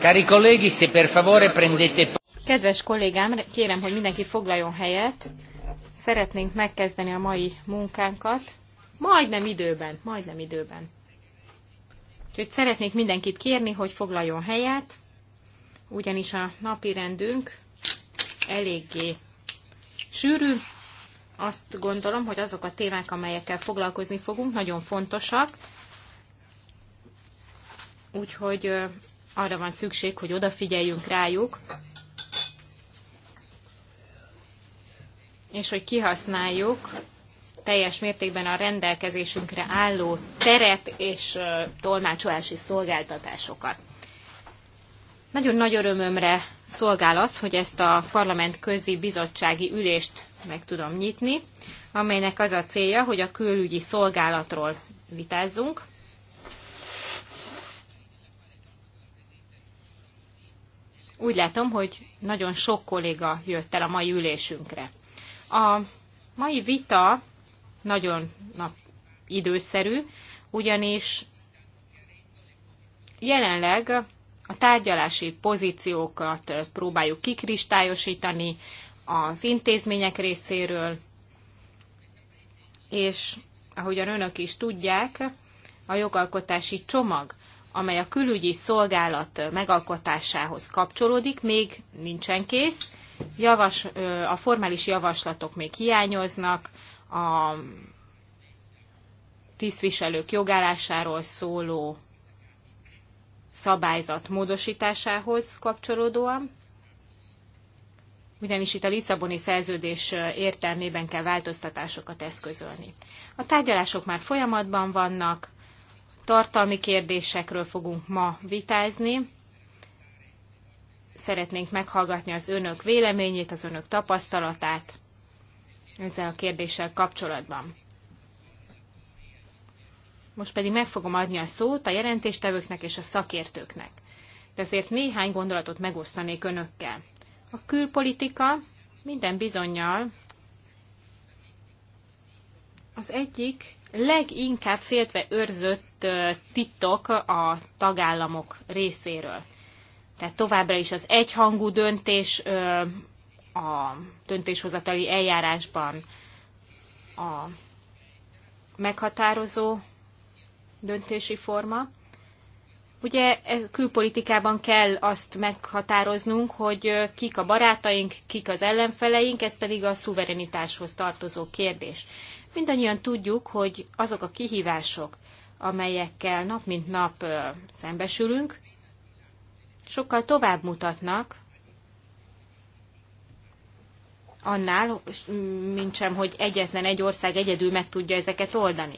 Cari colleghi, se per favore prendete... Kedves kollégám, kérem, hogy mindenki foglaljon helyet. Szeretnénk megkezdeni a mai munkánkat. Majdnem időben, majdnem időben. Úgyhogy szeretnék mindenkit kérni, hogy foglaljon helyet, ugyanis a napi rendünk eléggé sűrű. Azt gondolom, hogy azok a témák, amelyekkel foglalkozni fogunk, nagyon fontosak, Úgyhogy arra van szükség, hogy odafigyeljünk rájuk, és hogy kihasználjuk teljes mértékben a rendelkezésünkre álló teret és tolmácsolási szolgáltatásokat. Nagyon nagy örömömre szolgál az, hogy ezt a parlament közi bizottsági ülést meg tudom nyitni, amelynek az a célja, hogy a külügyi szolgálatról vitázzunk. Úgy látom, hogy nagyon sok kolléga jött el a mai ülésünkre. A mai vita nagyon nap időszerű, ugyanis jelenleg a tárgyalási pozíciókat próbáljuk kikristályosítani az intézmények részéről, és ahogyan önök is tudják, a jogalkotási csomag amely a külügyi szolgálat megalkotásához kapcsolódik, még nincsen kész. Javas, a formális javaslatok még hiányoznak, a tisztviselők jogállásáról szóló szabályzat módosításához kapcsolódóan, ugyanis itt a Lisszaboni szerződés értelmében kell változtatásokat eszközölni. A tárgyalások már folyamatban vannak, tartalmi kérdésekről fogunk ma vitázni. Szeretnénk meghallgatni az önök véleményét, az önök tapasztalatát ezzel a kérdéssel kapcsolatban. Most pedig meg fogom adni a szót a jelentéstevőknek és a szakértőknek. De ezért néhány gondolatot megosztanék önökkel. A külpolitika minden bizonyal az egyik leginkább féltve őrzött tartott titok a tagállamok részéről. Tehát továbbra is az egyhangú döntés a döntéshozatali eljárásban a meghatározó döntési forma. Ugye e, külpolitikában kell azt meghatároznunk, hogy kik a barátaink, kik az ellenfeleink, ez pedig a szuverenitáshoz tartozó kérdés. Mindannyian tudjuk, hogy azok a kihívások, amelyekkel nap mint nap szembesülünk, sokkal tovább mutatnak annál, mint sem, hogy egyetlen egy ország egyedül meg tudja ezeket oldani.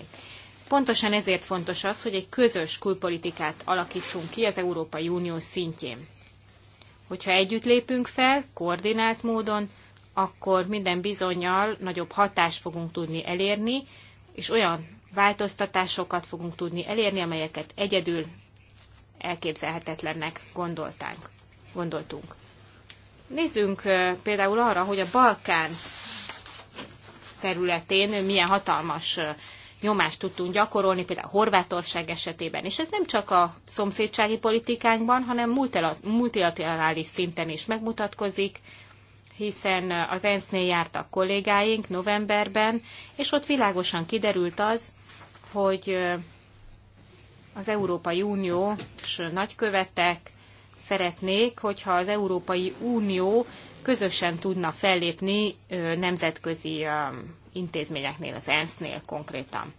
Pontosan ezért fontos az, hogy egy közös külpolitikát alakítsunk ki az Európai Unió szintjén. Hogyha együtt lépünk fel, koordinált módon, akkor minden bizonyal nagyobb hatást fogunk tudni elérni, és olyan változtatásokat fogunk tudni elérni, amelyeket egyedül elképzelhetetlennek gondoltánk, gondoltunk. Nézzünk például arra, hogy a Balkán területén milyen hatalmas nyomást tudtunk gyakorolni, például Horvátország esetében. És ez nem csak a szomszédsági politikánkban, hanem multilaterális szinten is megmutatkozik, hiszen az ENSZ-nél jártak kollégáink novemberben, és ott világosan kiderült az, hogy az Európai Unió és nagykövetek szeretnék, hogyha az Európai Unió közösen tudna fellépni nemzetközi intézményeknél, az ENSZ-nél konkrétan.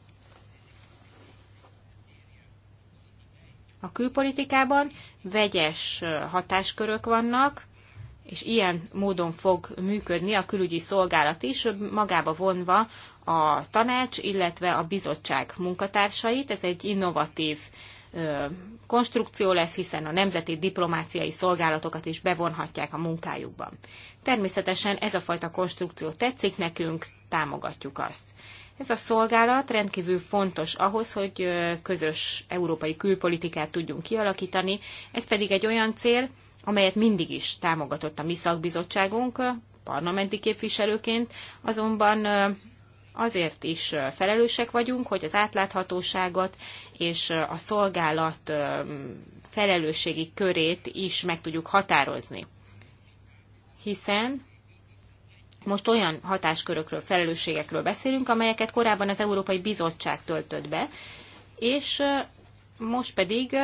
A külpolitikában vegyes hatáskörök vannak, és ilyen módon fog működni a külügyi szolgálat is, magába vonva a tanács, illetve a bizottság munkatársait. Ez egy innovatív konstrukció lesz, hiszen a nemzeti diplomáciai szolgálatokat is bevonhatják a munkájukban. Természetesen ez a fajta konstrukció tetszik nekünk, támogatjuk azt. Ez a szolgálat rendkívül fontos ahhoz, hogy közös európai külpolitikát tudjunk kialakítani, ez pedig egy olyan cél, amelyet mindig is támogatott a mi szakbizottságunk, parlamenti képviselőként, azonban azért is felelősek vagyunk, hogy az átláthatóságot és a szolgálat felelősségi körét is meg tudjuk határozni. Hiszen most olyan hatáskörökről, felelősségekről beszélünk, amelyeket korábban az Európai Bizottság töltött be, és most pedig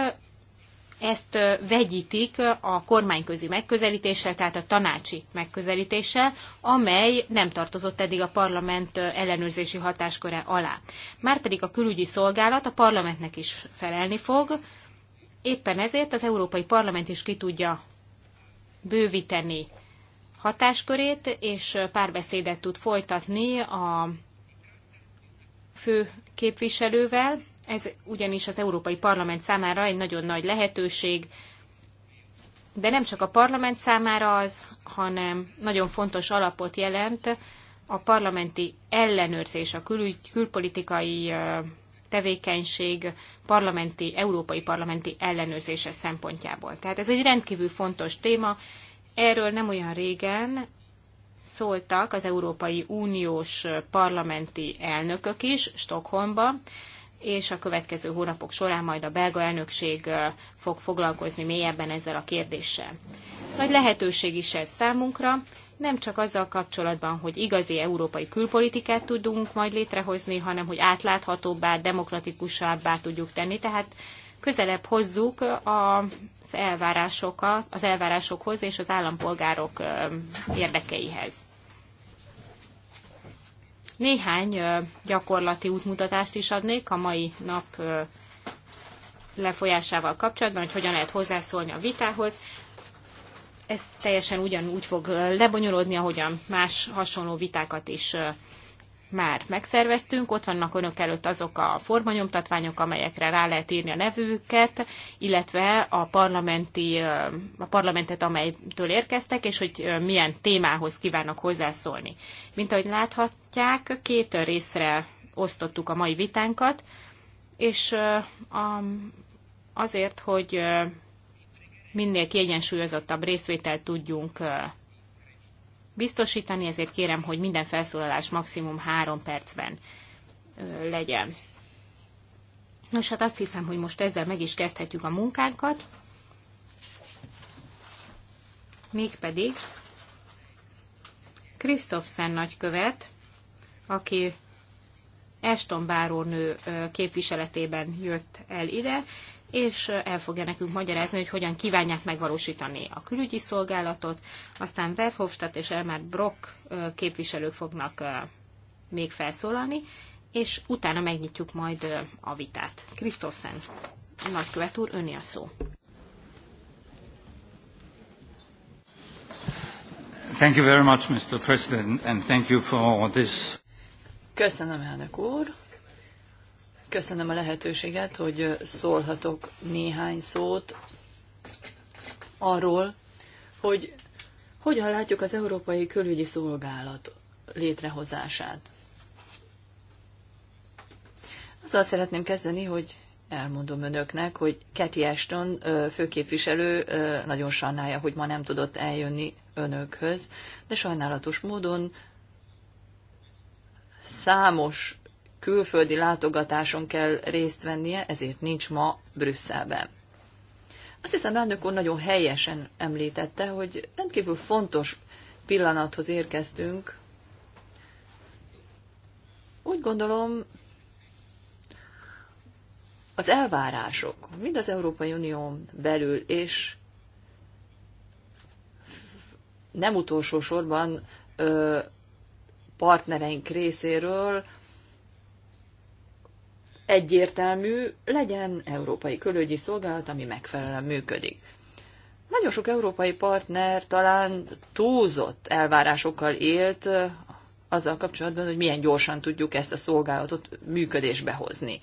ezt vegyítik a kormányközi megközelítéssel, tehát a tanácsi megközelítéssel, amely nem tartozott eddig a parlament ellenőrzési hatásköre alá. Márpedig a külügyi szolgálat a parlamentnek is felelni fog, éppen ezért az Európai Parlament is ki tudja bővíteni hatáskörét, és párbeszédet tud folytatni a fő képviselővel, ez ugyanis az Európai Parlament számára egy nagyon nagy lehetőség, de nem csak a parlament számára az, hanem nagyon fontos alapot jelent a parlamenti ellenőrzés, a kül- külpolitikai tevékenység parlamenti, európai parlamenti ellenőrzése szempontjából. Tehát ez egy rendkívül fontos téma. Erről nem olyan régen szóltak az Európai Uniós parlamenti elnökök is Stockholmba és a következő hónapok során majd a belga elnökség fog foglalkozni mélyebben ezzel a kérdéssel. Nagy lehetőség is ez számunkra, nem csak azzal kapcsolatban, hogy igazi európai külpolitikát tudunk majd létrehozni, hanem hogy átláthatóbbá, demokratikusabbá tudjuk tenni, tehát közelebb hozzuk a az elvárásokat, az elvárásokhoz és az állampolgárok érdekeihez. Néhány gyakorlati útmutatást is adnék a mai nap lefolyásával kapcsolatban, hogy hogyan lehet hozzászólni a vitához. Ez teljesen ugyanúgy fog lebonyolódni, ahogyan más hasonló vitákat is már megszerveztünk, ott vannak önök előtt azok a formanyomtatványok, amelyekre rá lehet írni a nevüket, illetve a, parlamenti, a parlamentet, amelytől érkeztek, és hogy milyen témához kívánok hozzászólni. Mint ahogy láthatják, két részre osztottuk a mai vitánkat, és azért, hogy minél kiegyensúlyozottabb részvételt tudjunk biztosítani, ezért kérem, hogy minden felszólalás maximum három percben legyen. Nos, hát azt hiszem, hogy most ezzel meg is kezdhetjük a munkánkat. Mégpedig Krisztofszen nagykövet, aki Eston bárónő képviseletében jött el ide, és el fogja nekünk magyarázni, hogy hogyan kívánják megvalósítani a külügyi szolgálatot. Aztán Verhofstadt és Elmer Brock képviselők fognak még felszólalni, és utána megnyitjuk majd a vitát. Krisztófszen, nagykövet úr, öné a szó. Thank you very much, Mr. President, and thank you for this. Köszönöm, elnök úr, Köszönöm a lehetőséget, hogy szólhatok néhány szót arról, hogy hogyan látjuk az Európai Külügyi Szolgálat létrehozását. Azzal szeretném kezdeni, hogy elmondom önöknek, hogy Keti Ashton főképviselő nagyon sajnálja, hogy ma nem tudott eljönni önökhöz, de sajnálatos módon számos külföldi látogatáson kell részt vennie, ezért nincs ma Brüsszelben. Azt hiszem, elnök úr nagyon helyesen említette, hogy rendkívül fontos pillanathoz érkeztünk. Úgy gondolom, az elvárások, mind az Európai Unión belül, és nem utolsó sorban ö, partnereink részéről egyértelmű, legyen európai külügyi szolgálat, ami megfelelően működik. Nagyon sok európai partner talán túlzott elvárásokkal élt azzal kapcsolatban, hogy milyen gyorsan tudjuk ezt a szolgálatot működésbe hozni.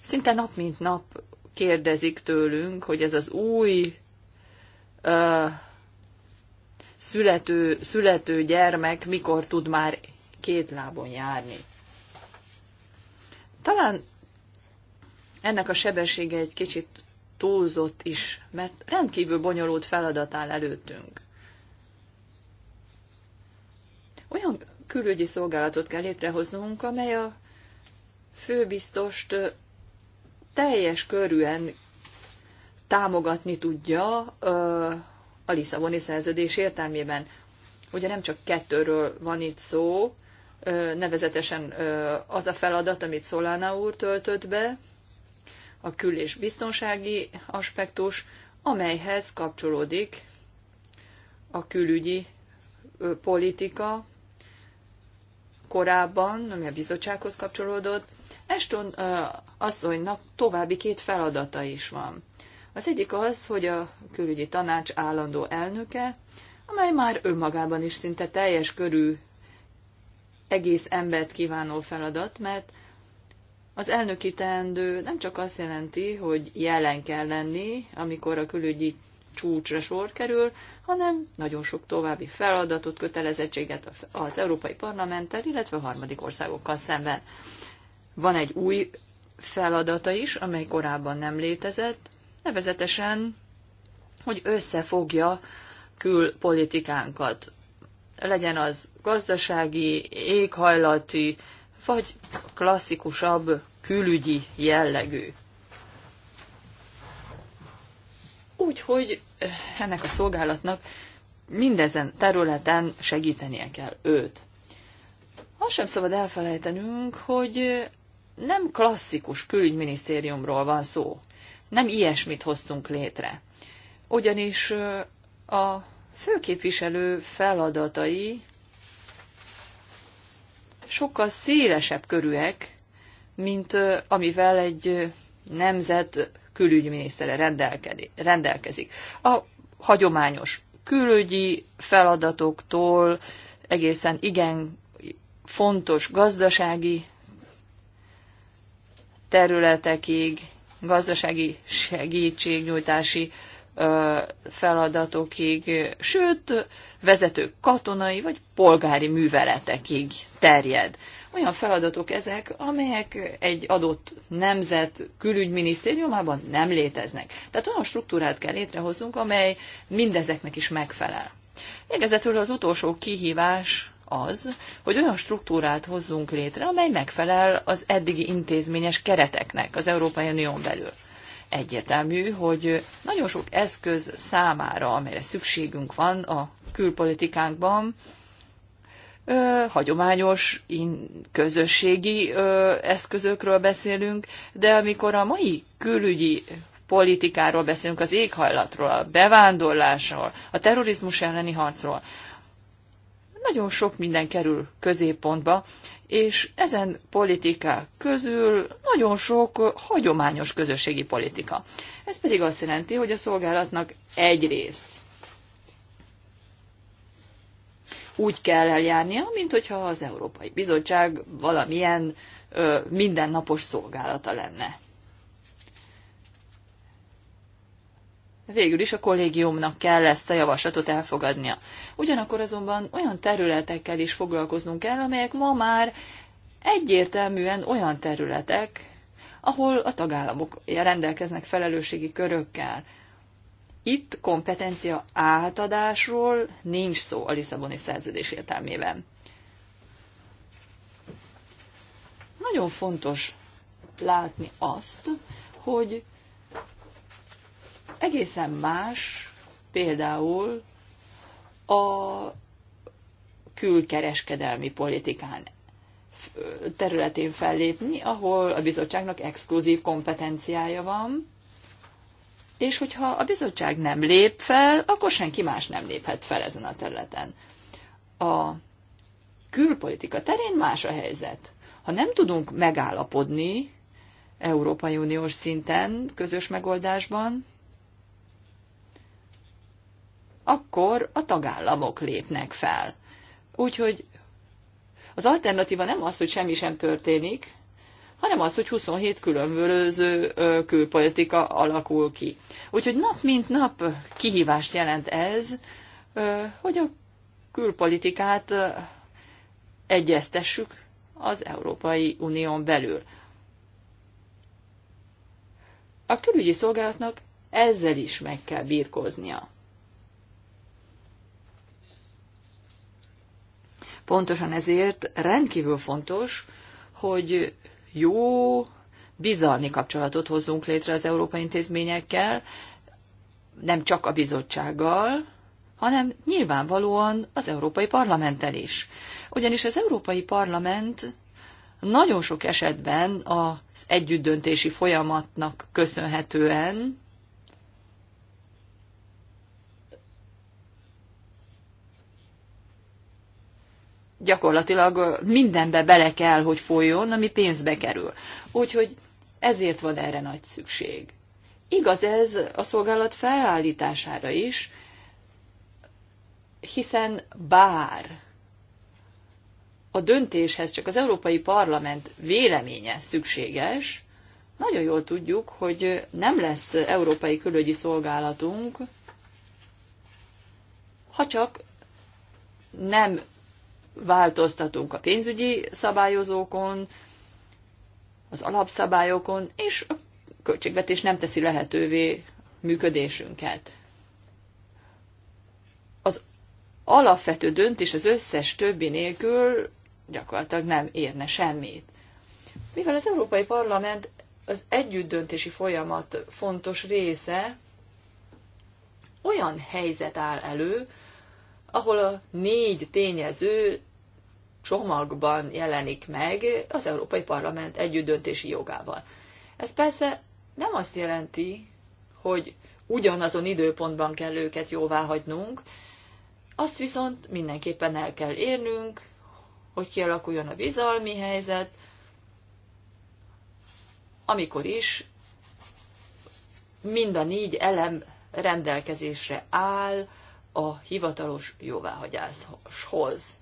Szinte nap mint nap kérdezik tőlünk, hogy ez az új ö, születő, születő gyermek mikor tud már két lábon járni. Talán ennek a sebessége egy kicsit túlzott is, mert rendkívül bonyolult feladat áll előttünk. Olyan külügyi szolgálatot kell létrehoznunk, amely a főbiztost teljes körűen támogatni tudja a Lisszaboni szerződés értelmében. Ugye nem csak kettőről van itt szó, nevezetesen az a feladat, amit Szolána úr töltött be, a kül- és biztonsági aspektus, amelyhez kapcsolódik a külügyi politika korábban, ami a bizottsághoz kapcsolódott. Eston asszonynak további két feladata is van. Az egyik az, hogy a külügyi tanács állandó elnöke, amely már önmagában is szinte teljes körű egész embert kívánó feladat, mert az elnöki teendő nem csak azt jelenti, hogy jelen kell lenni, amikor a külügyi csúcsra sor kerül, hanem nagyon sok további feladatot, kötelezettséget az Európai Parlamenttel, illetve a harmadik országokkal szemben. Van egy új feladata is, amely korábban nem létezett, nevezetesen, hogy összefogja külpolitikánkat. Legyen az gazdasági, éghajlati, vagy klasszikusabb külügyi jellegű. Úgyhogy eh, ennek a szolgálatnak mindezen területen segítenie kell őt. Azt sem szabad elfelejtenünk, hogy eh, nem klasszikus külügyminisztériumról van szó. Nem ilyesmit hoztunk létre. Ugyanis eh, a főképviselő feladatai sokkal szélesebb körűek, mint amivel egy nemzet külügyminisztere rendelkezik. A hagyományos külügyi feladatoktól egészen igen fontos gazdasági területekig, gazdasági segítségnyújtási feladatokig, sőt, vezető katonai vagy polgári műveletekig terjed. Olyan feladatok ezek, amelyek egy adott nemzet külügyminisztériumában nem léteznek. Tehát olyan struktúrát kell létrehoznunk, amely mindezeknek is megfelel. Végezetül az utolsó kihívás az, hogy olyan struktúrát hozzunk létre, amely megfelel az eddigi intézményes kereteknek az Európai Unión belül. Egyértelmű, hogy nagyon sok eszköz számára, amelyre szükségünk van a külpolitikánkban, hagyományos közösségi eszközökről beszélünk, de amikor a mai külügyi politikáról beszélünk, az éghajlatról, a bevándorlásról, a terrorizmus elleni harcról, nagyon sok minden kerül középpontba, és ezen politikák közül nagyon sok hagyományos közösségi politika. Ez pedig azt jelenti, hogy a szolgálatnak egyrészt úgy kell eljárnia, mint hogyha az Európai Bizottság valamilyen ö, mindennapos szolgálata lenne. végül is a kollégiumnak kell ezt a javaslatot elfogadnia. Ugyanakkor azonban olyan területekkel is foglalkoznunk kell, amelyek ma már egyértelműen olyan területek, ahol a tagállamok rendelkeznek felelősségi körökkel. Itt kompetencia átadásról nincs szó a Lisszaboni szerződés értelmében. Nagyon fontos látni azt, hogy egészen más például a külkereskedelmi politikán területén fellépni, ahol a bizottságnak exkluzív kompetenciája van, és hogyha a bizottság nem lép fel, akkor senki más nem léphet fel ezen a területen. A külpolitika terén más a helyzet. Ha nem tudunk megállapodni Európai Uniós szinten, közös megoldásban, akkor a tagállamok lépnek fel. Úgyhogy az alternatíva nem az, hogy semmi sem történik, hanem az, hogy 27 különböző külpolitika alakul ki. Úgyhogy nap mint nap kihívást jelent ez, hogy a külpolitikát egyeztessük az Európai Unión belül. A külügyi szolgálatnak ezzel is meg kell birkoznia. Pontosan ezért rendkívül fontos, hogy jó, bizalmi kapcsolatot hozzunk létre az európai intézményekkel, nem csak a bizottsággal, hanem nyilvánvalóan az Európai Parlamenttel is. Ugyanis az Európai Parlament nagyon sok esetben az együttdöntési folyamatnak köszönhetően gyakorlatilag mindenbe bele kell, hogy folyjon, ami pénzbe kerül. Úgyhogy ezért van erre nagy szükség. Igaz ez a szolgálat felállítására is, hiszen bár a döntéshez csak az Európai Parlament véleménye szükséges, nagyon jól tudjuk, hogy nem lesz európai külögyi szolgálatunk, ha csak nem változtatunk a pénzügyi szabályozókon, az alapszabályokon, és a költségvetés nem teszi lehetővé működésünket. Az alapvető döntés az összes többi nélkül gyakorlatilag nem érne semmit. Mivel az Európai Parlament az együttdöntési folyamat fontos része, olyan helyzet áll elő, ahol a négy tényező csomagban jelenik meg az Európai Parlament együttdöntési jogával. Ez persze nem azt jelenti, hogy ugyanazon időpontban kell őket jóvá hagynunk, azt viszont mindenképpen el kell érnünk, hogy kialakuljon a bizalmi helyzet, amikor is mind a négy elem rendelkezésre áll a hivatalos jóváhagyáshoz.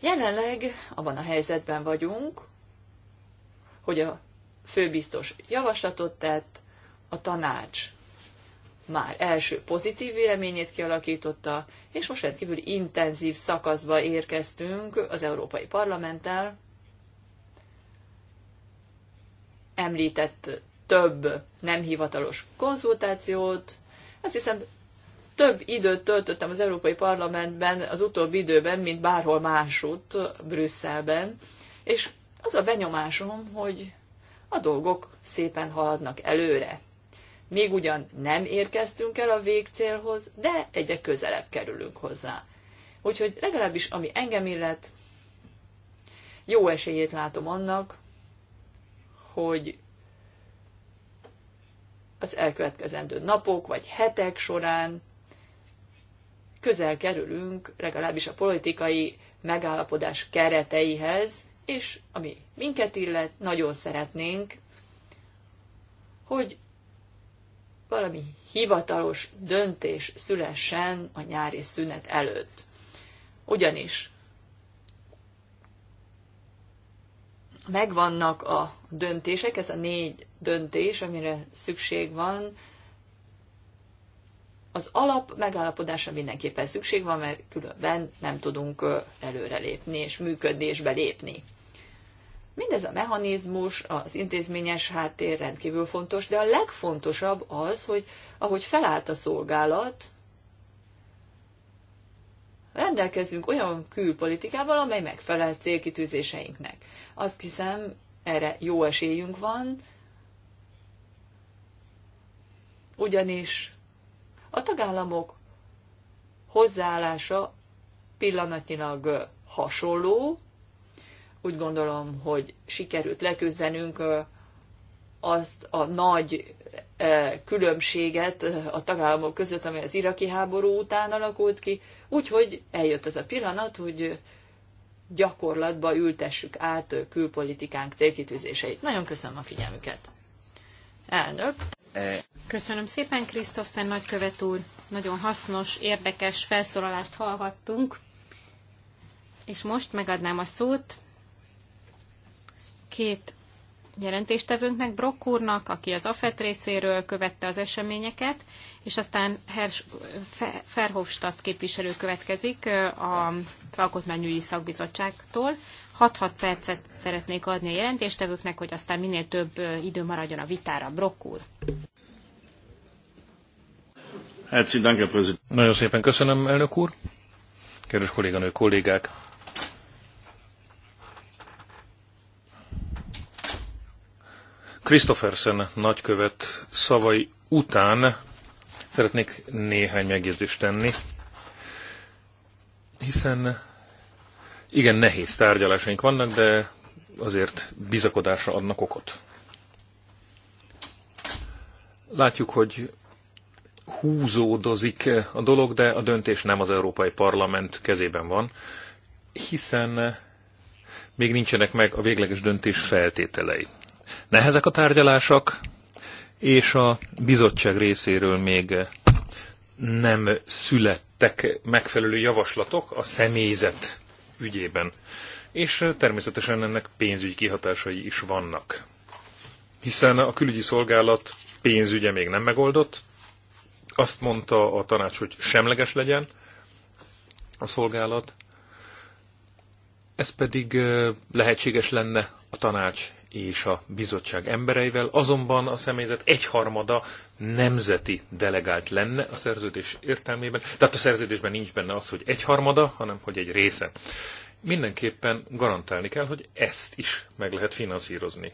Jelenleg abban a helyzetben vagyunk, hogy a főbiztos javaslatot tett, a tanács már első pozitív véleményét kialakította, és most rendkívül intenzív szakaszba érkeztünk az Európai Parlamenttel. Említett több nem hivatalos konzultációt, azt hiszem több időt töltöttem az Európai Parlamentben az utóbbi időben, mint bárhol másút Brüsszelben, és az a benyomásom, hogy a dolgok szépen haladnak előre. Még ugyan nem érkeztünk el a végcélhoz, de egyre közelebb kerülünk hozzá. Úgyhogy legalábbis, ami engem illet, jó esélyét látom annak, hogy az elkövetkezendő napok vagy hetek során közel kerülünk legalábbis a politikai megállapodás kereteihez, és ami minket illet, nagyon szeretnénk, hogy valami hivatalos döntés szülessen a nyári szünet előtt. Ugyanis megvannak a döntések, ez a négy döntés, amire szükség van az alap megállapodása mindenképpen szükség van, mert különben nem tudunk előrelépni és működni és belépni. Mindez a mechanizmus, az intézményes háttér rendkívül fontos, de a legfontosabb az, hogy ahogy felállt a szolgálat, rendelkezünk olyan külpolitikával, amely megfelel célkitűzéseinknek. Azt hiszem, erre jó esélyünk van, ugyanis a tagállamok hozzáállása pillanatnyilag hasonló. Úgy gondolom, hogy sikerült leküzdenünk azt a nagy különbséget a tagállamok között, amely az iraki háború után alakult ki. Úgyhogy eljött az a pillanat, hogy gyakorlatba ültessük át külpolitikánk célkitűzéseit. Nagyon köszönöm a figyelmüket. Elnök. Köszönöm szépen, Krisztofszen nagykövet úr. Nagyon hasznos, érdekes felszólalást hallhattunk. És most megadnám a szót két jelentéstevőnknek, Brock úrnak, aki az AFET részéről követte az eseményeket, és aztán Hers Ferhofstadt képviselő következik az Alkotmányügyi Szakbizottságtól, 6-6 percet szeretnék adni a jelentéstevőknek, hogy aztán minél több idő maradjon a vitára. brokkul. Hát, Nagyon szépen köszönöm, elnök úr. Kedves kolléganő, kollégák. Christophersen nagykövet szavai után szeretnék néhány megjegyzést tenni, hiszen igen, nehéz tárgyalásaink vannak, de azért bizakodásra adnak okot. Látjuk, hogy húzódozik a dolog, de a döntés nem az Európai Parlament kezében van, hiszen még nincsenek meg a végleges döntés feltételei. Nehezek a tárgyalások, és a bizottság részéről még nem születtek megfelelő javaslatok a személyzet ügyében. És természetesen ennek pénzügyi kihatásai is vannak. Hiszen a külügyi szolgálat pénzügye még nem megoldott, azt mondta a tanács, hogy semleges legyen a szolgálat, ez pedig lehetséges lenne a tanács és a bizottság embereivel, azonban a személyzet egyharmada nemzeti delegált lenne a szerződés értelmében. Tehát a szerződésben nincs benne az, hogy egyharmada, hanem hogy egy része. Mindenképpen garantálni kell, hogy ezt is meg lehet finanszírozni.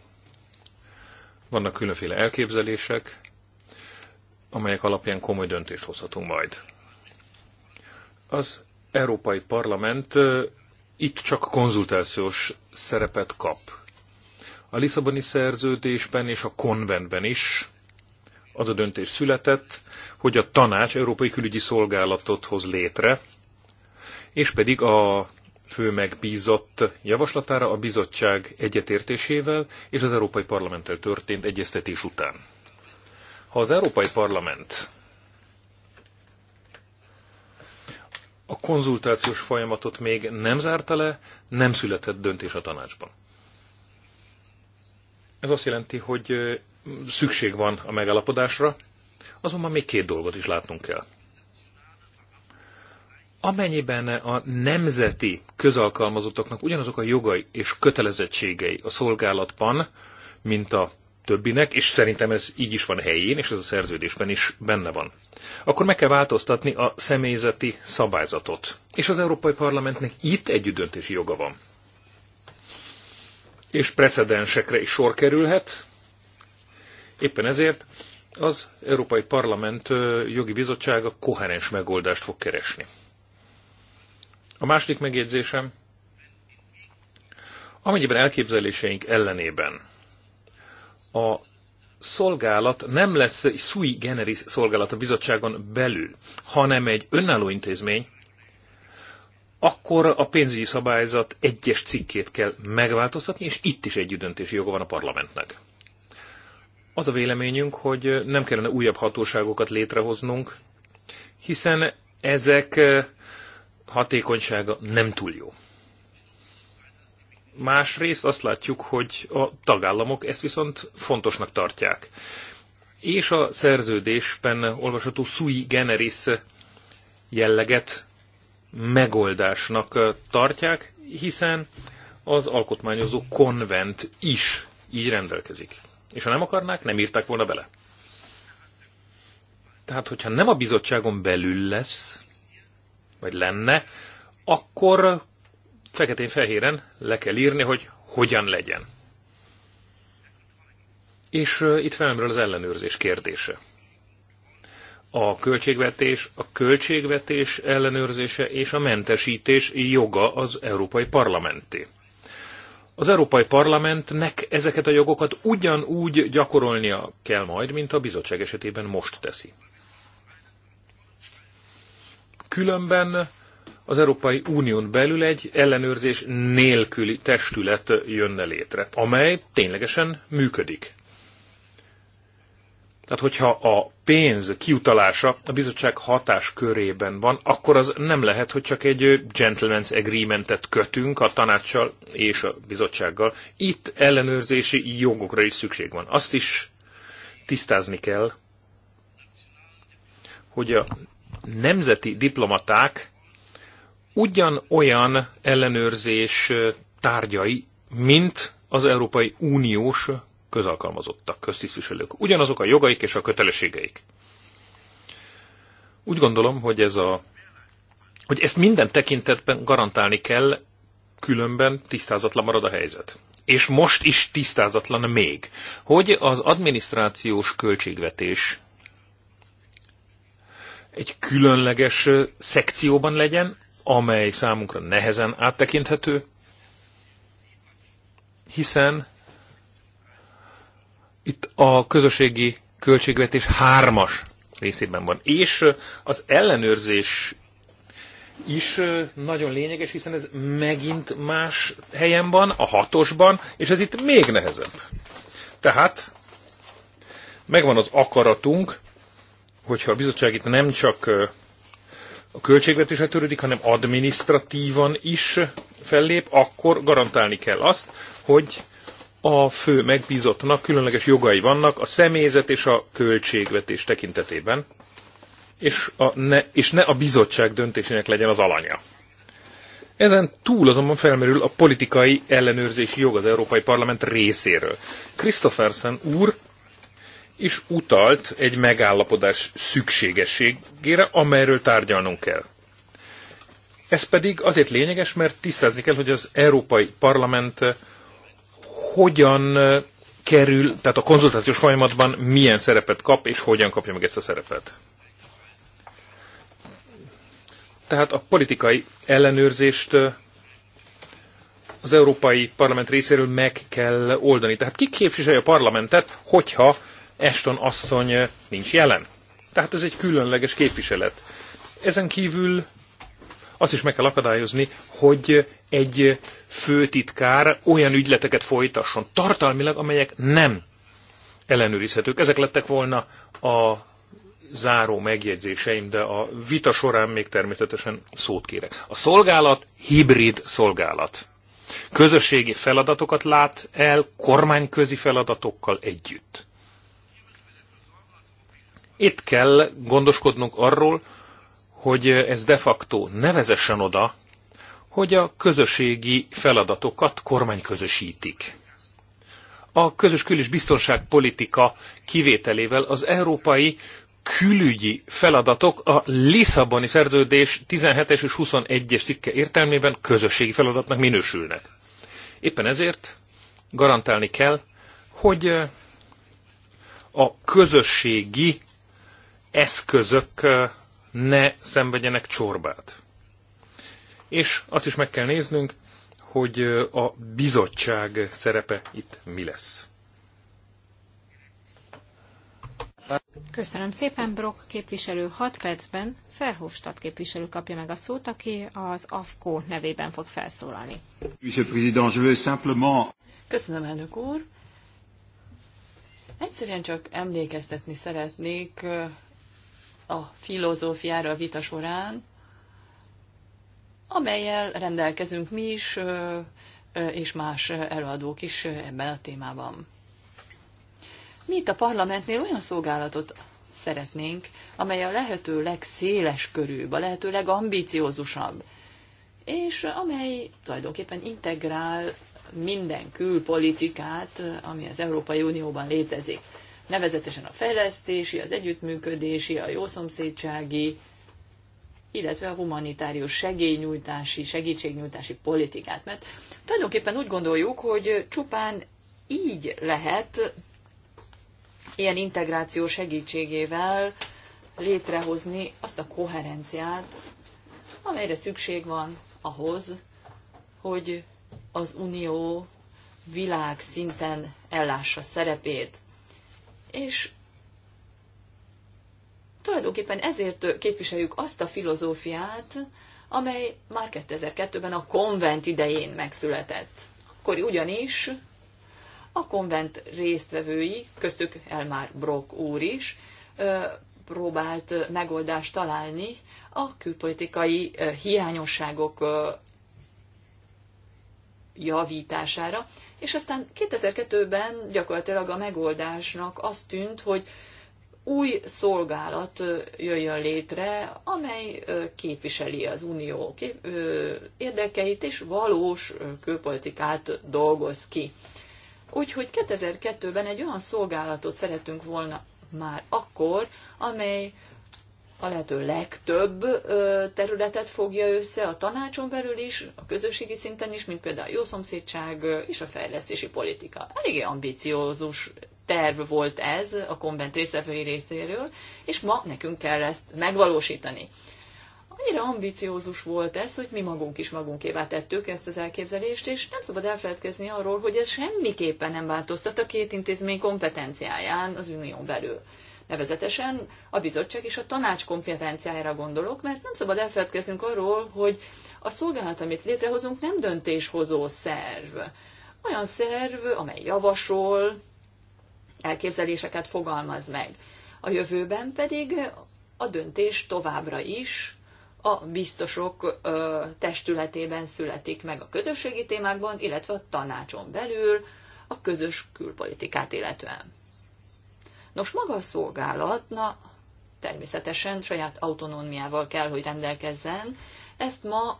Vannak különféle elképzelések, amelyek alapján komoly döntést hozhatunk majd. Az Európai Parlament itt csak konzultációs szerepet kap a Lisszaboni szerződésben és a konventben is az a döntés született, hogy a tanács Európai Külügyi Szolgálatot hoz létre, és pedig a fő megbízott javaslatára a bizottság egyetértésével és az Európai Parlamenttel történt egyeztetés után. Ha az Európai Parlament a konzultációs folyamatot még nem zárta le, nem született döntés a tanácsban. Ez azt jelenti, hogy szükség van a megállapodásra, azonban még két dolgot is látnunk kell. Amennyiben a nemzeti közalkalmazottaknak ugyanazok a jogai és kötelezettségei a szolgálatban, mint a többinek, és szerintem ez így is van helyén, és ez a szerződésben is benne van. Akkor meg kell változtatni a személyzeti szabályzatot. És az Európai Parlamentnek itt együttdöntési joga van és precedensekre is sor kerülhet. Éppen ezért az Európai Parlament jogi bizottsága koherens megoldást fog keresni. A második megjegyzésem, amennyiben elképzeléseink ellenében a szolgálat nem lesz egy sui generis szolgálat a bizottságon belül, hanem egy önálló intézmény, akkor a pénzügyi szabályzat egyes cikkét kell megváltoztatni, és itt is együttdöntési joga van a parlamentnek. Az a véleményünk, hogy nem kellene újabb hatóságokat létrehoznunk, hiszen ezek eh, hatékonysága nem túl jó. Másrészt azt látjuk, hogy a tagállamok ezt viszont fontosnak tartják. És a szerződésben olvasható sui generis jelleget megoldásnak tartják, hiszen az alkotmányozó konvent is így rendelkezik. És ha nem akarnák, nem írták volna bele. Tehát, hogyha nem a bizottságon belül lesz, vagy lenne, akkor feketén-fehéren le kell írni, hogy hogyan legyen. És itt felmerül az ellenőrzés kérdése a költségvetés, a költségvetés ellenőrzése és a mentesítés joga az Európai Parlamenti. Az Európai Parlamentnek ezeket a jogokat ugyanúgy gyakorolnia kell majd, mint a bizottság esetében most teszi. Különben az Európai Unión belül egy ellenőrzés nélküli testület jönne létre, amely ténylegesen működik. Tehát, hogyha a pénz kiutalása a bizottság hatás körében van, akkor az nem lehet, hogy csak egy gentleman's agreementet kötünk a tanácssal és a bizottsággal. Itt ellenőrzési jogokra is szükség van. Azt is tisztázni kell, hogy a nemzeti diplomaták ugyanolyan ellenőrzés tárgyai, mint az Európai Uniós közalkalmazottak, köztisztviselők. Ugyanazok a jogaik és a kötelességeik. Úgy gondolom, hogy ez a hogy ezt minden tekintetben garantálni kell, különben tisztázatlan marad a helyzet. És most is tisztázatlan még, hogy az adminisztrációs költségvetés egy különleges szekcióban legyen, amely számunkra nehezen áttekinthető, hiszen itt a közösségi költségvetés hármas részében van. És az ellenőrzés is nagyon lényeges, hiszen ez megint más helyen van, a hatosban, és ez itt még nehezebb. Tehát megvan az akaratunk, hogyha a bizottság itt nem csak a költségvetésre törődik, hanem adminisztratívan is fellép, akkor garantálni kell azt, hogy a fő megbízottnak különleges jogai vannak a személyzet és a költségvetés tekintetében, és, a ne, és ne a bizottság döntésének legyen az alanya. Ezen túl azonban felmerül a politikai ellenőrzési jog az Európai Parlament részéről. Christophersen úr is utalt egy megállapodás szükségességére, amelyről tárgyalnunk kell. Ez pedig azért lényeges, mert tisztázni kell, hogy az Európai Parlament hogyan kerül, tehát a konzultációs folyamatban milyen szerepet kap, és hogyan kapja meg ezt a szerepet. Tehát a politikai ellenőrzést az Európai Parlament részéről meg kell oldani. Tehát ki képviselje a parlamentet, hogyha Eston asszony nincs jelen. Tehát ez egy különleges képviselet. Ezen kívül azt is meg kell akadályozni, hogy egy főtitkár olyan ügyleteket folytasson tartalmilag, amelyek nem ellenőrizhetők. Ezek lettek volna a záró megjegyzéseim, de a vita során még természetesen szót kérek. A szolgálat hibrid szolgálat. Közösségi feladatokat lát el kormányközi feladatokkal együtt. Itt kell gondoskodnunk arról, hogy ez de facto nevezessen oda, hogy a közösségi feladatokat kormány közösítik. A közös kül- és biztonságpolitika kivételével az európai külügyi feladatok a Lisszaboni szerződés 17-es és 21-es cikke értelmében közösségi feladatnak minősülnek. Éppen ezért garantálni kell, hogy a közösségi eszközök ne szenvedjenek csorbát és azt is meg kell néznünk, hogy a bizottság szerepe itt mi lesz. Köszönöm szépen, Brock képviselő 6 percben, Ferhofstadt képviselő kapja meg a szót, aki az AFKO nevében fog felszólalni. Köszönöm, elnök úr. Egyszerűen csak emlékeztetni szeretnék a filozófiára a vita során, amelyel rendelkezünk mi is, és más előadók is ebben a témában. Mi itt a parlamentnél olyan szolgálatot szeretnénk, amely a lehető legszéles körűbb, a lehető legambiciózusabb, és amely tulajdonképpen integrál minden külpolitikát, ami az Európai Unióban létezik. Nevezetesen a fejlesztési, az együttműködési, a jószomszédsági, illetve a humanitárius segélynyújtási, segítségnyújtási politikát. Mert tulajdonképpen úgy gondoljuk, hogy csupán így lehet ilyen integráció segítségével létrehozni azt a koherenciát, amelyre szükség van ahhoz, hogy az Unió világszinten ellássa szerepét. És Tulajdonképpen ezért képviseljük azt a filozófiát, amely már 2002-ben a konvent idején megszületett. Akkor ugyanis a konvent résztvevői, köztük Elmár Brock úr is, próbált megoldást találni a külpolitikai hiányosságok javítására, és aztán 2002-ben gyakorlatilag a megoldásnak az tűnt, hogy új szolgálat jöjjön létre, amely képviseli az unió érdekeit, és valós külpolitikát dolgoz ki. Úgyhogy 2002-ben egy olyan szolgálatot szeretünk volna már akkor, amely a lehető legtöbb területet fogja össze a tanácson belül is, a közösségi szinten is, mint például a jószomszédság és a fejlesztési politika. Eléggé ambiciózus terv volt ez a konvent részefői részéről, és ma nekünk kell ezt megvalósítani. Annyira ambiciózus volt ez, hogy mi magunk is magunkévá tettük ezt az elképzelést, és nem szabad elfeledkezni arról, hogy ez semmiképpen nem változtat a két intézmény kompetenciáján az unión belül. Nevezetesen a bizottság és a tanács kompetenciájára gondolok, mert nem szabad elfeledkeznünk arról, hogy a szolgálat, amit létrehozunk, nem döntéshozó szerv. Olyan szerv, amely javasol, elképzeléseket fogalmaz meg. A jövőben pedig a döntés továbbra is a biztosok ö, testületében születik meg a közösségi témákban, illetve a tanácson belül a közös külpolitikát illetően. Nos, maga a szolgálatna természetesen saját autonómiával kell, hogy rendelkezzen. Ezt ma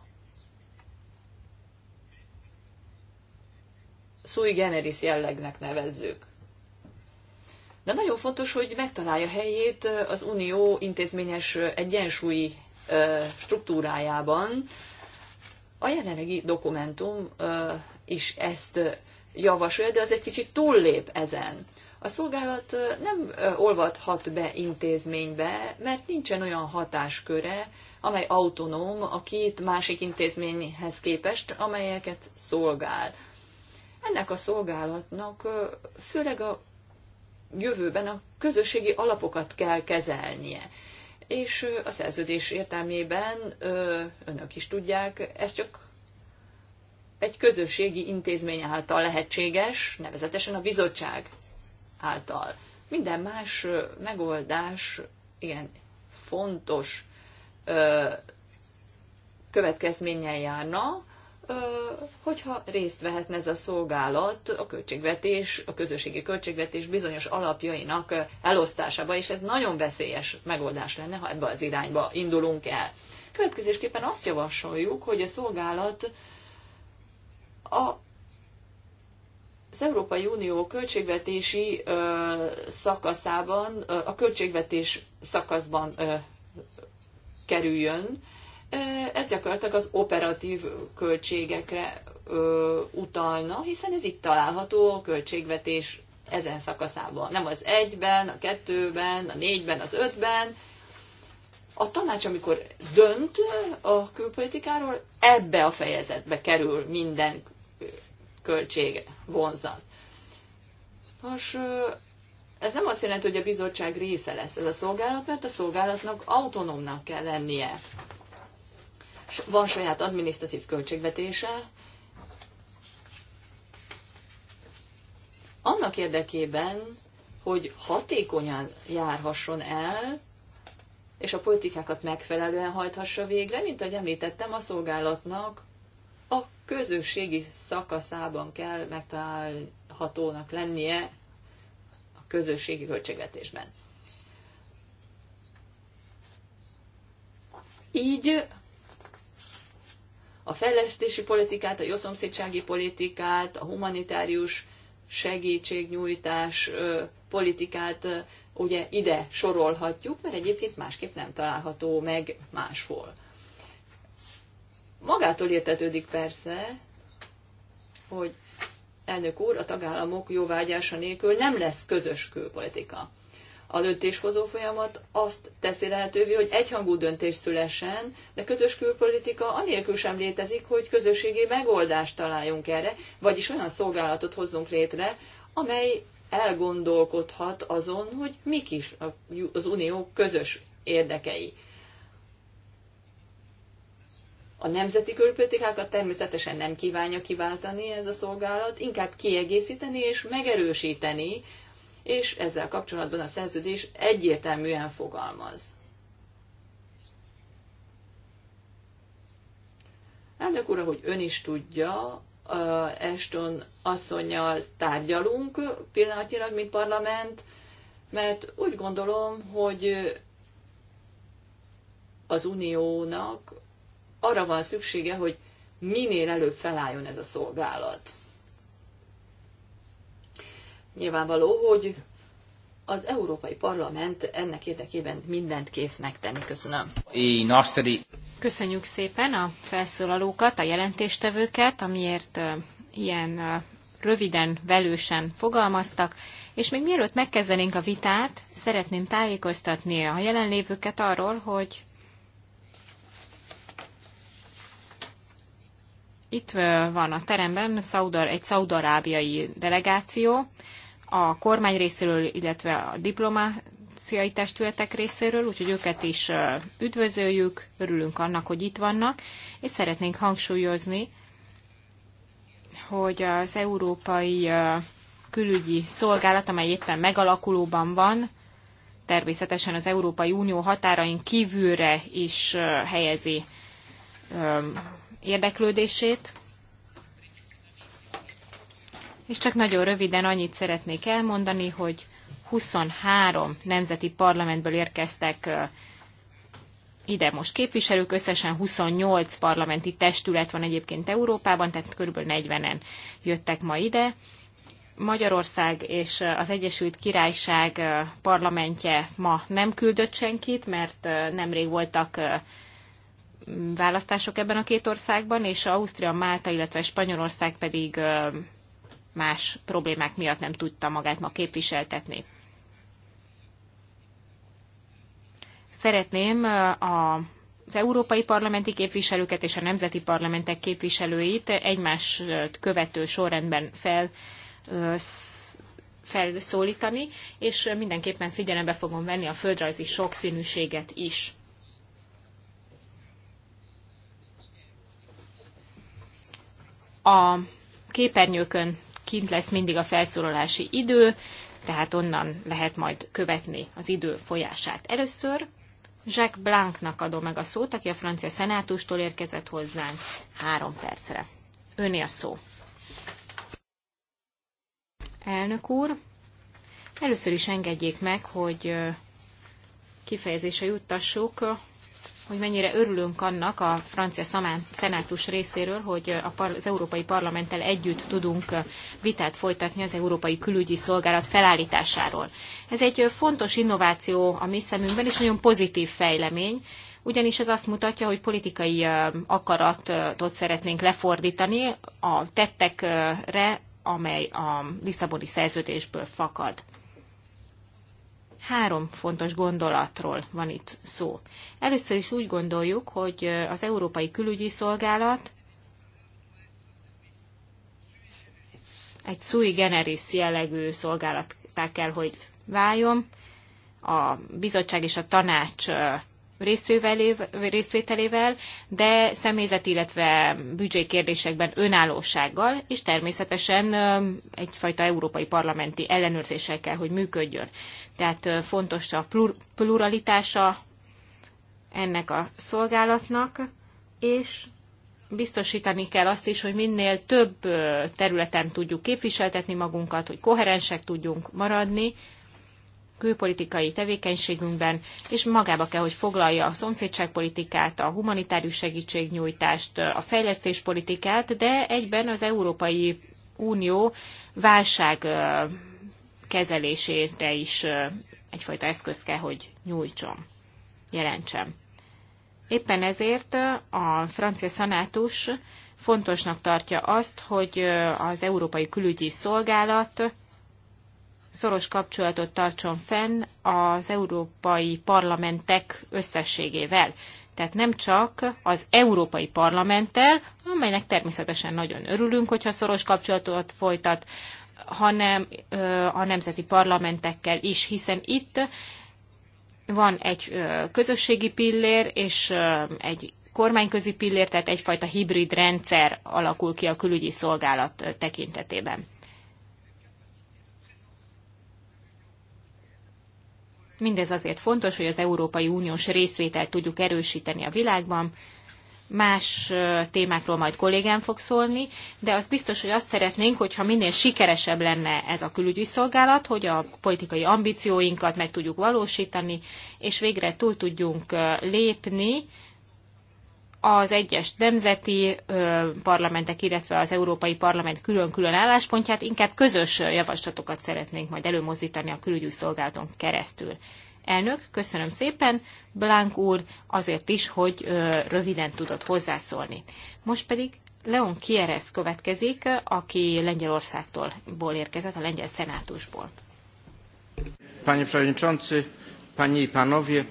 sui generis jellegnek nevezzük. De nagyon fontos, hogy megtalálja helyét az unió intézményes egyensúlyi struktúrájában. A jelenlegi dokumentum is ezt javasolja, de az egy kicsit túllép ezen. A szolgálat nem olvadhat be intézménybe, mert nincsen olyan hatásköre, amely autonóm a két másik intézményhez képest, amelyeket szolgál. Ennek a szolgálatnak főleg a jövőben a közösségi alapokat kell kezelnie. És a szerződés értelmében önök is tudják, ez csak egy közösségi intézmény által lehetséges, nevezetesen a bizottság által. Minden más megoldás ilyen fontos következménnyel járna, hogyha részt vehetne ez a szolgálat a költségvetés, a közösségi költségvetés bizonyos alapjainak elosztásába, és ez nagyon veszélyes megoldás lenne, ha ebbe az irányba indulunk el. Következésképpen azt javasoljuk, hogy a szolgálat a az Európai Unió költségvetési ö, szakaszában, ö, a költségvetés szakaszban ö, kerüljön, ez gyakorlatilag az operatív költségekre utalna, hiszen ez itt található a költségvetés ezen szakaszában. Nem az egyben, a kettőben, a négyben, az ötben. A tanács, amikor dönt a külpolitikáról, ebbe a fejezetbe kerül minden költség vonzat. Most ez nem azt jelenti, hogy a bizottság része lesz ez a szolgálat, mert a szolgálatnak autonómnak kell lennie van saját adminisztratív költségvetése, annak érdekében, hogy hatékonyan járhasson el, és a politikákat megfelelően hajthassa végre, mint ahogy említettem, a szolgálatnak a közösségi szakaszában kell megtalálhatónak lennie a közösségi költségvetésben. Így a fejlesztési politikát, a jószomszédsági politikát, a humanitárius segítségnyújtás politikát ugye ide sorolhatjuk, mert egyébként másképp nem található meg máshol. Magától értetődik persze, hogy elnök úr, a tagállamok jóvágyása nélkül nem lesz közös külpolitika a döntéshozó folyamat azt teszi lehetővé, hogy egyhangú döntés szülessen, de közös külpolitika anélkül sem létezik, hogy közösségi megoldást találjunk erre, vagyis olyan szolgálatot hozzunk létre, amely elgondolkodhat azon, hogy mik is az unió közös érdekei. A nemzeti külpolitikákat természetesen nem kívánja kiváltani ez a szolgálat, inkább kiegészíteni és megerősíteni, és ezzel kapcsolatban a szerződés egyértelműen fogalmaz. Elnök úr, hogy ön is tudja, Eston asszonynal tárgyalunk pillanatnyilag, mint parlament, mert úgy gondolom, hogy az uniónak arra van szüksége, hogy minél előbb felálljon ez a szolgálat. Nyilvánvaló, hogy az Európai Parlament ennek érdekében mindent kész megtenni. Köszönöm. Köszönjük szépen a felszólalókat, a jelentéstevőket, amiért ilyen röviden, velősen fogalmaztak, és még mielőtt megkezdenénk a vitát, szeretném tájékoztatni a jelenlévőket arról, hogy itt van a teremben egy szaudarábiai delegáció, a kormány részéről, illetve a diplomáciai testületek részéről, úgyhogy őket is üdvözöljük, örülünk annak, hogy itt vannak, és szeretnénk hangsúlyozni, hogy az Európai Külügyi Szolgálat, amely éppen megalakulóban van, természetesen az Európai Unió határain kívülre is helyezi érdeklődését, és csak nagyon röviden annyit szeretnék elmondani, hogy 23 nemzeti parlamentből érkeztek ide most képviselők, összesen 28 parlamenti testület van egyébként Európában, tehát kb. 40-en jöttek ma ide. Magyarország és az Egyesült Királyság parlamentje ma nem küldött senkit, mert nemrég voltak választások ebben a két országban, és Ausztria, Málta, illetve Spanyolország pedig más problémák miatt nem tudta magát ma képviseltetni. Szeretném a az európai parlamenti képviselőket és a nemzeti parlamentek képviselőit egymás követő sorrendben fel, felszólítani, és mindenképpen figyelembe fogom venni a földrajzi sokszínűséget is. A képernyőkön kint lesz mindig a felszólalási idő, tehát onnan lehet majd követni az idő folyását. Először Jacques Blancnak adom meg a szót, aki a francia szenátustól érkezett hozzánk három percre. Öné a szó. Elnök úr, először is engedjék meg, hogy kifejezése juttassuk hogy mennyire örülünk annak a francia szenátus részéről, hogy eh, az Európai Parlamenttel együtt tudunk eh, vitát folytatni az Európai Külügyi Szolgálat felállításáról. Ez egy eh, fontos innováció a mi szemünkben, és nagyon pozitív fejlemény, ugyanis ez azt mutatja, hogy politikai akaratot szeretnénk lefordítani a tettekre, amely a Lisszaboni szerződésből fakad. Három fontos gondolatról van itt szó. Először is úgy gondoljuk, hogy az Európai Külügyi Szolgálat egy sui generis jellegű szolgálattá kell, hogy váljon. A bizottság és a tanács részvételével, de személyzet, illetve büdzsé kérdésekben önállósággal, és természetesen egyfajta európai parlamenti ellenőrzéssel kell, hogy működjön tehát fontos a pluralitása ennek a szolgálatnak, és biztosítani kell azt is, hogy minél több területen tudjuk képviseltetni magunkat, hogy koherensek tudjunk maradni külpolitikai tevékenységünkben, és magába kell, hogy foglalja a szomszédságpolitikát, a humanitárius segítségnyújtást, a fejlesztéspolitikát, de egyben az Európai Unió válság kezelésére is egyfajta eszköz kell, hogy nyújtson, jelentsem. Éppen ezért a francia szanátus fontosnak tartja azt, hogy az Európai Külügyi Szolgálat szoros kapcsolatot tartson fenn az európai parlamentek összességével. Tehát nem csak az Európai Parlamenttel, amelynek természetesen nagyon örülünk, hogyha szoros kapcsolatot folytat hanem a nemzeti parlamentekkel is, hiszen itt van egy közösségi pillér és egy kormányközi pillér, tehát egyfajta hibrid rendszer alakul ki a külügyi szolgálat tekintetében. Mindez azért fontos, hogy az Európai Uniós részvételt tudjuk erősíteni a világban, más témákról majd kollégám fog szólni, de az biztos, hogy azt szeretnénk, hogyha minél sikeresebb lenne ez a külügyi szolgálat, hogy a politikai ambícióinkat meg tudjuk valósítani, és végre túl tudjunk lépni az egyes nemzeti parlamentek, illetve az Európai Parlament külön-külön álláspontját, inkább közös javaslatokat szeretnénk majd előmozdítani a külügyi szolgálaton keresztül. Elnök, köszönöm szépen, Blank úr, azért is, hogy röviden tudott hozzászólni. Most pedig Leon Kieres következik, aki Lengyelországtól érkezett, a lengyel szenátusból. Panie Przewodniczący, Panie Panowie,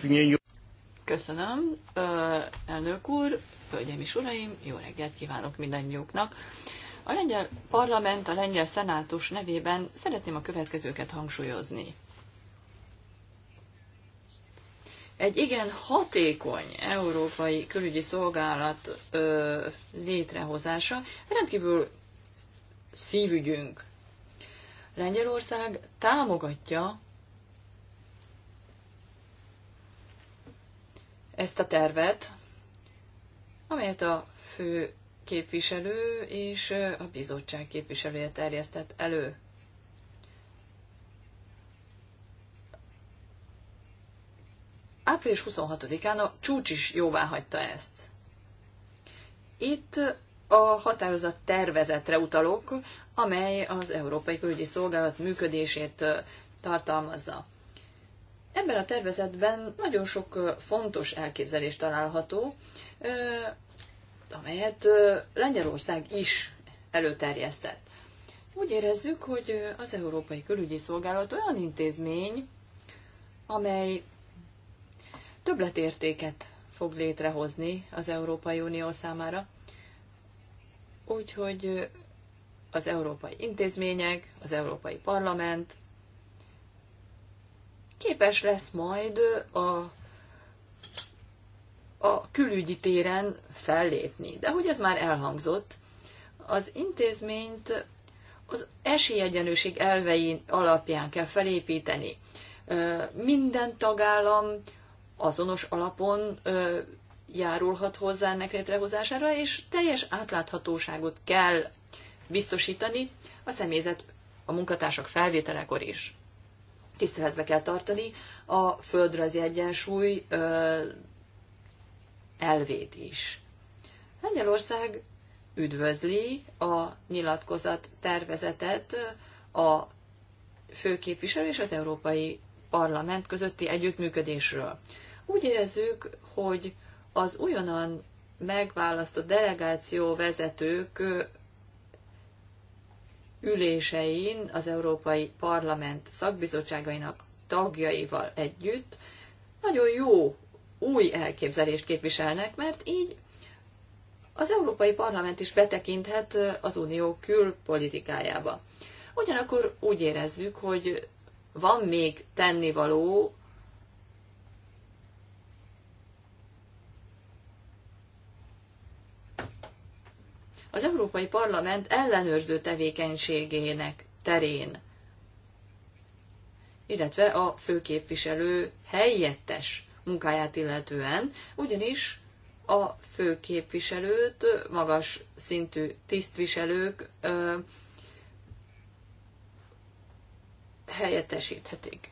w imieniu... Köszönöm, elnök úr, hölgyeim és uraim, jó reggelt kívánok mindannyiuknak. A lengyel parlament, a lengyel szenátus nevében szeretném a következőket hangsúlyozni. egy igen hatékony európai külügyi szolgálat ö, létrehozása rendkívül szívügyünk. Lengyelország támogatja ezt a tervet, amelyet a fő képviselő és a bizottság képviselője terjesztett elő. április 26-án a csúcs is jóvá hagyta ezt. Itt a határozat tervezetre utalok, amely az Európai Külügyi Szolgálat működését tartalmazza. Ebben a tervezetben nagyon sok fontos elképzelés található, amelyet Lengyelország is előterjesztett. Úgy érezzük, hogy az Európai Külügyi Szolgálat olyan intézmény, amely többletértéket fog létrehozni az Európai Unió számára, úgyhogy az európai intézmények, az Európai Parlament képes lesz majd a a külügyi téren fellépni. De hogy ez már elhangzott, az intézményt az esélyegyenlőség elvein alapján kell felépíteni. Minden tagállam azonos alapon járulhat hozzá ennek létrehozására, és teljes átláthatóságot kell biztosítani a személyzet a munkatársak felvételekor is. Tiszteletbe kell tartani a földrajzi egyensúly elvét is. Lengyelország üdvözli a nyilatkozat tervezetet a főképviselő és az Európai Parlament közötti együttműködésről. Úgy érezzük, hogy az újonnan megválasztott delegáció vezetők ülésein az Európai Parlament szakbizottságainak tagjaival együtt nagyon jó új elképzelést képviselnek, mert így az Európai Parlament is betekinthet az unió külpolitikájába. Ugyanakkor úgy érezzük, hogy van még tennivaló az Európai Parlament ellenőrző tevékenységének terén, illetve a főképviselő helyettes munkáját illetően, ugyanis a főképviselőt magas szintű tisztviselők ö, helyettesíthetik.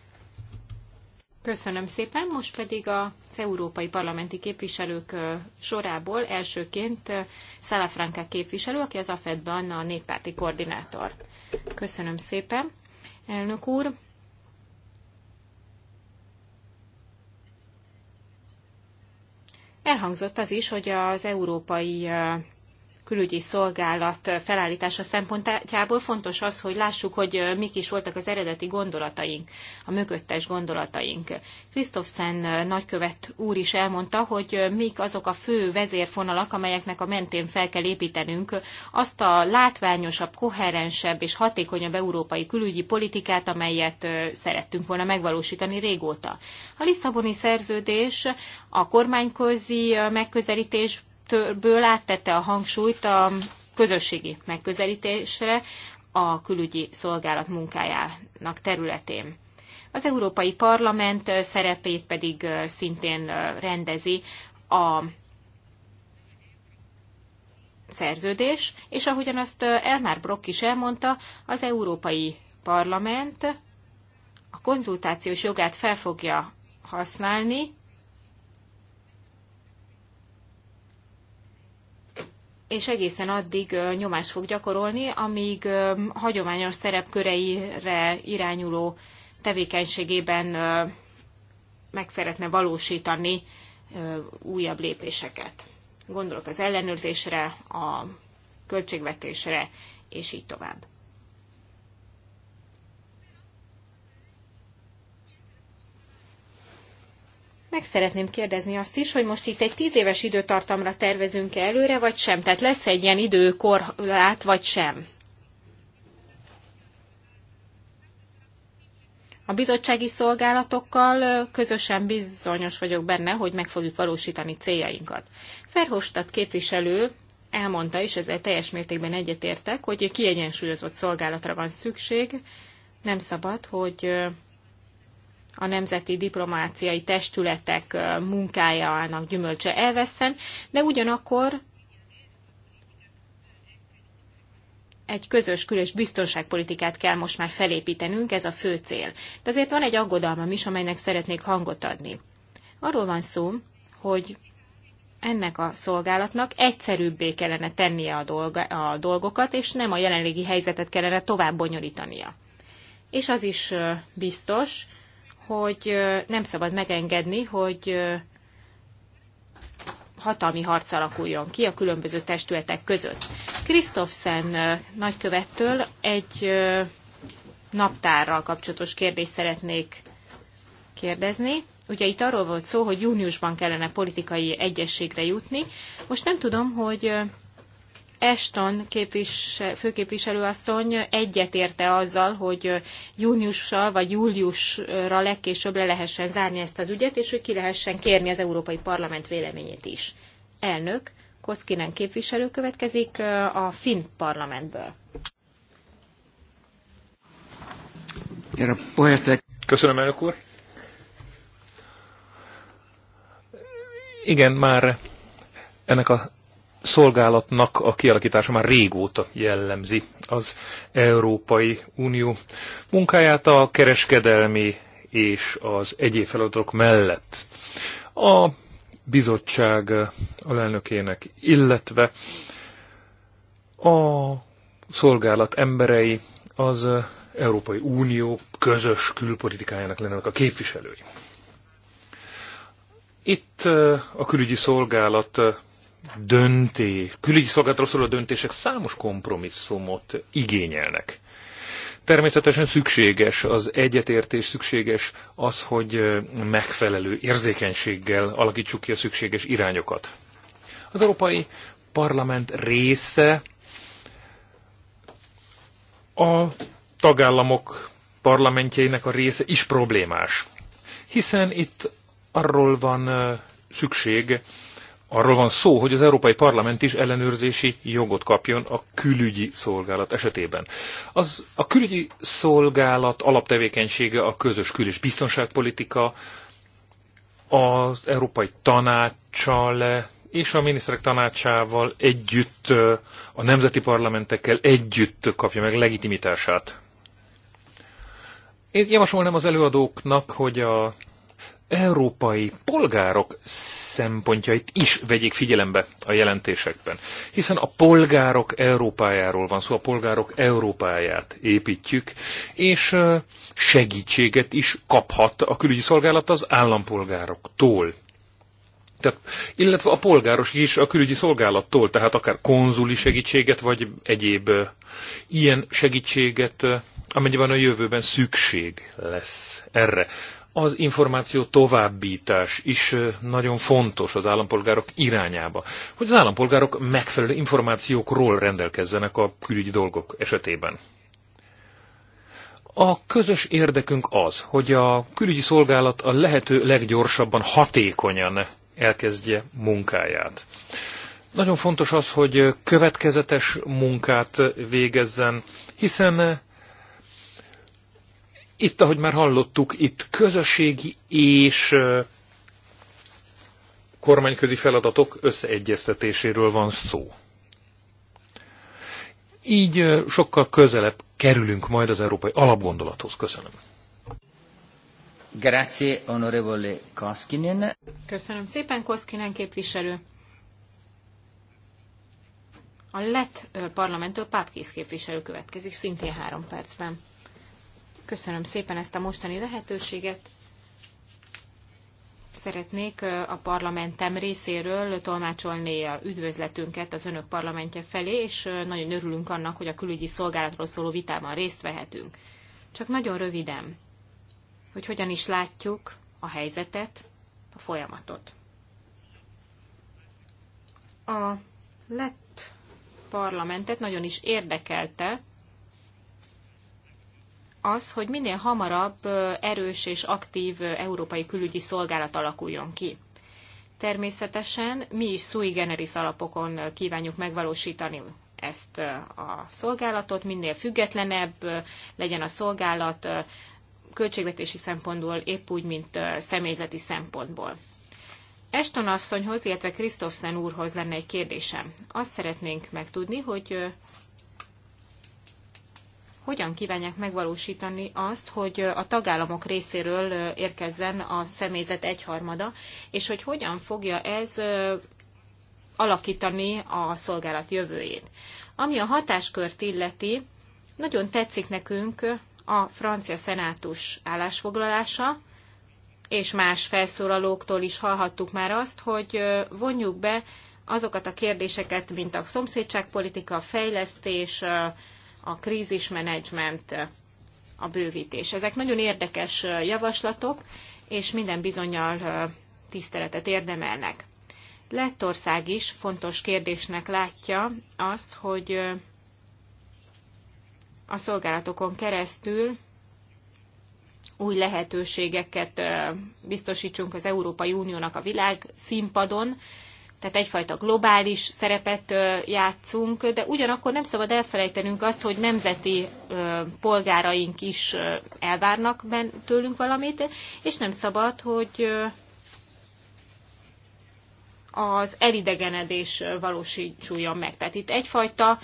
Köszönöm szépen, most pedig az európai parlamenti képviselők sorából elsőként Szalafranka képviselő, aki az AFED-ben a néppárti koordinátor. Köszönöm szépen, elnök úr. Elhangzott az is, hogy az európai külügyi szolgálat felállítása szempontjából fontos az, hogy lássuk, hogy mik is voltak az eredeti gondolataink, a mögöttes gondolataink. Krisztofszen nagykövet úr is elmondta, hogy mik azok a fő vezérfonalak, amelyeknek a mentén fel kell építenünk azt a látványosabb, koherensebb és hatékonyabb európai külügyi politikát, amelyet szerettünk volna megvalósítani régóta. A Lisszaboni szerződés a kormányközi megközelítés ből áttette a hangsúlyt a közösségi megközelítésre a külügyi szolgálat munkájának területén. Az Európai Parlament szerepét pedig szintén rendezi a szerződés, és ahogyan azt Elmar Brock is elmondta, az Európai Parlament a konzultációs jogát fel fogja használni és egészen addig nyomást fog gyakorolni, amíg hagyományos szerepköreire irányuló tevékenységében meg szeretne valósítani újabb lépéseket. Gondolok az ellenőrzésre, a költségvetésre, és így tovább. Meg szeretném kérdezni azt is, hogy most itt egy tíz éves időtartamra tervezünk -e előre, vagy sem? Tehát lesz egy ilyen időkorlát, vagy sem? A bizottsági szolgálatokkal közösen bizonyos vagyok benne, hogy meg fogjuk valósítani céljainkat. Ferhostat képviselő elmondta, és ezzel teljes mértékben egyetértek, hogy kiegyensúlyozott szolgálatra van szükség. Nem szabad, hogy a nemzeti diplomáciai testületek munkájának gyümölcse elveszen, de ugyanakkor egy közös kül- biztonságpolitikát kell most már felépítenünk, ez a fő cél. De azért van egy aggodalmam is, amelynek szeretnék hangot adni. Arról van szó, hogy ennek a szolgálatnak egyszerűbbé kellene tennie a, dolga, a dolgokat, és nem a jelenlegi helyzetet kellene tovább bonyolítania. És az is biztos, hogy nem szabad megengedni, hogy hatalmi harc alakuljon ki a különböző testületek között. Krisztofszen nagykövettől egy naptárral kapcsolatos kérdést szeretnék kérdezni. Ugye itt arról volt szó, hogy júniusban kellene politikai egyességre jutni. Most nem tudom, hogy Eston képvisel, főképviselőasszony egyetérte azzal, hogy júniussal vagy júliusra legkésőbb le lehessen zárni ezt az ügyet, és hogy ki lehessen kérni az Európai Parlament véleményét is. Elnök, Koszkinen képviselő következik a Finn parlamentből. Köszönöm, elnök úr. Igen, már ennek a szolgálatnak a kialakítása már régóta jellemzi az Európai Unió munkáját a kereskedelmi és az egyéb feladatok mellett. A bizottság alelnökének, illetve a szolgálat emberei az Európai Unió közös külpolitikájának lennének a képviselői. Itt eh, a külügyi szolgálat eh, döntés, külügyi szolgálatról szóló döntések számos kompromisszumot igényelnek. Természetesen szükséges az egyetértés, szükséges az, hogy megfelelő érzékenységgel alakítsuk ki a szükséges irányokat. Az Európai Parlament része a tagállamok parlamentjeinek a része is problémás. Hiszen itt arról van szükség, arról van szó, hogy az Európai Parlament is ellenőrzési jogot kapjon a külügyi szolgálat esetében. Az, a külügyi szolgálat alaptevékenysége a közös kül- és biztonságpolitika, az Európai Tanácssal és a miniszterek tanácsával együtt, a nemzeti parlamentekkel együtt kapja meg legitimitását. Én javasolnám az előadóknak, hogy a európai polgárok szempontjait is vegyék figyelembe a jelentésekben. Hiszen a polgárok Európájáról van szó, a polgárok Európáját építjük, és segítséget is kaphat a külügyi szolgálat az állampolgároktól. Tehát, illetve a polgáros is a külügyi szolgálattól, tehát akár konzuli segítséget, vagy egyéb ilyen segítséget, amennyiben a jövőben szükség lesz erre az információ továbbítás is nagyon fontos az állampolgárok irányába, hogy az állampolgárok megfelelő információkról rendelkezzenek a külügyi dolgok esetében. A közös érdekünk az, hogy a külügyi szolgálat a lehető leggyorsabban, hatékonyan elkezdje munkáját. Nagyon fontos az, hogy következetes munkát végezzen, hiszen itt, ahogy már hallottuk, itt közösségi és kormányközi feladatok összeegyeztetéséről van szó. Így sokkal közelebb kerülünk majd az európai alapgondolathoz. Köszönöm. Grazie, onorevole Koskinen. Köszönöm szépen, Koskinen képviselő. A lett parlamenttől Pápkész képviselő következik, szintén három percben. Köszönöm szépen ezt a mostani lehetőséget. Szeretnék a parlamentem részéről tolmácsolni a üdvözletünket az önök parlamentje felé, és nagyon örülünk annak, hogy a külügyi szolgálatról szóló vitában részt vehetünk. Csak nagyon röviden, hogy hogyan is látjuk a helyzetet, a folyamatot. A lett parlamentet nagyon is érdekelte az, hogy minél hamarabb erős és aktív európai külügyi szolgálat alakuljon ki. Természetesen mi is sui generis alapokon kívánjuk megvalósítani ezt a szolgálatot, minél függetlenebb legyen a szolgálat költségvetési szempontból, épp úgy, mint személyzeti szempontból. Eston asszonyhoz, illetve Krisztofszen úrhoz lenne egy kérdésem. Azt szeretnénk megtudni, hogy hogyan kívánják megvalósítani azt, hogy a tagállamok részéről érkezzen a személyzet egyharmada, és hogy hogyan fogja ez alakítani a szolgálat jövőjét. Ami a hatáskört illeti, nagyon tetszik nekünk a francia szenátus állásfoglalása, és más felszólalóktól is hallhattuk már azt, hogy vonjuk be azokat a kérdéseket, mint a szomszédságpolitika, a fejlesztés, a krízismenedzsment, a bővítés. Ezek nagyon érdekes javaslatok, és minden bizonyal tiszteletet érdemelnek. Lettország is fontos kérdésnek látja azt, hogy a szolgálatokon keresztül új lehetőségeket biztosítsunk az Európai Uniónak a világ színpadon, tehát egyfajta globális szerepet játszunk, de ugyanakkor nem szabad elfelejtenünk azt, hogy nemzeti polgáraink is elvárnak tőlünk valamit, és nem szabad, hogy az elidegenedés valósítsuljon meg. Tehát itt egyfajta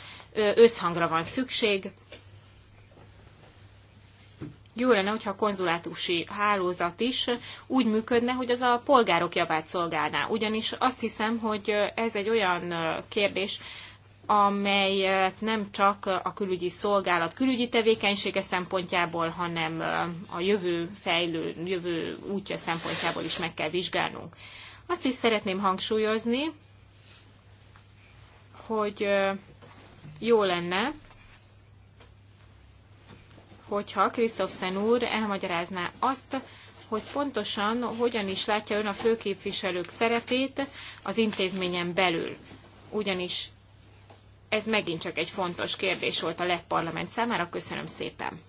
összhangra van szükség, jó lenne, hogyha a konzulátusi hálózat is úgy működne, hogy az a polgárok javát szolgálná. Ugyanis azt hiszem, hogy ez egy olyan kérdés, amelyet nem csak a külügyi szolgálat külügyi tevékenysége szempontjából, hanem a jövő fejlő, jövő útja szempontjából is meg kell vizsgálnunk. Azt is szeretném hangsúlyozni, hogy jó lenne, hogyha Krisztofszen úr elmagyarázná azt, hogy pontosan hogyan is látja ön a főképviselők szerepét az intézményen belül. Ugyanis ez megint csak egy fontos kérdés volt a lett parlament számára. Köszönöm szépen.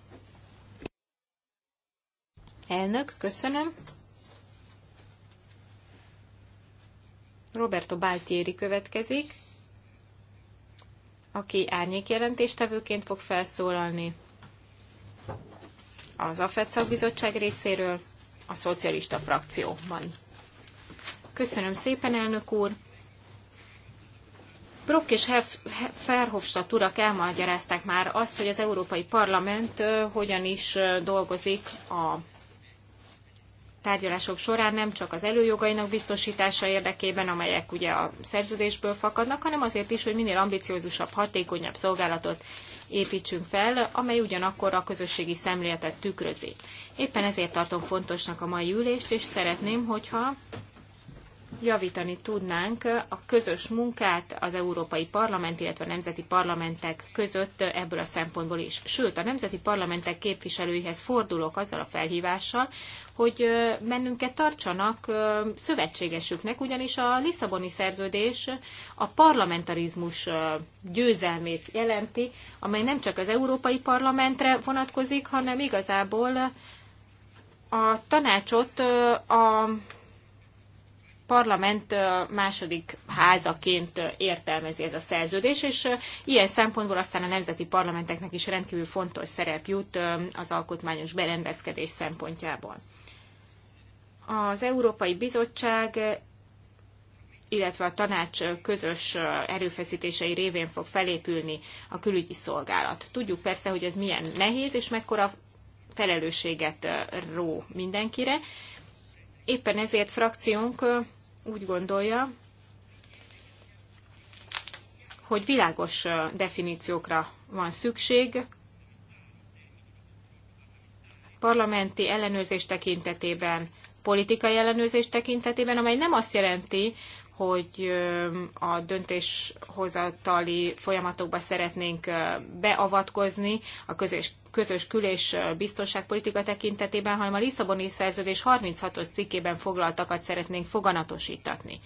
Elnök, köszönöm. Roberto Baltieri következik, aki árnyékjelentéstevőként fog felszólalni az AFED szakbizottság részéről, a szocialista frakcióban. Köszönöm szépen, elnök úr! Brock és Verhofstadt urak elmagyarázták már azt, hogy az Európai Parlament hogyan is dolgozik a tárgyalások során nem csak az előjogainak biztosítása érdekében, amelyek ugye a szerződésből fakadnak, hanem azért is, hogy minél ambiciózusabb, hatékonyabb szolgálatot építsünk fel, amely ugyanakkor a közösségi szemléletet tükrözi. Éppen ezért tartom fontosnak a mai ülést, és szeretném, hogyha javítani tudnánk a közös munkát az Európai Parlament, illetve a nemzeti parlamentek között ebből a szempontból is. Sőt, a nemzeti parlamentek képviselőihez fordulok azzal a felhívással, hogy bennünket tartsanak szövetségesüknek, ugyanis a Lisszaboni szerződés a parlamentarizmus győzelmét jelenti, amely nem csak az Európai Parlamentre vonatkozik, hanem igazából a tanácsot a parlament második házaként értelmezi ez a szerződés, és ilyen szempontból aztán a nemzeti parlamenteknek is rendkívül fontos szerep jut az alkotmányos berendezkedés szempontjából. Az Európai Bizottság illetve a tanács közös erőfeszítései révén fog felépülni a külügyi szolgálat. Tudjuk persze, hogy ez milyen nehéz, és mekkora felelősséget ró mindenkire. Éppen ezért frakciónk úgy gondolja, hogy világos definíciókra van szükség, parlamenti ellenőrzés tekintetében, politikai ellenőrzés tekintetében, amely nem azt jelenti, hogy a döntéshozatali folyamatokba szeretnénk beavatkozni a közös, közös kül- és biztonságpolitika tekintetében, hanem a Lisszaboni szerződés 36-os cikkében foglaltakat szeretnénk foganatosítatni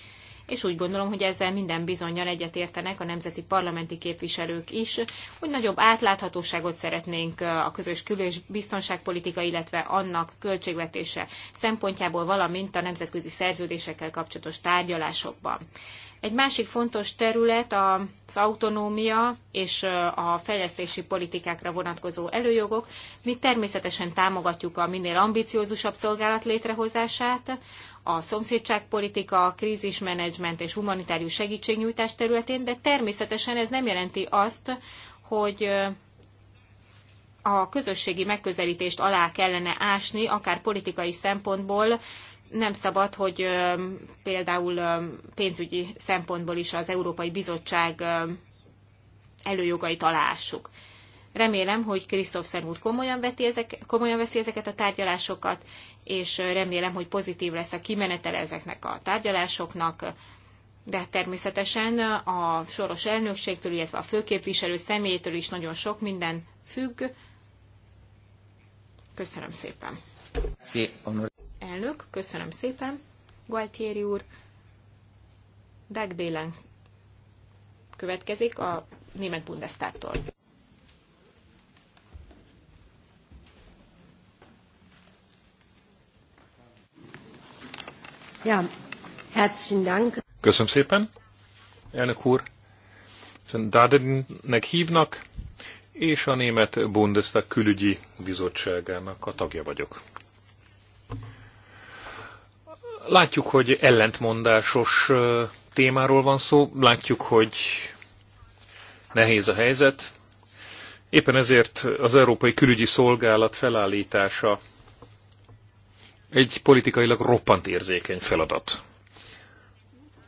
és úgy gondolom, hogy ezzel minden bizonyal egyetértenek a nemzeti parlamenti képviselők is, hogy nagyobb átláthatóságot szeretnénk a közös kül- és biztonságpolitika, illetve annak költségvetése szempontjából, valamint a nemzetközi szerződésekkel kapcsolatos tárgyalásokban. Egy másik fontos terület az autonómia és a fejlesztési politikákra vonatkozó előjogok. Mi természetesen támogatjuk a minél ambiciózusabb szolgálat létrehozását, a szomszédságpolitika, a krízismenedzsment és humanitárius segítségnyújtás területén, de természetesen ez nem jelenti azt, hogy a közösségi megközelítést alá kellene ásni, akár politikai szempontból, nem szabad, hogy például pénzügyi szempontból is az Európai Bizottság előjogait alássuk. Remélem, hogy Krisztófszer úr komolyan, veti ezek, komolyan veszi ezeket a tárgyalásokat, és remélem, hogy pozitív lesz a kimenetele ezeknek a tárgyalásoknak, de természetesen a soros elnökségtől, illetve a főképviselő személyétől is nagyon sok minden függ. Köszönöm szépen. Elnök, köszönöm szépen. Gualtieri úr, Dag Délen következik a német Bundestagtól. Ja, herzlichen Dank. Köszönöm szépen, elnök úr. Szóval Dadennek hívnak, és a német Bundestag külügyi bizottságának a tagja vagyok. Látjuk, hogy ellentmondásos témáról van szó, látjuk, hogy nehéz a helyzet. Éppen ezért az Európai Külügyi Szolgálat felállítása egy politikailag roppant érzékeny feladat.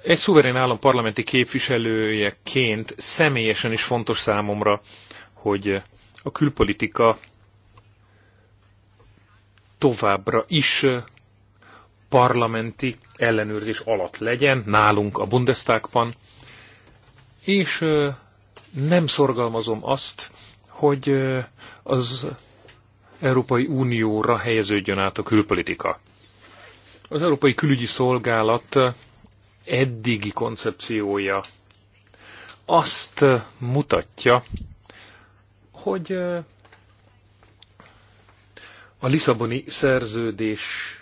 Egy szuverén állam parlamenti képviselőjeként személyesen is fontos számomra, hogy a külpolitika továbbra is parlamenti ellenőrzés alatt legyen, nálunk a Bundestagban, és nem szorgalmazom azt, hogy az Európai Unióra helyeződjön át a külpolitika. Az Európai Külügyi Szolgálat eddigi koncepciója azt mutatja, hogy a Lisszaboni szerződés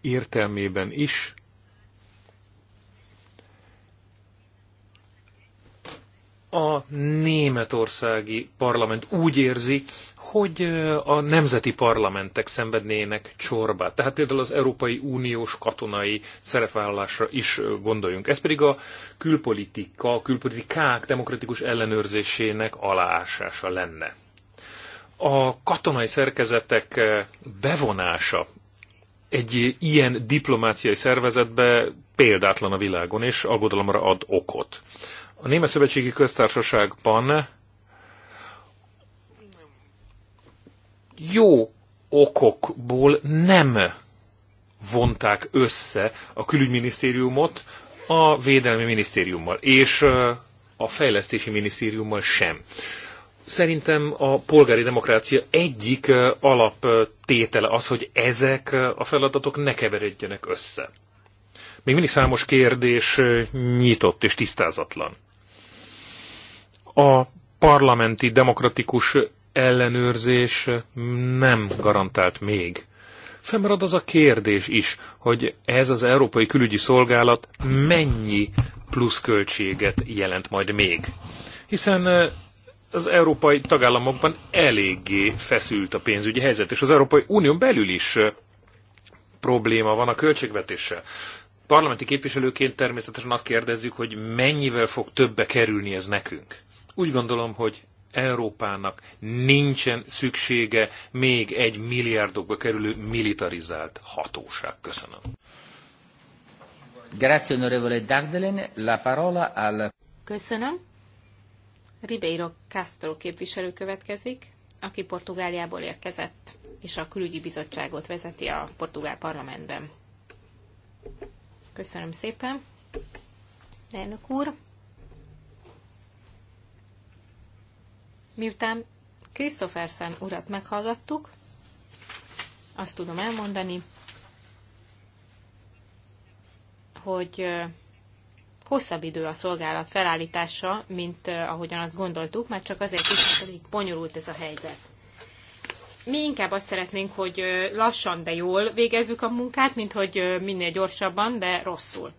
értelmében is a németországi parlament úgy érzi, hogy a nemzeti parlamentek szenvednének csorbát. Tehát például az Európai Uniós katonai szerepvállalásra is gondoljunk. Ez pedig a külpolitika, a külpolitikák demokratikus ellenőrzésének aláásása lenne. A katonai szerkezetek bevonása egy ilyen diplomáciai szervezetbe példátlan a világon, és aggodalomra ad okot. A Német Szövetségi Köztársaságban jó okokból nem vonták össze a külügyminisztériumot a védelmi minisztériummal, és a fejlesztési minisztériummal sem. Szerintem a polgári demokrácia egyik alaptétele az, hogy ezek a feladatok ne keveredjenek össze. Még mindig számos kérdés nyitott és tisztázatlan. A parlamenti demokratikus ellenőrzés nem garantált még. Fennmarad az a kérdés is, hogy ez az Európai Külügyi Szolgálat mennyi pluszköltséget jelent majd még. Hiszen az európai tagállamokban eléggé feszült a pénzügyi helyzet, és az Európai Unió belül is probléma van a költségvetéssel. Parlamenti képviselőként természetesen azt kérdezzük, hogy mennyivel fog többe kerülni ez nekünk. Úgy gondolom, hogy Európának nincsen szüksége még egy milliárdokba kerülő militarizált hatóság. Köszönöm. Grazie onorevole Dagdelen, la parola al... Köszönöm. Ribeiro Castro képviselő következik, aki Portugáliából érkezett, és a külügyi bizottságot vezeti a portugál parlamentben. Köszönöm szépen, elnök úr. Miután Christophersen urat meghallgattuk, azt tudom elmondani, hogy hosszabb idő a szolgálat felállítása, mint ahogyan azt gondoltuk, mert csak azért is, hogy bonyolult ez a helyzet. Mi inkább azt szeretnénk, hogy lassan, de jól végezzük a munkát, mint hogy minél gyorsabban, de rosszul.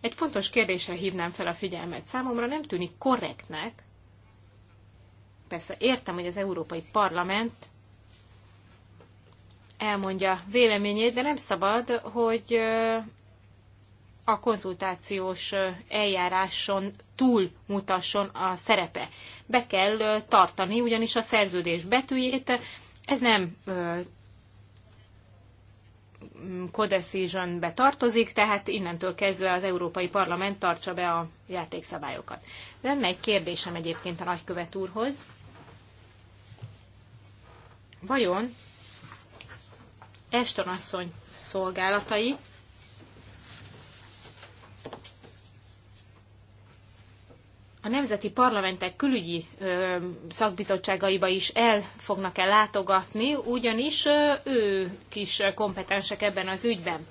Egy fontos kérdésre hívnám fel a figyelmet. Számomra nem tűnik korrektnek, Persze értem, hogy az Európai Parlament elmondja véleményét, de nem szabad, hogy a konzultációs eljáráson túl mutasson a szerepe. Be kell tartani ugyanis a szerződés betűjét, ez nem codecisionbe tartozik, tehát innentől kezdve az Európai Parlament tartsa be a játékszabályokat. Lenne egy kérdésem egyébként a nagykövet úrhoz. Vajon Eston asszony szolgálatai a nemzeti parlamentek külügyi ö, szakbizottságaiba is el fognak-e látogatni, ugyanis ö, ő kis kompetensek ebben az ügyben.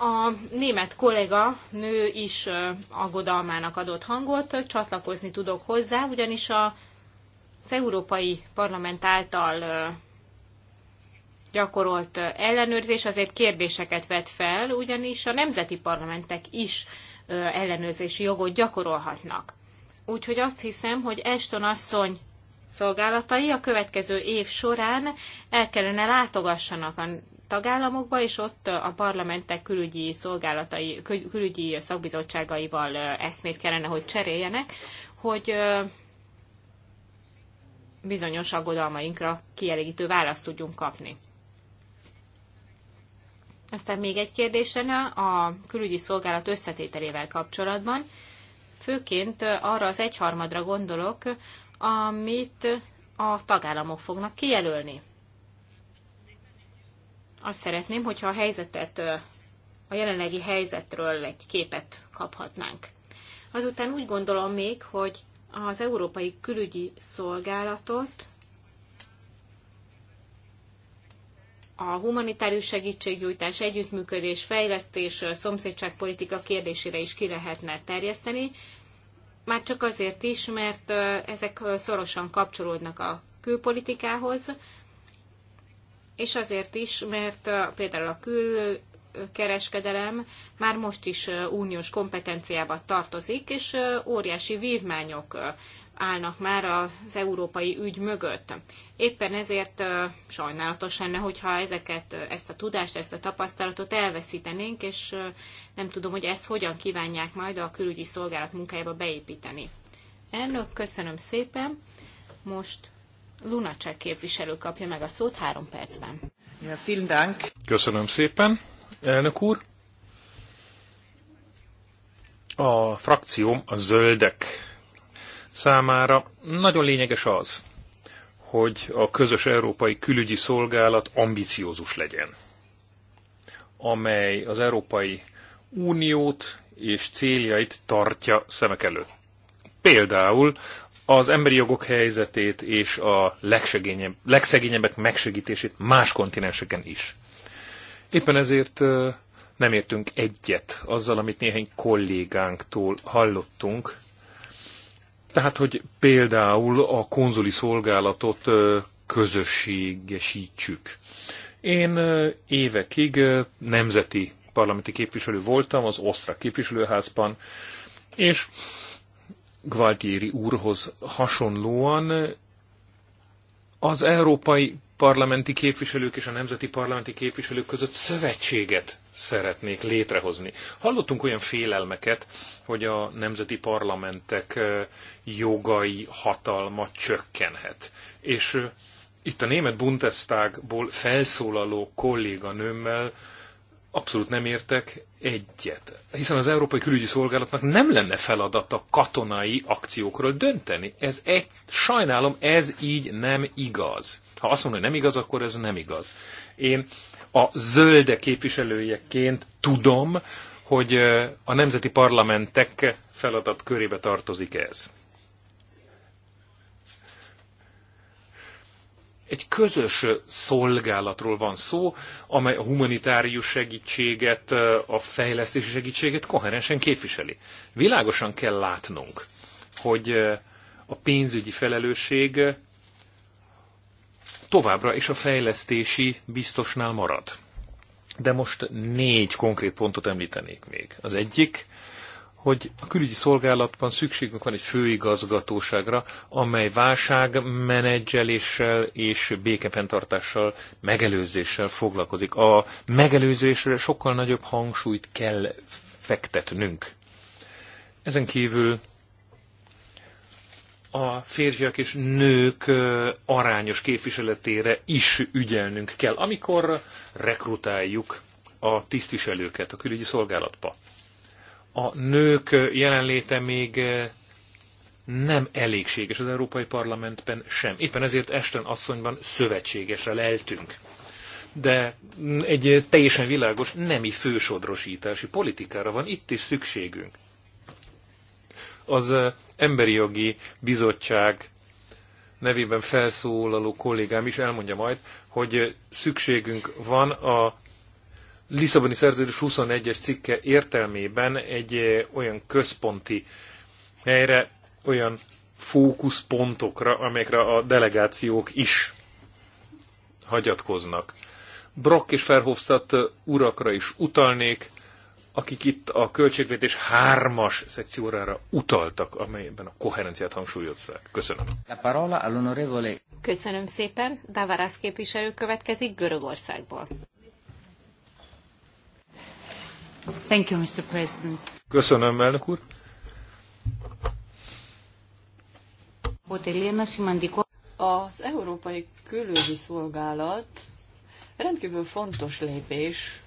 A német kollega nő is ö, aggodalmának adott hangot, csatlakozni tudok hozzá, ugyanis a, az Európai Parlament által ö, gyakorolt ellenőrzés azért kérdéseket vet fel, ugyanis a nemzeti parlamentek is ellenőrzési jogot gyakorolhatnak. Úgyhogy azt hiszem, hogy Eston asszony szolgálatai a következő év során el kellene látogassanak a tagállamokba, és ott a parlamentek külügyi, szolgálatai, külügyi szakbizottságaival eszmét kellene, hogy cseréljenek, hogy bizonyos aggodalmainkra kielégítő választ tudjunk kapni. Aztán még egy kérdésen a külügyi szolgálat összetételével kapcsolatban. Főként arra az egyharmadra gondolok, amit a tagállamok fognak kijelölni. Azt szeretném, hogyha a helyzetet, a jelenlegi helyzetről egy képet kaphatnánk. Azután úgy gondolom még, hogy az Európai Külügyi Szolgálatot a humanitárius segítségnyújtás, együttműködés, fejlesztés, szomszédságpolitika kérdésére is ki lehetne terjeszteni, már csak azért is, mert ezek szorosan kapcsolódnak a külpolitikához, és azért is, mert például a külkereskedelem már most is uniós kompetenciába tartozik, és óriási vívmányok állnak már az európai ügy mögött. Éppen ezért sajnálatos lenne, hogyha ezeket, ezt a tudást, ezt a tapasztalatot elveszítenénk, és nem tudom, hogy ezt hogyan kívánják majd a külügyi szolgálat munkájába beépíteni. Elnök, köszönöm szépen. Most Lunacek képviselő kapja meg a szót három percben. Ja, vielen Dank. Köszönöm szépen, elnök úr. A frakcióm a zöldek számára nagyon lényeges az, hogy a közös európai külügyi szolgálat ambiciózus legyen, amely az Európai Uniót és céljait tartja szemek előtt. Például az emberi jogok helyzetét és a legszegényebbek megsegítését más kontinenseken is. Éppen ezért nem értünk egyet azzal, amit néhány kollégánktól hallottunk, tehát, hogy például a konzuli szolgálatot közösségesítsük. Én évekig nemzeti parlamenti képviselő voltam az osztrák képviselőházban, és Gvaltieri úrhoz hasonlóan az Európai parlamenti képviselők és a nemzeti parlamenti képviselők között szövetséget szeretnék létrehozni. Hallottunk olyan félelmeket, hogy a nemzeti parlamentek jogai hatalma csökkenhet. És itt a német Bundestagból felszólaló kolléganőmmel abszolút nem értek egyet. Hiszen az Európai Külügyi Szolgálatnak nem lenne feladata katonai akciókról dönteni. Ez egy, sajnálom, ez így nem igaz. Ha azt mondja, hogy nem igaz, akkor ez nem igaz. Én a zölde képviselőjeként tudom, hogy a nemzeti parlamentek feladat körébe tartozik ez. Egy közös szolgálatról van szó, amely a humanitárius segítséget, a fejlesztési segítséget koherensen képviseli. Világosan kell látnunk, hogy a pénzügyi felelősség továbbra is a fejlesztési biztosnál marad. De most négy konkrét pontot említenék még. Az egyik, hogy a külügyi szolgálatban szükségünk van egy főigazgatóságra, amely válságmenedzseléssel és békefenntartással, megelőzéssel foglalkozik. A megelőzésre sokkal nagyobb hangsúlyt kell fektetnünk. Ezen kívül a férfiak és nők arányos képviseletére is ügyelnünk kell, amikor rekrutáljuk a tisztviselőket a külügyi szolgálatba. A nők jelenléte még nem elégséges az Európai Parlamentben sem. Éppen ezért Esten asszonyban szövetségesre leltünk. De egy teljesen világos nemi fősodrosítási politikára van itt is szükségünk. Az Emberi Jogi Bizottság nevében felszólaló kollégám is elmondja majd, hogy szükségünk van a Lisszaboni Szerződés 21-es cikke értelmében egy eh, olyan központi helyre, olyan fókuszpontokra, amelyekre a delegációk is hagyatkoznak. Brock és Verhofstadt urakra is utalnék, akik itt a költségvetés hármas szekciórára utaltak, amelyben a koherenciát hangsúlyozták. Köszönöm. La parola all'onorevole. Köszönöm szépen. Davarász képviselő következik Görögországból. Thank you, Mr. President. Köszönöm, elnök úr. Az Európai Külügyi Szolgálat rendkívül fontos lépés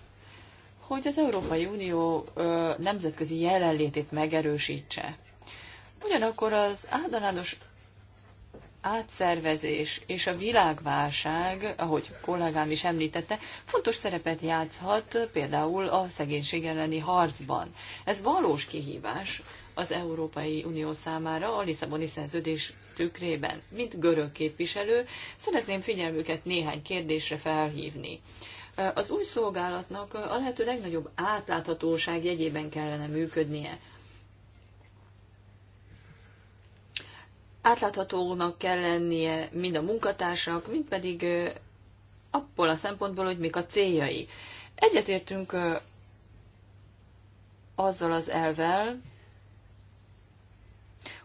hogy az Európai Unió nemzetközi jelenlétét megerősítse. Ugyanakkor az általános átszervezés és a világválság, ahogy kollégám is említette, fontos szerepet játszhat például a szegénység elleni harcban. Ez valós kihívás az Európai Unió számára a Lisszaboni szerződés tükrében. Mint görög képviselő, szeretném figyelmüket néhány kérdésre felhívni. Az új szolgálatnak a lehető legnagyobb átláthatóság jegyében kellene működnie. Átláthatónak kell lennie mind a munkatársak, mind pedig abból a szempontból, hogy mik a céljai. Egyetértünk azzal az elvel,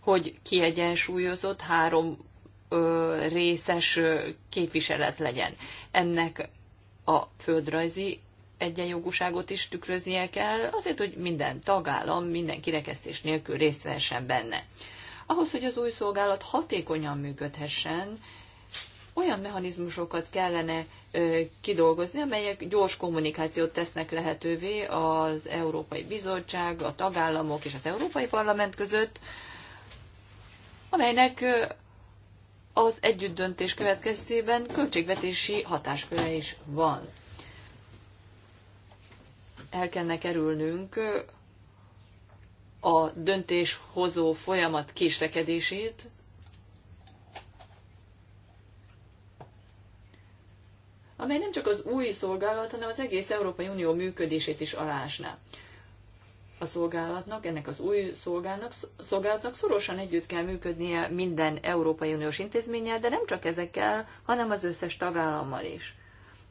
hogy kiegyensúlyozott három részes képviselet legyen. Ennek a földrajzi egyenjogúságot is tükröznie kell, azért, hogy minden tagállam minden kirekesztés nélkül részt vehessen benne. Ahhoz, hogy az új szolgálat hatékonyan működhessen, olyan mechanizmusokat kellene ö, kidolgozni, amelyek gyors kommunikációt tesznek lehetővé az Európai Bizottság, a tagállamok és az Európai Parlament között, amelynek az együttdöntés következtében költségvetési hatásköre is van. El kellene kerülnünk a döntéshozó folyamat késlekedését, amely nem csak az új szolgálat, hanem az egész Európai Unió működését is alásná a szolgálatnak, ennek az új szolgálnak, szolgálatnak szorosan együtt kell működnie minden Európai Uniós intézménnyel, de nem csak ezekkel, hanem az összes tagállammal is.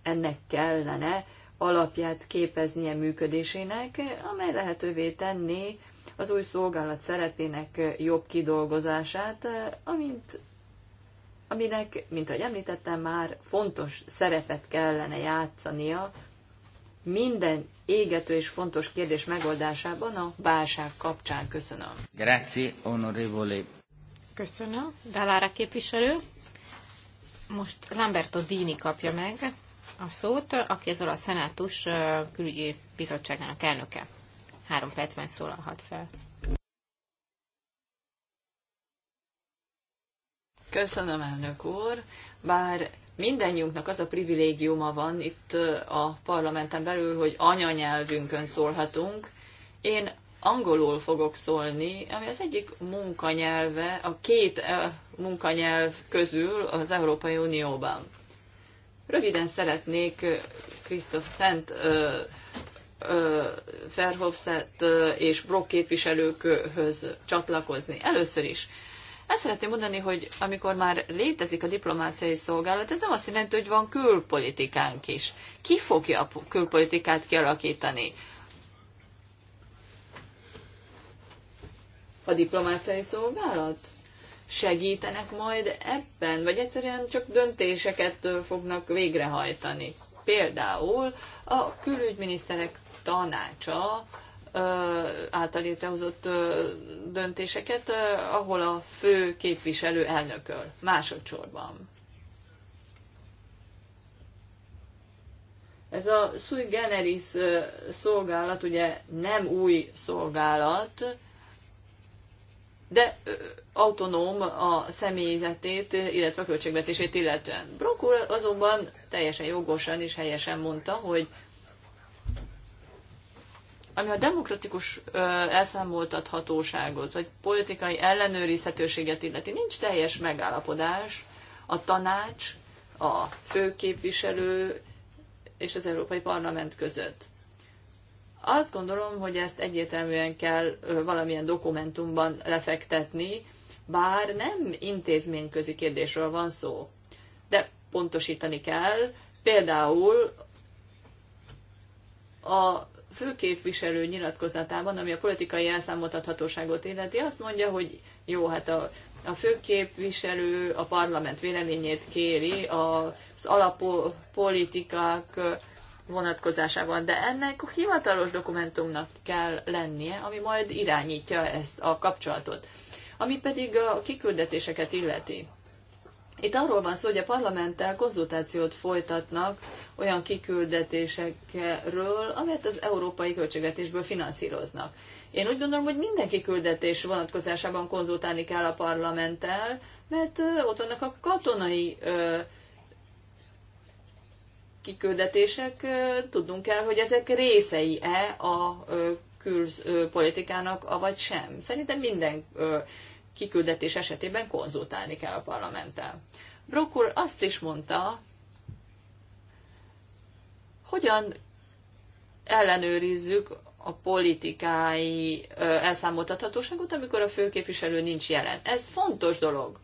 Ennek kellene alapját képeznie működésének, amely lehetővé tenni az új szolgálat szerepének jobb kidolgozását, amint, aminek, mint ahogy említettem már, fontos szerepet kellene játszania minden égető és fontos kérdés megoldásában a válság kapcsán. Köszönöm. Grazie, onorevole. Köszönöm. Dalára képviselő. Most Lamberto Dini kapja meg a szót, aki az olasz szenátus külügyi bizottságának elnöke. Három percben szólalhat fel. Köszönöm, elnök úr. Bár mindannyiunknak az a privilégiuma van itt a parlamenten belül, hogy anyanyelvünkön szólhatunk. Én angolul fogok szólni, ami az egyik munkanyelve, a két munkanyelv közül az Európai Unióban. Röviden szeretnék Krisztof Szent Ferhofszett és Brock képviselőkhöz csatlakozni. Először is ezt szeretném mondani, hogy amikor már létezik a diplomáciai szolgálat, ez nem azt jelenti, hogy van külpolitikánk is. Ki fogja a külpolitikát kialakítani? A diplomáciai szolgálat? Segítenek majd ebben, vagy egyszerűen csak döntéseket fognak végrehajtani. Például a külügyminiszterek tanácsa által létrehozott döntéseket, ahol a fő képviselő elnököl másodszorban. Ez a sui generis szolgálat ugye nem új szolgálat, de autonóm a személyzetét, illetve a költségvetését illetően. Brokul azonban teljesen jogosan és helyesen mondta, hogy ami a demokratikus ö, elszámoltathatóságot, vagy politikai ellenőrizhetőséget illeti, nincs teljes megállapodás a tanács, a főképviselő és az Európai Parlament között. Azt gondolom, hogy ezt egyértelműen kell valamilyen dokumentumban lefektetni, bár nem intézményközi kérdésről van szó, de pontosítani kell, például a főképviselő nyilatkozatában, ami a politikai elszámoltathatóságot illeti, azt mondja, hogy jó, hát a, a főképviselő a parlament véleményét kéri az alappolitikák vonatkozásában, de ennek a hivatalos dokumentumnak kell lennie, ami majd irányítja ezt a kapcsolatot. Ami pedig a kiküldetéseket illeti. Itt arról van szó, hogy a parlamenttel konzultációt folytatnak olyan kiküldetésekről, amelyet az európai költségvetésből finanszíroznak. Én úgy gondolom, hogy minden kiküldetés vonatkozásában konzultálni kell a parlamenttel, mert ott vannak a katonai kiküldetések, tudnunk kell, hogy ezek részei-e a külpolitikának, vagy sem. Szerintem minden kiküldetés esetében konzultálni kell a parlamenttel. Brokul azt is mondta, hogyan ellenőrizzük a politikai elszámoltathatóságot, amikor a főképviselő nincs jelen. Ez fontos dolog.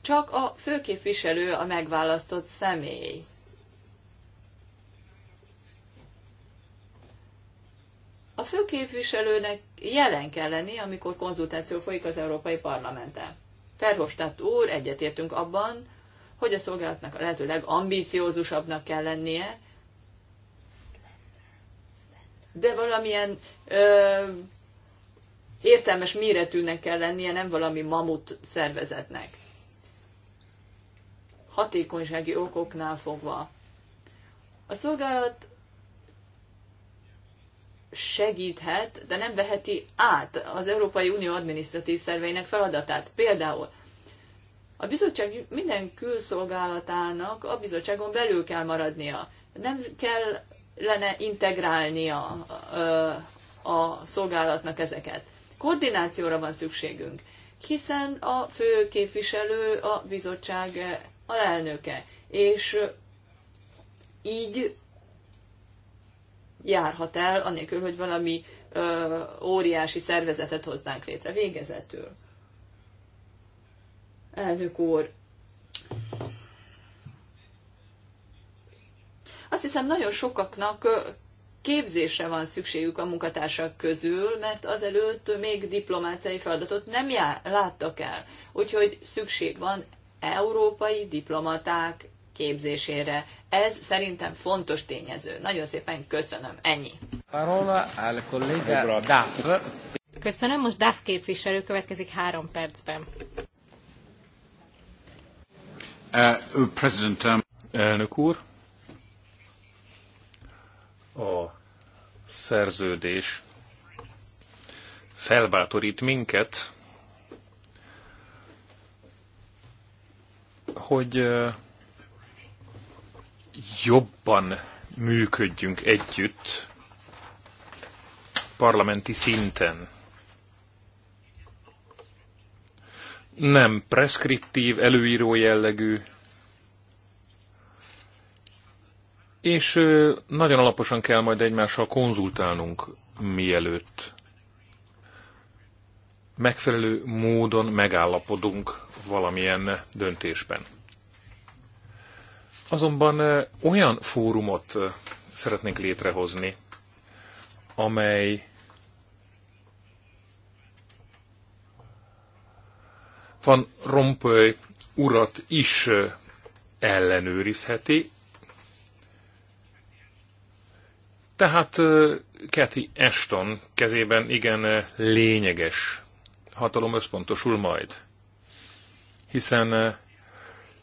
Csak a főképviselő a megválasztott személy. A főképviselőnek jelen kell lenni, amikor konzultáció folyik az Európai parlamenten. Ferhofstadt úr, egyetértünk abban, hogy a szolgálatnak a lehető legambíciózusabbnak kell lennie, de valamilyen ö, értelmes méretűnek kell lennie, nem valami mamut szervezetnek. Hatékonysági okoknál fogva. A szolgálat segíthet, de nem veheti át az Európai Unió adminisztratív szerveinek feladatát. Például a bizottság minden külszolgálatának a bizottságon belül kell maradnia. Nem kell kellene a, a szolgálatnak ezeket. Koordinációra van szükségünk, hiszen a fő képviselő a bizottság alelnöke, és így járhat el, anélkül, hogy valami ö, óriási szervezetet hoznánk létre végezetül. Elnök úr, Azt hiszem, nagyon sokaknak képzésre van szükségük a munkatársak közül, mert azelőtt még diplomáciai feladatot nem jár láttak el. Úgyhogy szükség van európai diplomaták képzésére. Ez szerintem fontos tényező. Nagyon szépen köszönöm. Ennyi. Parola al collega Daf. Köszönöm, most Daf képviselő következik három percben. Uh, President, um... Elnök úr, a szerződés felbátorít minket, hogy jobban működjünk együtt parlamenti szinten. Nem preszkriptív, előíró jellegű, És nagyon alaposan kell majd egymással konzultálnunk, mielőtt megfelelő módon megállapodunk valamilyen döntésben. Azonban olyan fórumot szeretnénk létrehozni, amely Van Rompöly urat is ellenőrizheti, Tehát Kathy Ashton kezében igen lényeges hatalom összpontosul majd, hiszen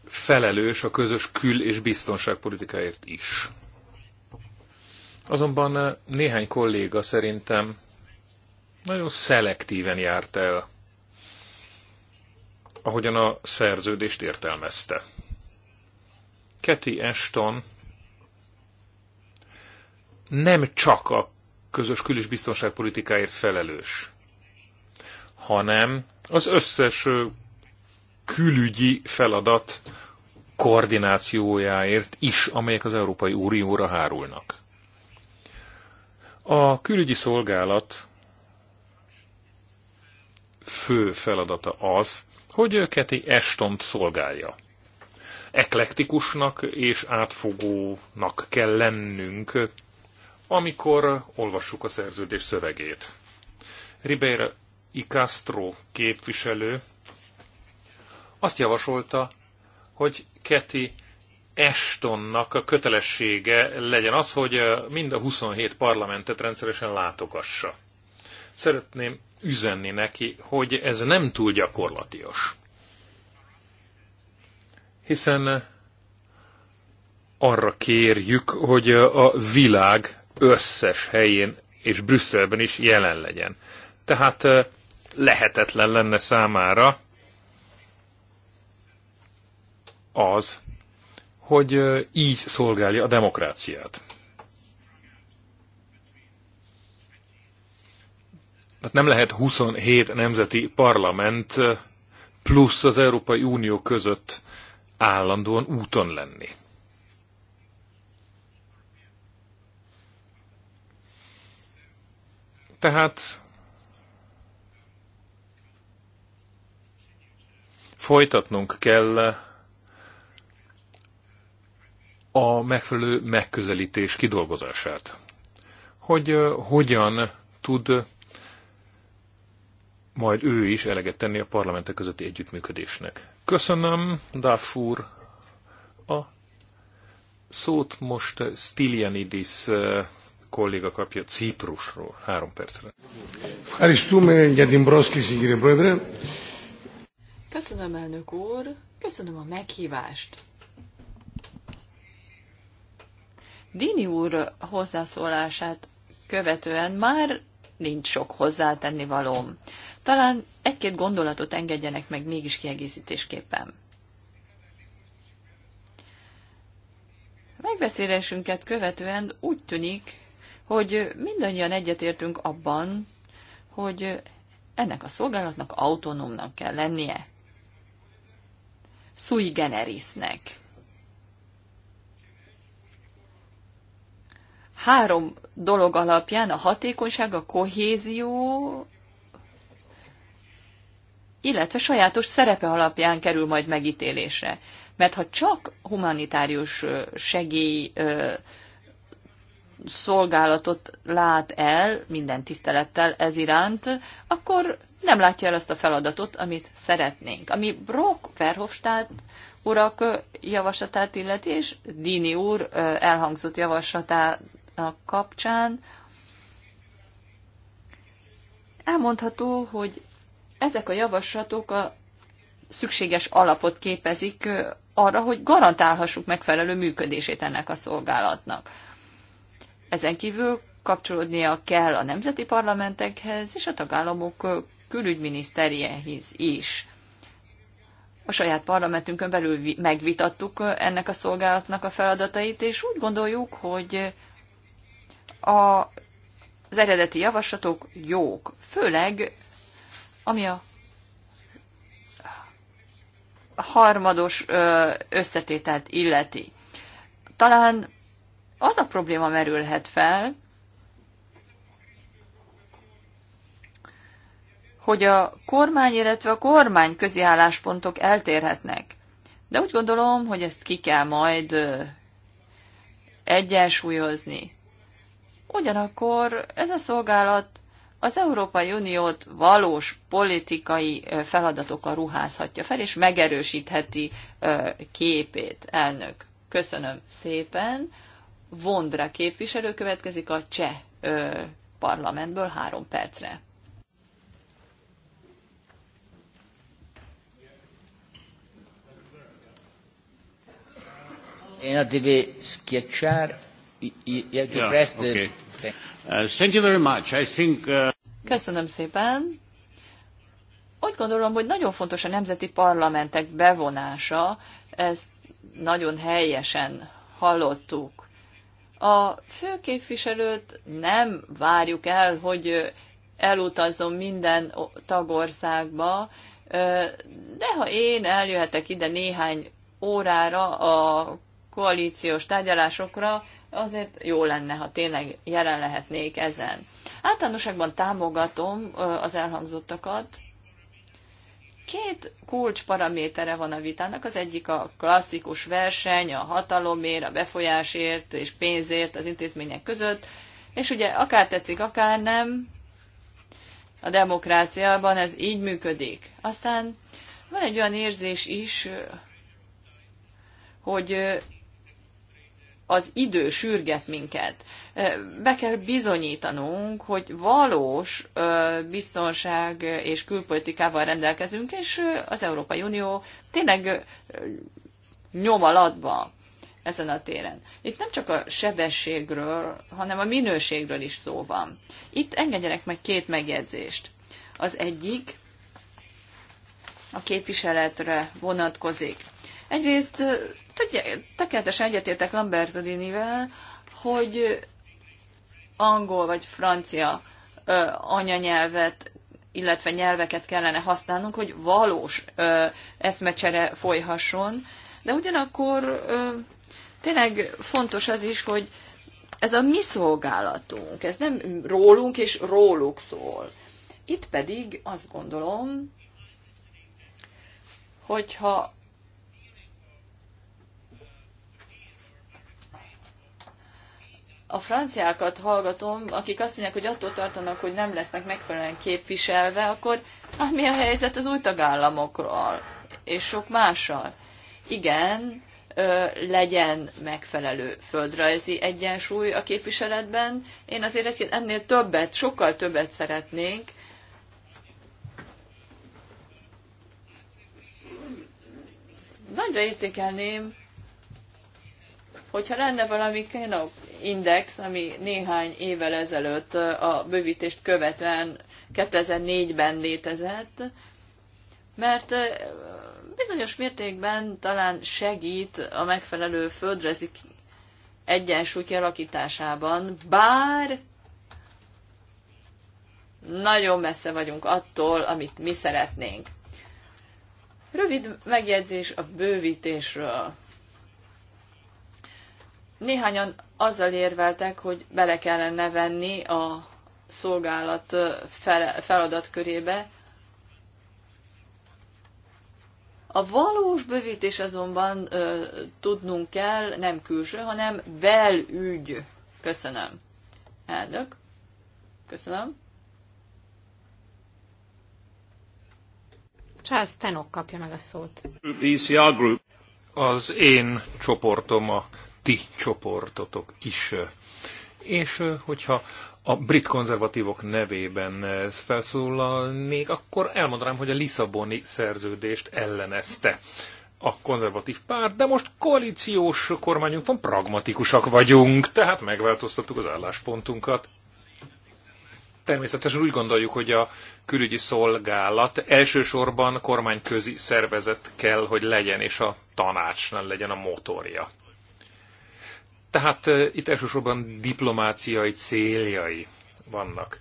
felelős a közös kül- és biztonságpolitikáért is. Azonban néhány kolléga szerintem nagyon szelektíven járt el, ahogyan a szerződést értelmezte. Kathy Ashton nem csak a közös kül- biztonságpolitikáért felelős, hanem az összes külügyi feladat koordinációjáért is, amelyek az Európai Unióra hárulnak. A külügyi szolgálat fő feladata az, hogy Keti Estont szolgálja. Eklektikusnak és átfogónak kell lennünk amikor olvassuk a szerződés szövegét. Ribeira I. Castro képviselő azt javasolta, hogy Keti Estonnak a kötelessége legyen az, hogy mind a 27 parlamentet rendszeresen látogassa. Szeretném üzenni neki, hogy ez nem túl gyakorlatias. Hiszen arra kérjük, hogy a világ összes helyén és Brüsszelben is jelen legyen. Tehát lehetetlen lenne számára az, hogy így szolgálja a demokráciát. Hát nem lehet 27 nemzeti parlament plusz az Európai Unió között állandóan úton lenni. Tehát folytatnunk kell a megfelelő megközelítés kidolgozását. Hogy hogyan tud majd ő is eleget tenni a parlamentek közötti együttműködésnek. Köszönöm, Dafur, a szót most Stylianidis kolléga kapja Ciprusról. Három percre. Köszönöm, elnök úr. Köszönöm a meghívást. Dini úr hozzászólását követően már nincs sok hozzátenni valóm. Talán egy-két gondolatot engedjenek meg mégis kiegészítésképpen. Megbeszélésünket követően úgy tűnik, hogy mindannyian egyetértünk abban, hogy ennek a szolgálatnak autonómnak kell lennie, sui generisnek. Három dolog alapján a hatékonyság, a kohézió, illetve sajátos szerepe alapján kerül majd megítélésre. Mert ha csak humanitárius segély szolgálatot lát el, minden tisztelettel ez iránt, akkor nem látja el azt a feladatot, amit szeretnénk. Ami Brock Verhofstadt urak javaslatát illeti, és Dini úr elhangzott javaslatának kapcsán, elmondható, hogy ezek a javaslatok a szükséges alapot képezik arra, hogy garantálhassuk megfelelő működését ennek a szolgálatnak. Ezen kívül kapcsolódnia kell a nemzeti parlamentekhez és a tagállamok külügyminiszterjehez is. A saját parlamentünkön belül megvitattuk ennek a szolgálatnak a feladatait, és úgy gondoljuk, hogy a, az eredeti javaslatok jók, főleg ami a harmados összetételt illeti. Talán az a probléma merülhet fel, hogy a kormány, illetve a kormány közi álláspontok eltérhetnek. De úgy gondolom, hogy ezt ki kell majd egyensúlyozni. Ugyanakkor ez a szolgálat az Európai Uniót valós politikai feladatokkal ruházhatja fel, és megerősítheti képét, elnök. Köszönöm szépen. Vondra képviselő következik a cseh ö, parlamentből három percre. Én a schiacciare, you uh, thank you very much. I think... Uh... Köszönöm szépen. Úgy gondolom, hogy nagyon fontos a nemzeti parlamentek bevonása, ezt nagyon helyesen hallottuk. A főképviselőt nem várjuk el, hogy elutazzon minden tagországba, de ha én eljöhetek ide néhány órára a koalíciós tárgyalásokra, azért jó lenne, ha tényleg jelen lehetnék ezen. Általánosságban támogatom az elhangzottakat, két kulcsparamétere van a vitának, az egyik a klasszikus verseny, a hatalomért, a befolyásért és pénzért az intézmények között, és ugye akár tetszik, akár nem, a demokráciában ez így működik. Aztán van egy olyan érzés is, hogy az idő sürget minket be kell bizonyítanunk, hogy valós biztonság és külpolitikával rendelkezünk, és az Európai Unió tényleg nyom alatba ezen a téren. Itt nem csak a sebességről, hanem a minőségről is szó van. Itt engedjenek meg két megjegyzést. Az egyik a képviseletre vonatkozik. Egyrészt tökéletesen egyetértek Lambertodinivel, hogy angol vagy francia ö, anyanyelvet, illetve nyelveket kellene használnunk, hogy valós ö, eszmecsere folyhasson, de ugyanakkor ö, tényleg fontos az is, hogy ez a mi szolgálatunk, ez nem rólunk és róluk szól. Itt pedig azt gondolom, hogyha a franciákat hallgatom, akik azt mondják, hogy attól tartanak, hogy nem lesznek megfelelően képviselve, akkor hát mi a helyzet az új tagállamokról és sok mással? Igen, ö, legyen megfelelő földrajzi egyensúly a képviseletben. Én azért ennél többet, sokkal többet szeretnénk, nagyra értékelném, hogyha lenne valami index, ami néhány évvel ezelőtt a bővítést követően 2004-ben létezett, mert bizonyos mértékben talán segít a megfelelő földrezi egyensúly kialakításában, bár nagyon messze vagyunk attól, amit mi szeretnénk. Rövid megjegyzés a bővítésről. Néhányan azzal érveltek, hogy bele kellene venni a szolgálat feladatkörébe. A valós bővítés azonban ö, tudnunk kell, nem külső, hanem belügy. Köszönöm. Elnök. Köszönöm. Charles Tenok kapja meg a szót. E Az én csoportom a ti csoportotok is. És hogyha a brit konzervatívok nevében felszólalnék, akkor elmondanám, hogy a Lisszaboni szerződést ellenezte a konzervatív párt, de most koalíciós kormányunk van, pragmatikusak vagyunk, tehát megváltoztattuk az álláspontunkat. Természetesen úgy gondoljuk, hogy a külügyi szolgálat elsősorban kormányközi szervezet kell, hogy legyen, és a tanácsnál legyen a motorja. Tehát itt elsősorban diplomáciai céljai vannak.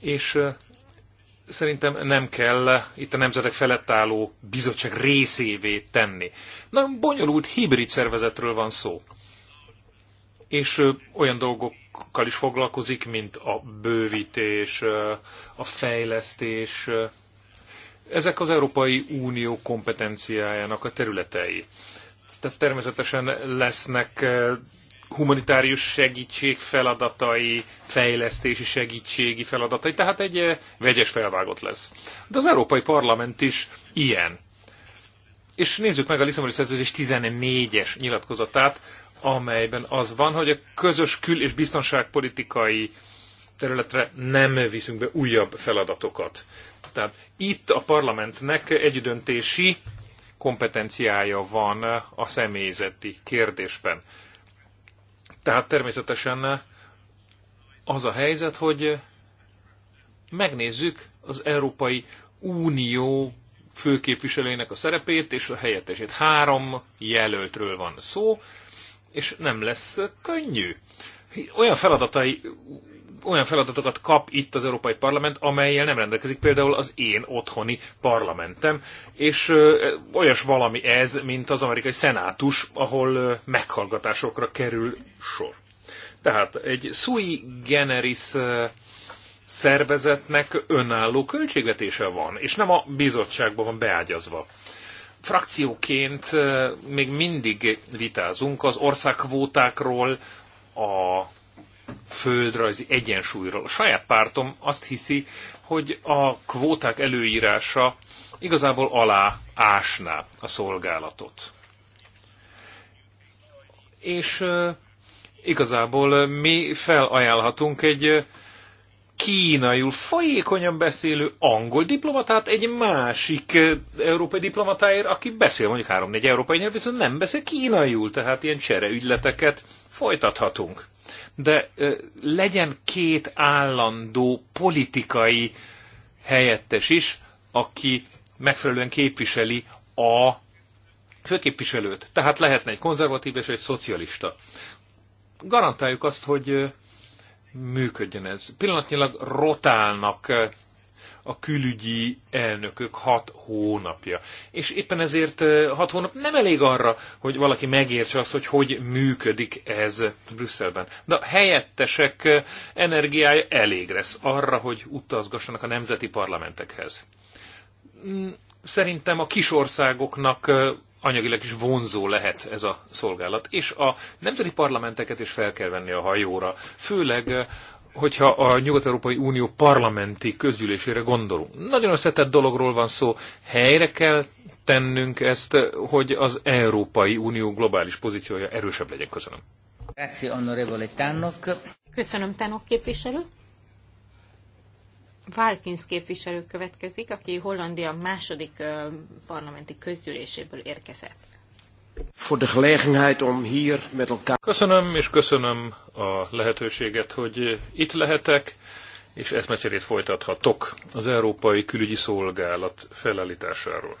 És szerintem nem kell itt a nemzetek felett álló bizottság részévé tenni. Na, bonyolult hibrid szervezetről van szó. És olyan dolgokkal is foglalkozik, mint a bővítés, a fejlesztés. Ezek az Európai Unió kompetenciájának a területei. Tehát természetesen lesznek humanitárius segítség feladatai, fejlesztési segítségi feladatai, tehát egy eh, vegyes felvágott lesz. De az Európai Parlament is ilyen. És nézzük meg a Lisszaboni Szerződés 14-es nyilatkozatát, amelyben az van, hogy a közös kül- és biztonságpolitikai területre nem viszünk be újabb feladatokat. Tehát itt a parlamentnek együttdöntési kompetenciája van a személyzeti kérdésben. Tehát természetesen az a helyzet, hogy megnézzük az Európai Unió főképviselőjének a szerepét és a helyettesét. Három jelöltről van szó, és nem lesz könnyű. Olyan feladatai olyan feladatokat kap itt az Európai Parlament, amelyel nem rendelkezik például az én otthoni parlamentem, és olyas valami ez, mint az amerikai szenátus, ahol meghallgatásokra kerül sor. Tehát egy sui generis szervezetnek önálló költségvetése van, és nem a bizottságban van beágyazva. Frakcióként még mindig vitázunk az országvótákról, a földrajzi egyensúlyról. A saját pártom azt hiszi, hogy a kvóták előírása igazából alá ásná a szolgálatot. És igazából mi felajánlhatunk egy kínaiul folyékonyan beszélő angol diplomatát egy másik európai diplomatáért, aki beszél mondjuk 3-4 európai nyelv, viszont nem beszél kínaiul, tehát ilyen csereügyleteket folytathatunk de legyen két állandó politikai helyettes is, aki megfelelően képviseli a főképviselőt. Tehát lehetne egy konzervatív és egy szocialista. Garantáljuk azt, hogy működjön ez. Pillanatnyilag rotálnak a külügyi elnökök hat hónapja. És éppen ezért hat hónap nem elég arra, hogy valaki megértse azt, hogy hogy működik ez Brüsszelben. De a helyettesek energiája elég lesz arra, hogy utazgassanak a nemzeti parlamentekhez. Mm, szerintem a kis országoknak anyagilag is vonzó lehet ez a szolgálat. És a nemzeti parlamenteket is fel kell venni a hajóra, főleg hogyha a Nyugat-Európai Unió parlamenti közgyűlésére gondolunk. Nagyon összetett dologról van szó, helyre kell tennünk ezt, hogy az Európai Unió globális pozíciója erősebb legyen. Köszönöm. Köszönöm, Tánok képviselő. Valkins képviselő következik, aki Hollandia második parlamenti közgyűléséből érkezett. For gelegenheid om hier met elkaar... Köszönöm, és köszönöm a lehetőséget, hogy itt lehetek, és eszmecserét folytathatok az Európai Külügyi Szolgálat felállításáról.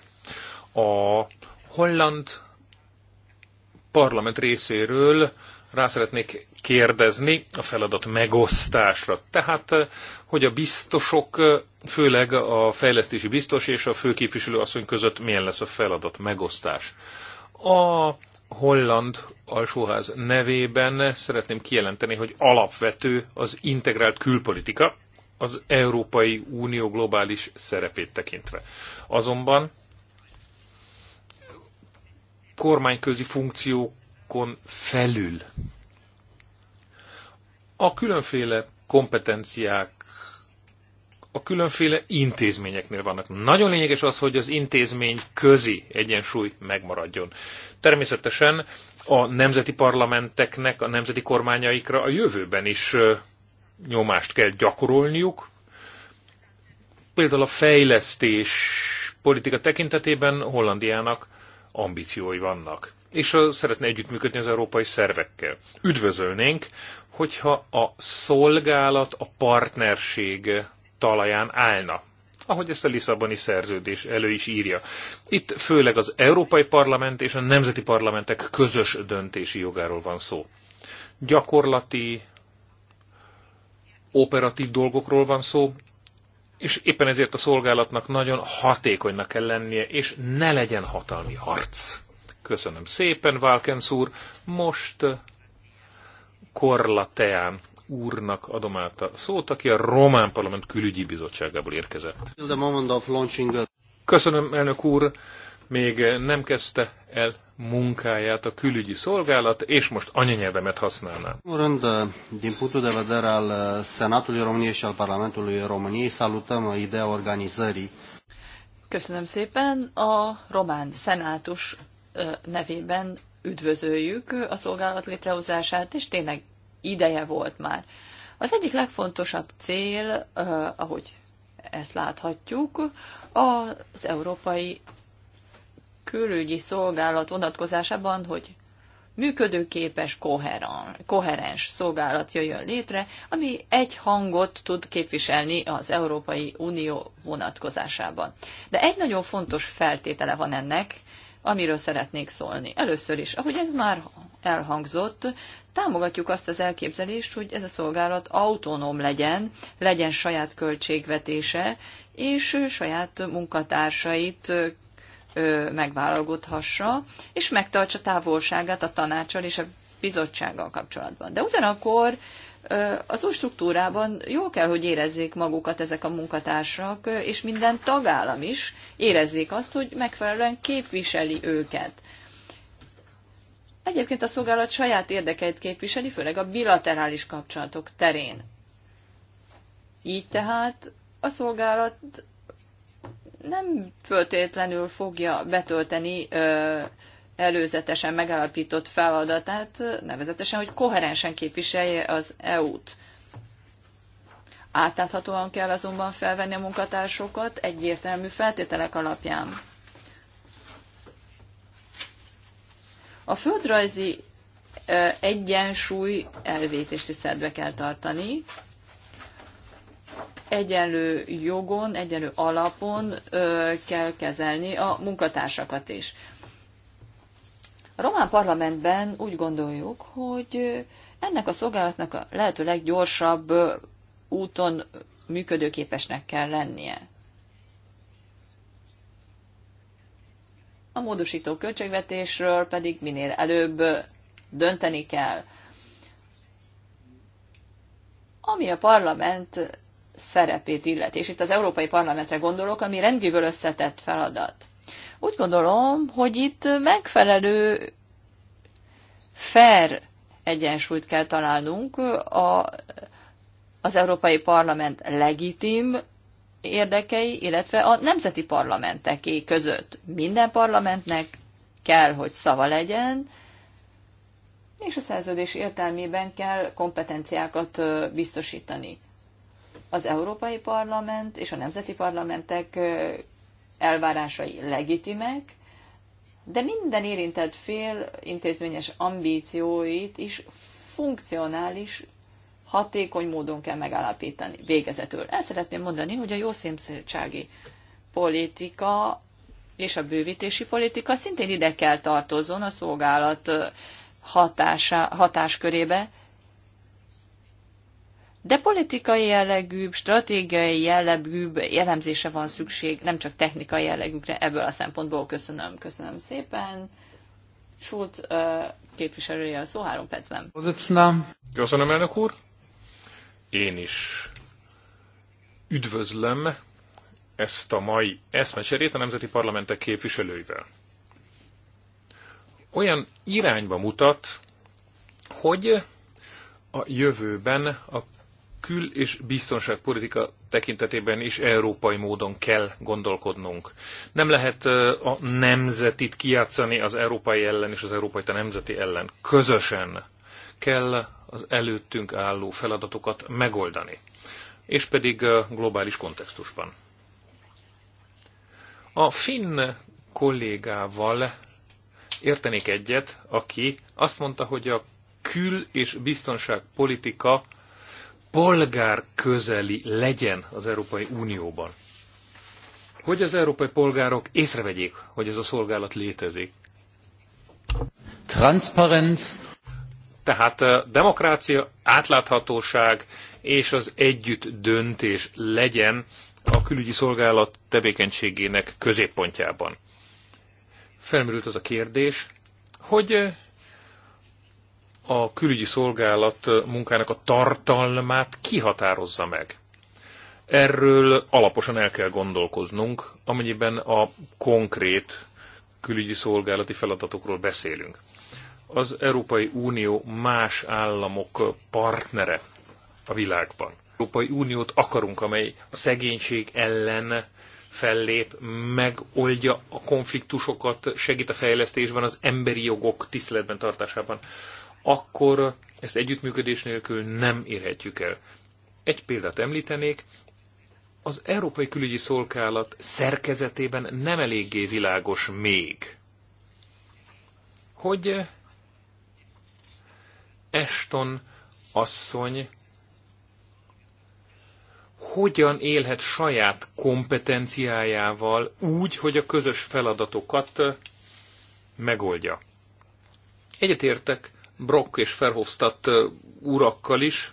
A holland parlament részéről rá szeretnék kérdezni a feladat megosztásra. Tehát, hogy a biztosok, főleg a fejlesztési biztos és a főképviselő asszony között milyen lesz a feladat megosztás. A holland alsóház nevében szeretném kijelenteni, hogy alapvető az integrált külpolitika az Európai Unió globális szerepét tekintve. Azonban kormányközi funkciókon felül a különféle kompetenciák a különféle intézményeknél vannak. Nagyon lényeges az, hogy az intézmény közi egyensúly megmaradjon. Természetesen a nemzeti parlamenteknek, a nemzeti kormányaikra a jövőben is nyomást kell gyakorolniuk. Például a fejlesztés politika tekintetében Hollandiának ambíciói vannak, és szeretne együttműködni az európai szervekkel. Üdvözölnénk, hogyha a szolgálat, a partnerség talaján állna ahogy ezt a Lisszaboni szerződés elő is írja. Itt főleg az Európai Parlament és a nemzeti parlamentek közös döntési jogáról van szó. Gyakorlati, operatív dolgokról van szó, és éppen ezért a szolgálatnak nagyon hatékonynak kell lennie, és ne legyen hatalmi harc. Köszönöm szépen, Valkensz úr. Most eh, korlatean úrnak adom át a szót, aki a Román Parlament külügyi bizottságából érkezett. Köszönöm, elnök úr! Még nem kezdte el munkáját a külügyi szolgálat, és most anyanyelvemet használná. Urând, din punctul de vedere al uh, Senatului României și al Parlamentului României, salutăm ideea organizării. Köszönöm szépen. A román szenátus uh, nevében üdvözöljük a szolgálat létrehozását, és tényleg ideje volt már. Az egyik legfontosabb cél, ahogy ezt láthatjuk, az Európai Külügyi Szolgálat vonatkozásában, hogy működőképes, koherens szolgálat jöjjön létre, ami egy hangot tud képviselni az Európai Unió vonatkozásában. De egy nagyon fontos feltétele van ennek, amiről szeretnék szólni. Először is, ahogy ez már elhangzott, támogatjuk azt az elképzelést, hogy ez a szolgálat autonóm legyen, legyen saját költségvetése, és saját munkatársait megválogathassa, és megtartsa távolságát a tanácsal és a bizottsággal kapcsolatban. De ugyanakkor az új struktúrában jól kell, hogy érezzék magukat ezek a munkatársak, és minden tagállam is érezzék azt, hogy megfelelően képviseli őket. Egyébként a szolgálat saját érdekeit képviseli, főleg a bilaterális kapcsolatok terén. Így tehát a szolgálat nem föltétlenül fogja betölteni ö, előzetesen megállapított feladatát, nevezetesen, hogy koherensen képviselje az EU-t. Átláthatóan kell azonban felvenni a munkatársokat egyértelmű feltételek alapján. A földrajzi egyensúly elvét is tiszteletbe kell tartani. Egyenlő jogon, egyenlő alapon kell kezelni a munkatársakat is. A román parlamentben úgy gondoljuk, hogy ennek a szolgálatnak a lehető leggyorsabb úton működőképesnek kell lennie. a módosító költségvetésről pedig minél előbb dönteni kell. Ami a parlament szerepét illeti, és itt az Európai Parlamentre gondolok, ami rendkívül összetett feladat. Úgy gondolom, hogy itt megfelelő fair egyensúlyt kell találnunk a, az Európai Parlament legitim érdekei, illetve a nemzeti parlamenteké között. Minden parlamentnek kell, hogy szava legyen, és a szerződés értelmében kell kompetenciákat biztosítani. Az Európai Parlament és a nemzeti parlamentek elvárásai legitimek, de minden érintett fél intézményes ambícióit is funkcionális hatékony módon kell megállapítani végezetül. Ezt szeretném mondani, hogy a jó politika és a bővítési politika szintén ide kell tartozzon a szolgálat hatása, hatáskörébe, de politikai jellegűbb, stratégiai jellegűbb jellemzése van szükség, nem csak technikai jellegűkre, ebből a szempontból köszönöm. Köszönöm szépen. Schultz képviselője a szó három percben. Köszönöm, elnök úr. Én is üdvözlöm ezt a mai eszmecserét a nemzeti parlamentek képviselőivel. Olyan irányba mutat, hogy a jövőben a kül- és biztonságpolitika tekintetében is európai módon kell gondolkodnunk. Nem lehet a nemzetit kiátszani az európai ellen és az európai nemzeti ellen. Közösen kell az előttünk álló feladatokat megoldani, és pedig globális kontextusban. A finn kollégával értenék egyet, aki azt mondta, hogy a kül- és biztonságpolitika polgár közeli legyen az Európai Unióban. Hogy az európai polgárok észrevegyék, hogy ez a szolgálat létezik. Transparenz tehát a demokrácia, átláthatóság és az együtt döntés legyen a külügyi szolgálat tevékenységének középpontjában. Felmerült az a kérdés, hogy a külügyi szolgálat munkának a tartalmát kihatározza meg. Erről alaposan el kell gondolkoznunk, amennyiben a konkrét külügyi szolgálati feladatokról beszélünk az Európai Unió más államok partnere a világban. Európai Uniót akarunk, amely a szegénység ellen fellép, megoldja a konfliktusokat, segít a fejlesztésben, az emberi jogok tiszteletben tartásában, akkor ezt együttműködés nélkül nem érhetjük el. Egy példát említenék, az Európai Külügyi Szolgálat szerkezetében nem eléggé világos még, hogy Eston asszony hogyan élhet saját kompetenciájával úgy, hogy a közös feladatokat megoldja. Egyetértek Brock és Verhofstadt urakkal is,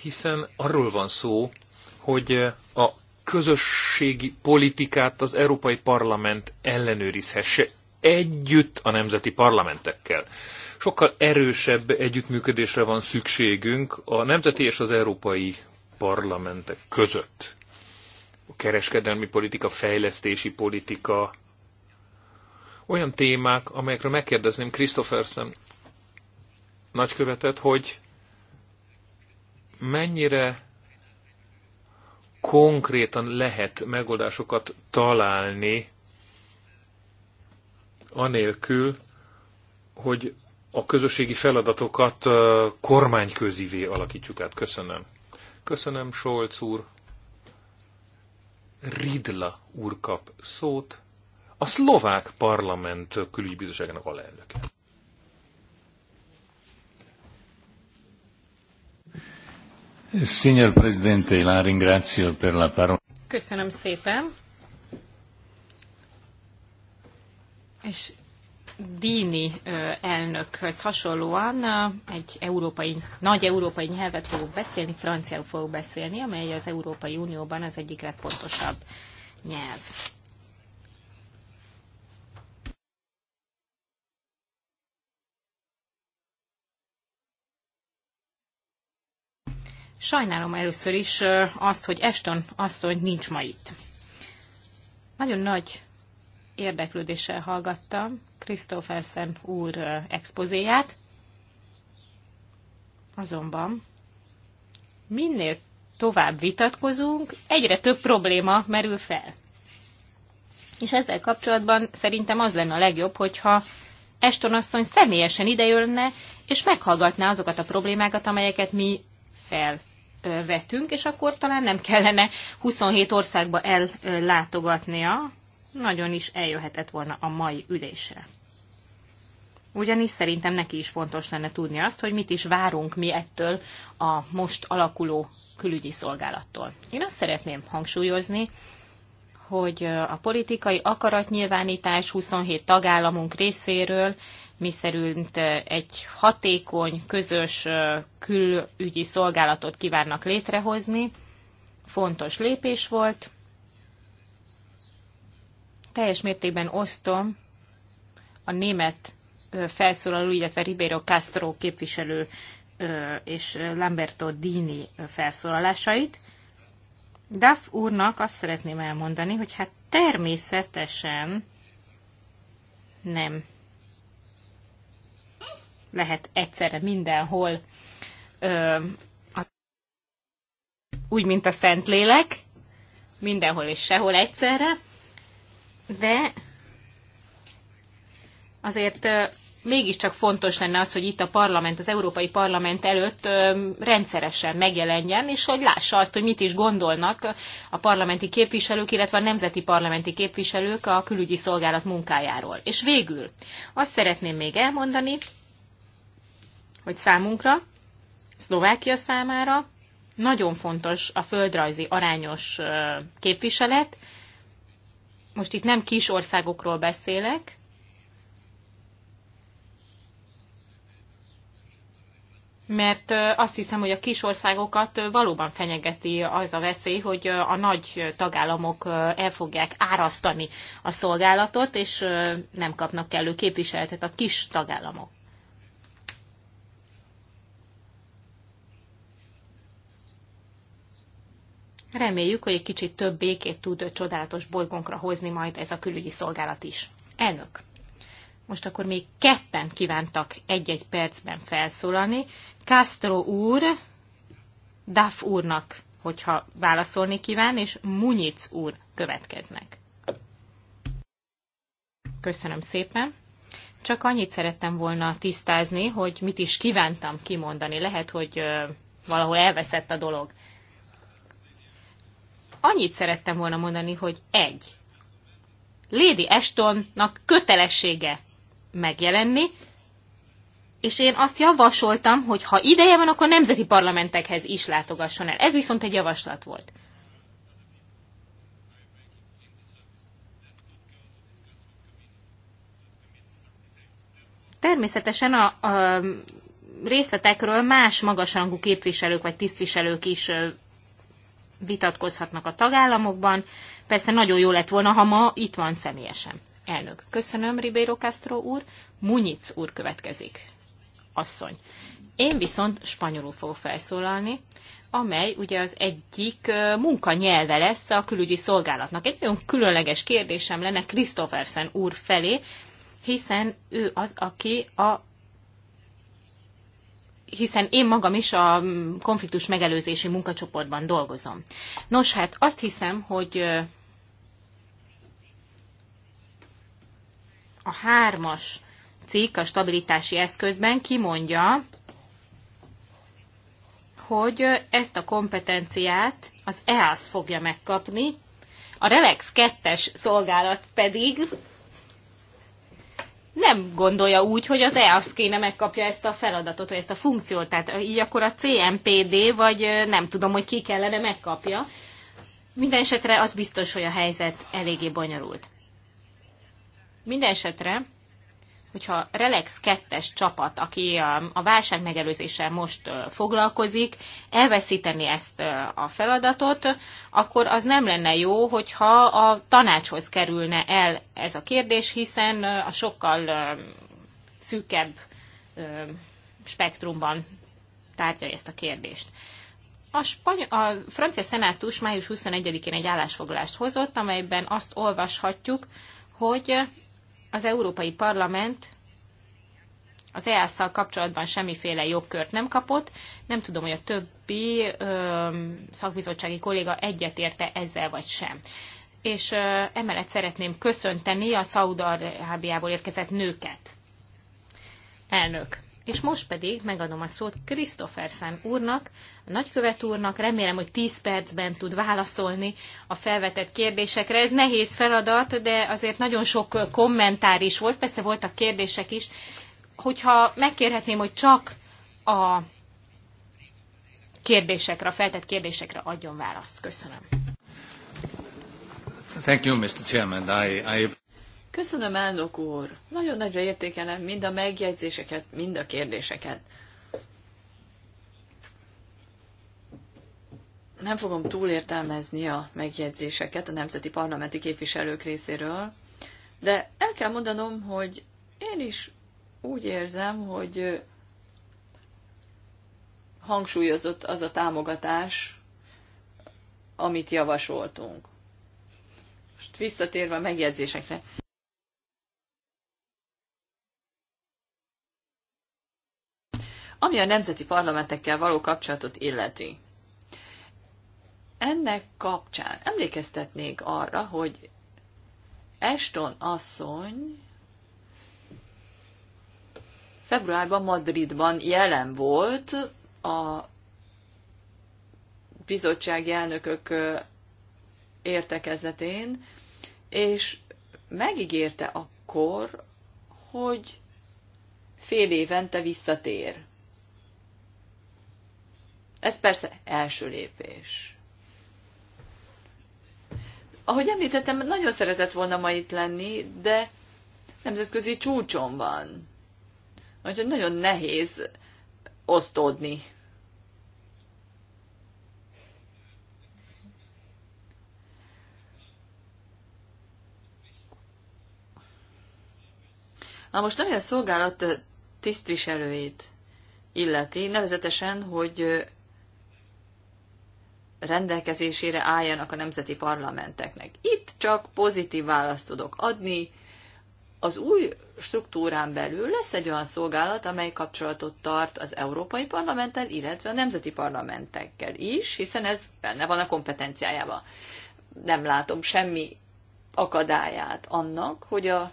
hiszen arról van szó, hogy a közösségi politikát az Európai Parlament ellenőrizhesse együtt a nemzeti parlamentekkel. Sokkal erősebb együttműködésre van szükségünk a nemzeti és az európai parlamentek között. A kereskedelmi politika, fejlesztési politika, olyan témák, amelyekről megkérdezném Christophersen nagykövetet, hogy mennyire konkrétan lehet megoldásokat találni, anélkül, hogy a közösségi feladatokat kormányközivé alakítsuk át. Köszönöm. Köszönöm, Solc úr. Ridla úr kap szót, a szlovák parlament külügybizottságának a alelnöke. Signor Presidente, la ringrazio per la parola. Köszönöm szépen. És Dini elnökhöz hasonlóan egy európai, nagy európai nyelvet fogok beszélni, franciául fogok beszélni, amely az Európai Unióban az egyik legfontosabb nyelv. Sajnálom először is azt, hogy Eston asszony nincs ma itt. Nagyon nagy érdeklődéssel hallgattam Christophersen úr expozéját, azonban minél tovább vitatkozunk, egyre több probléma merül fel. És ezzel kapcsolatban szerintem az lenne a legjobb, hogyha Eston asszony személyesen idejönne, és meghallgatná azokat a problémákat, amelyeket mi felvetünk, és akkor talán nem kellene 27 országba ellátogatnia, nagyon is eljöhetett volna a mai ülésre. Ugyanis szerintem neki is fontos lenne tudni azt, hogy mit is várunk mi ettől a most alakuló külügyi szolgálattól. Én azt szeretném hangsúlyozni, hogy a politikai akaratnyilvánítás 27 tagállamunk részéről, miszerint egy hatékony, közös külügyi szolgálatot kívánnak létrehozni, fontos lépés volt, teljes mértékben osztom a német felszólaló, illetve Ribeiro Castro képviselő és Lamberto Dini felszólalásait. Duff úrnak azt szeretném elmondani, hogy hát természetesen nem lehet egyszerre mindenhol ö, a, úgy, mint a Szentlélek, mindenhol és sehol egyszerre de azért mégiscsak fontos lenne az, hogy itt a parlament, az Európai Parlament előtt rendszeresen megjelenjen, és hogy lássa azt, hogy mit is gondolnak a parlamenti képviselők, illetve a nemzeti parlamenti képviselők a külügyi szolgálat munkájáról. És végül azt szeretném még elmondani, hogy számunkra, Szlovákia számára nagyon fontos a földrajzi arányos képviselet, most itt nem kis országokról beszélek, mert azt hiszem, hogy a kis országokat valóban fenyegeti az a veszély, hogy a nagy tagállamok el fogják árasztani a szolgálatot, és nem kapnak kellő képviseletet a kis tagállamok. Reméljük, hogy egy kicsit több békét tud csodálatos bolygónkra hozni majd ez a külügyi szolgálat is. Elnök! Most akkor még ketten kívántak egy-egy percben felszólalni. Castro úr, Duff úrnak, hogyha válaszolni kíván, és Munyic úr következnek. Köszönöm szépen. Csak annyit szerettem volna tisztázni, hogy mit is kívántam kimondani. Lehet, hogy valahol elveszett a dolog. Annyit szerettem volna mondani, hogy egy. Lady Ashtonnak kötelessége megjelenni, és én azt javasoltam, hogy ha ideje van, akkor nemzeti parlamentekhez is látogasson el. Ez viszont egy javaslat volt. Természetesen a, a részletekről más magasrangú képviselők vagy tisztviselők is vitatkozhatnak a tagállamokban. Persze nagyon jó lett volna, ha ma itt van személyesen. Elnök. Köszönöm, Ribeiro Castro úr. Munyic úr következik. Asszony. Én viszont spanyolul fogok felszólalni, amely ugye az egyik munkanyelve lesz a külügyi szolgálatnak. Egy nagyon különleges kérdésem lenne Christoffersen úr felé, hiszen ő az, aki a hiszen én magam is a mm, konfliktus megelőzési munkacsoportban dolgozom. Nos, hát azt hiszem, hogy a hármas cikk a stabilitási eszközben kimondja, hogy ezt a kompetenciát az EASZ fogja megkapni, a Relex 2-es szolgálat pedig nem gondolja úgy, hogy az EASZ kéne megkapja ezt a feladatot, vagy ezt a funkciót. Tehát így akkor a CMPD, vagy nem tudom, hogy ki kellene megkapja. Mindenesetre az biztos, hogy a helyzet eléggé bonyolult. Mindenesetre hogyha relex 2-es csapat, aki a, a válság megelőzéssel most foglalkozik, elveszíteni ezt a feladatot, akkor az nem lenne jó, hogyha a tanácshoz kerülne el ez a kérdés, hiszen a sokkal szűkebb spektrumban tárgyalja ezt a kérdést. A, spany- a francia szenátus május 21-én egy állásfoglalást hozott, amelyben azt olvashatjuk, hogy az Európai Parlament az EASZ-szal kapcsolatban semmiféle jogkört nem kapott. Nem tudom, hogy a többi ö, szakbizottsági kolléga egyetérte ezzel vagy sem. És ö, emellett szeretném köszönteni a Szaudarábiából érkezett nőket. Elnök. És most pedig megadom a szót Krisztoferszán úrnak, a nagykövet úrnak, remélem, hogy 10 percben tud válaszolni a felvetett kérdésekre. Ez nehéz feladat, de azért nagyon sok kommentár is volt, persze voltak kérdések is. Hogyha megkérhetném, hogy csak a kérdésekre, a feltett kérdésekre adjon választ. Köszönöm. Thank you, Mr. Chairman. I, I... Köszönöm, elnök úr. Nagyon nagyra értékelem mind a megjegyzéseket, mind a kérdéseket. Nem fogom túlértelmezni a megjegyzéseket a nemzeti parlamenti képviselők részéről, de el kell mondanom, hogy én is úgy érzem, hogy hangsúlyozott az a támogatás, amit javasoltunk. Most visszatérve a megjegyzésekre. ami a nemzeti parlamentekkel való kapcsolatot illeti. Ennek kapcsán emlékeztetnék arra, hogy Eston asszony februárban Madridban jelen volt a bizottsági elnökök értekezletén, és megígérte akkor, hogy fél évente visszatér. Ez persze első lépés. Ahogy említettem, nagyon szeretett volna ma itt lenni, de nemzetközi csúcson van. Úgyhogy nagyon nehéz osztódni. Na most ami a szolgálat tisztviselőit illeti, nevezetesen, hogy rendelkezésére álljanak a nemzeti parlamenteknek. Itt csak pozitív választ tudok adni. Az új struktúrán belül lesz egy olyan szolgálat, amely kapcsolatot tart az Európai Parlamenttel, illetve a nemzeti parlamentekkel is, hiszen ez benne van a kompetenciájában. Nem látom semmi akadályát annak, hogy a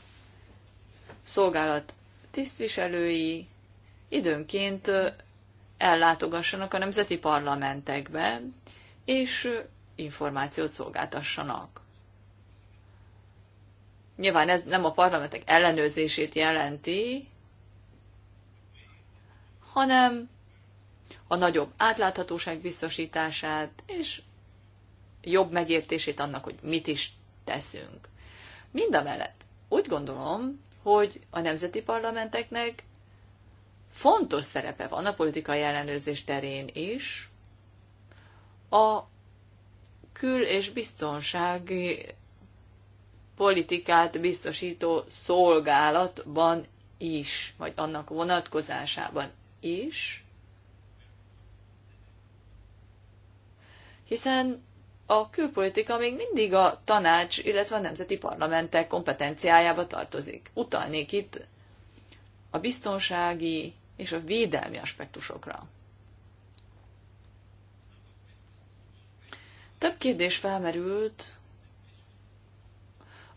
szolgálat tisztviselői időnként ellátogassanak a nemzeti parlamentekbe, és információt szolgáltassanak. Nyilván ez nem a parlamentek ellenőrzését jelenti, hanem a nagyobb átláthatóság biztosítását és jobb megértését annak, hogy mit is teszünk. Mind a mellett úgy gondolom, hogy a nemzeti parlamenteknek fontos szerepe van a politikai ellenőrzés terén is, a kül- és biztonsági politikát biztosító szolgálatban is, vagy annak vonatkozásában is, hiszen a külpolitika még mindig a tanács, illetve a nemzeti parlamentek kompetenciájába tartozik. Utalnék itt a biztonsági és a védelmi aspektusokra. Több kérdés felmerült.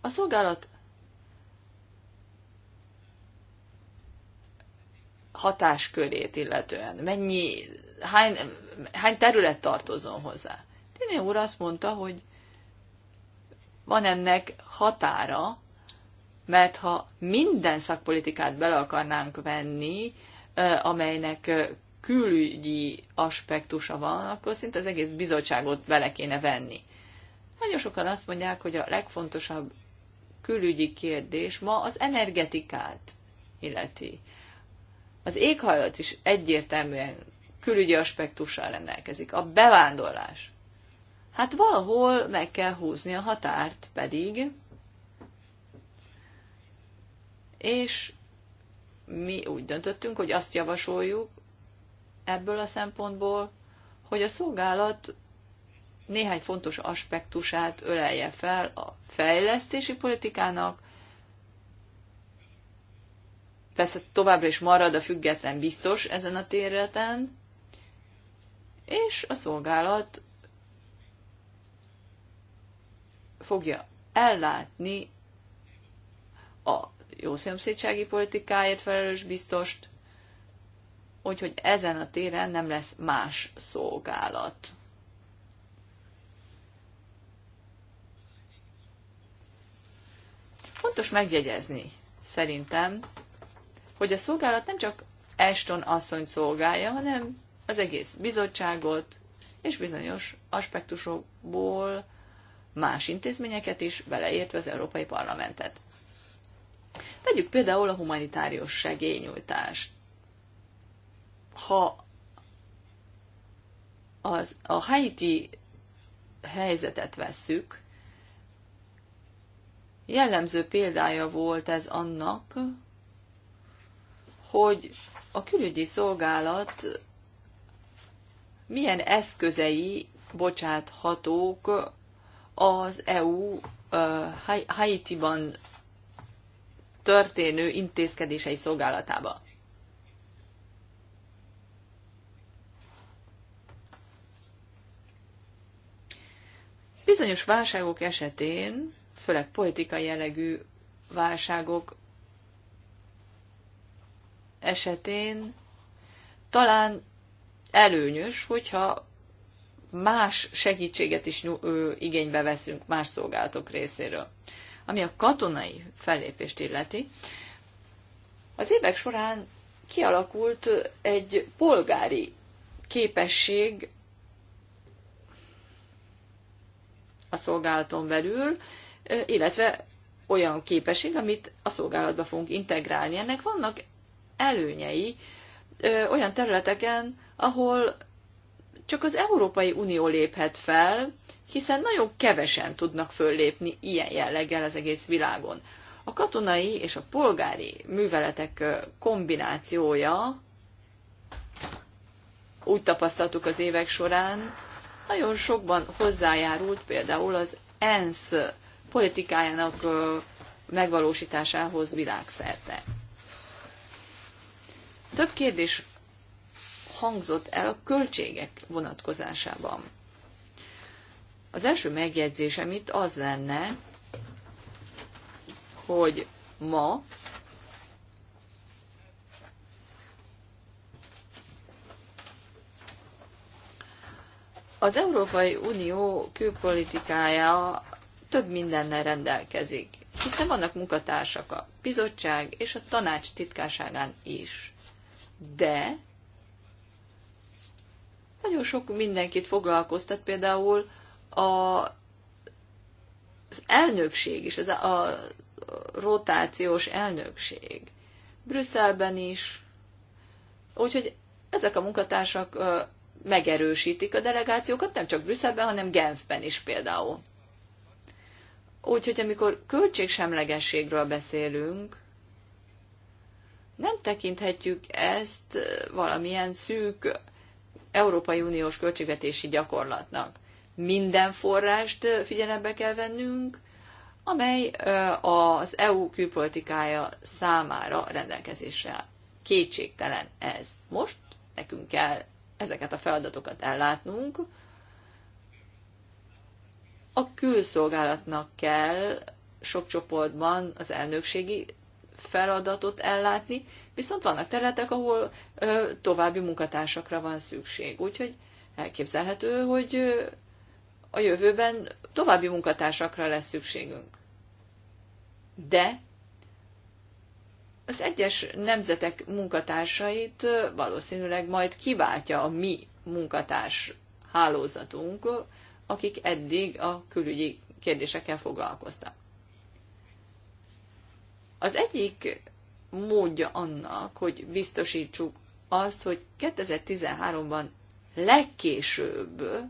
A szolgálat hatáskörét illetően, mennyi, hány, hány terület tartozom hozzá. Tényi úr azt mondta, hogy van ennek határa, mert ha minden szakpolitikát bele akarnánk venni, amelynek külügyi aspektusa van, akkor szinte az egész bizottságot bele kéne venni. Nagyon sokan azt mondják, hogy a legfontosabb külügyi kérdés ma az energetikát illeti. Az éghajlat is egyértelműen külügyi aspektussal rendelkezik. A bevándorlás. Hát valahol meg kell húzni a határt pedig, és mi úgy döntöttünk, hogy azt javasoljuk, ebből a szempontból, hogy a szolgálat néhány fontos aspektusát ölelje fel a fejlesztési politikának, persze továbbra is marad a független biztos ezen a térleten, és a szolgálat fogja ellátni a jószomszédsági politikáért felelős biztost, úgyhogy ezen a téren nem lesz más szolgálat. Fontos megjegyezni, szerintem, hogy a szolgálat nem csak Ashton asszony szolgálja, hanem az egész bizottságot és bizonyos aspektusokból más intézményeket is, beleértve az Európai Parlamentet. Vegyük például a humanitárius segélynyújtást ha az, a haiti helyzetet vesszük, jellemző példája volt ez annak, hogy a külügyi szolgálat milyen eszközei bocsáthatók az EU Haitiban történő intézkedései szolgálatába. Bizonyos válságok esetén, főleg politikai jellegű válságok esetén talán előnyös, hogyha más segítséget is igénybe veszünk más szolgálatok részéről. Ami a katonai fellépést illeti, az évek során kialakult egy polgári képesség a szolgálaton belül, illetve olyan képesség, amit a szolgálatba fogunk integrálni. Ennek vannak előnyei olyan területeken, ahol csak az Európai Unió léphet fel, hiszen nagyon kevesen tudnak föllépni ilyen jelleggel az egész világon. A katonai és a polgári műveletek kombinációja, úgy tapasztaltuk az évek során, nagyon sokban hozzájárult például az ENSZ politikájának megvalósításához világszerte. Több kérdés hangzott el a költségek vonatkozásában. Az első megjegyzésem itt az lenne, hogy ma Az Európai Unió külpolitikája több mindennel rendelkezik, hiszen vannak munkatársak a bizottság és a tanács titkárságán is. De nagyon sok mindenkit foglalkoztat, például a, az elnökség is, az a, a rotációs elnökség. Brüsszelben is. Úgyhogy ezek a munkatársak megerősítik a delegációkat, nem csak Brüsszelben, hanem Genfben is például. Úgyhogy amikor költségsemlegességről beszélünk, nem tekinthetjük ezt eh, valamilyen szűk Európai Uniós költségvetési gyakorlatnak. Minden forrást eh, figyelembe kell vennünk, amely eh, az EU külpolitikája számára rendelkezésre Kétségtelen ez. Most nekünk kell ezeket a feladatokat ellátnunk, a külszolgálatnak kell sok csoportban az elnökségi feladatot ellátni, viszont vannak területek, ahol ö, további munkatársakra van szükség. Úgyhogy elképzelhető, hogy ö, a jövőben további munkatársakra lesz szükségünk. De az egyes nemzetek munkatársait valószínűleg majd kiváltja a mi munkatárs hálózatunk, akik eddig a külügyi kérdésekkel foglalkoztak. Az egyik módja annak, hogy biztosítsuk azt, hogy 2013-ban legkésőbb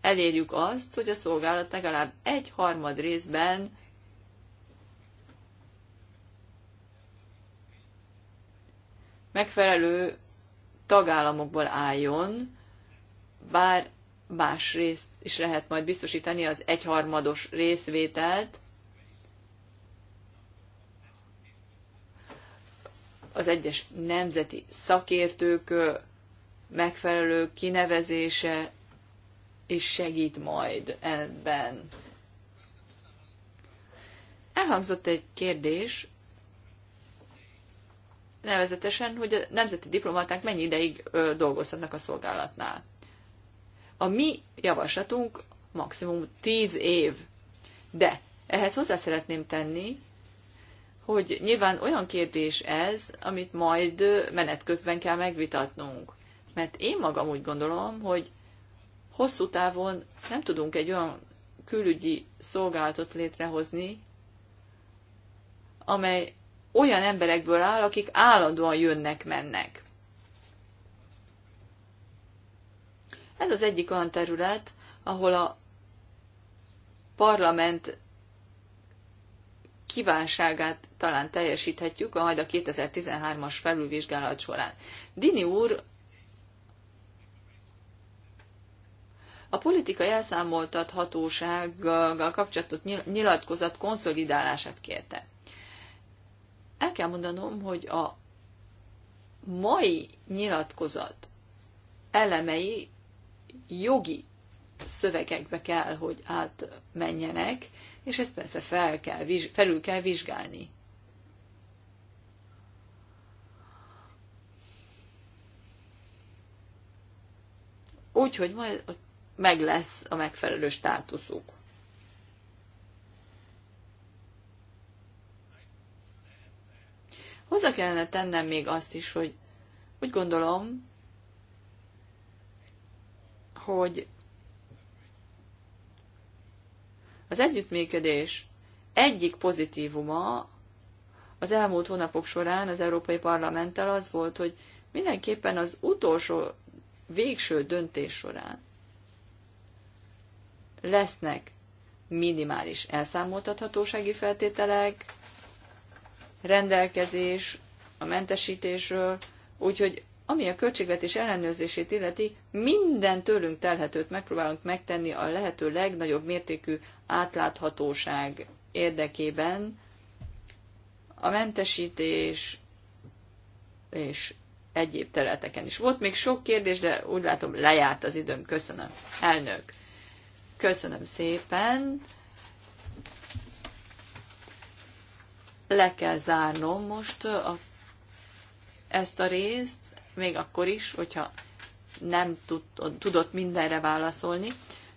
elérjük azt, hogy a szolgálat legalább egy harmad részben megfelelő tagállamokból álljon, bár más részt is lehet majd biztosítani az egyharmados részvételt, az egyes nemzeti szakértők megfelelő kinevezése és segít majd ebben. Elhangzott egy kérdés, nevezetesen, hogy a nemzeti diplomaták mennyi ideig ö, dolgozhatnak a szolgálatnál. A mi javaslatunk maximum 10 év, de ehhez hozzá szeretném tenni, hogy nyilván olyan kérdés ez, amit majd menet közben kell megvitatnunk. Mert én magam úgy gondolom, hogy hosszú távon nem tudunk egy olyan külügyi szolgálatot létrehozni, amely olyan emberekből áll, akik állandóan jönnek-mennek. Ez az egyik olyan terület, ahol a parlament kívánságát talán teljesíthetjük, majd a 2013-as felülvizsgálat során. Dini úr A politikai elszámoltathatósággal kapcsolatot nyilatkozat konszolidálását kérte. El kell mondanom, hogy a mai nyilatkozat elemei jogi szövegekbe kell, hogy átmenjenek, és ezt persze fel kell, felül kell vizsgálni. Úgyhogy majd a meg lesz a megfelelő státuszuk. Hozzá kellene tennem még azt is, hogy úgy gondolom, hogy az együttműködés egyik pozitívuma az elmúlt hónapok során az Európai Parlamenttel az volt, hogy mindenképpen az utolsó, végső döntés során lesznek minimális elszámoltathatósági feltételek, rendelkezés a mentesítésről, úgyhogy ami a költségvetés ellenőrzését illeti, minden tőlünk telhetőt megpróbálunk megtenni a lehető legnagyobb mértékű átláthatóság érdekében. A mentesítés és egyéb területeken is. Volt még sok kérdés, de úgy látom lejárt az időm. Köszönöm. Elnök. Köszönöm szépen. Le kell zárnom most a, ezt a részt, még akkor is, hogyha nem tud, tudott mindenre válaszolni.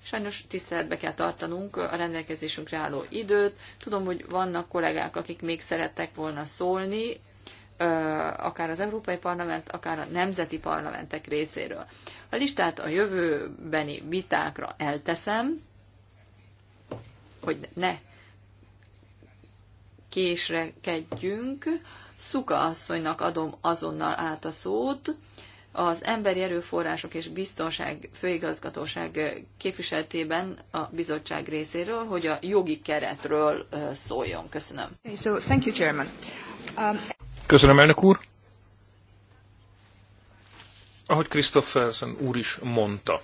Sajnos tiszteletbe kell tartanunk a rendelkezésünkre álló időt. Tudom, hogy vannak kollégák, akik még szerettek volna szólni, akár az Európai Parlament, akár a nemzeti parlamentek részéről. A listát a jövőbeni vitákra elteszem, hogy ne késrekedjünk. Szuka asszonynak adom azonnal át a szót. Az Emberi Erőforrások és Biztonság Főigazgatóság képviseltében a bizottság részéről, hogy a jogi keretről szóljon. Köszönöm. So, thank you, Chairman. Um... Köszönöm, elnök úr. Ahogy Christophersen úr is mondta,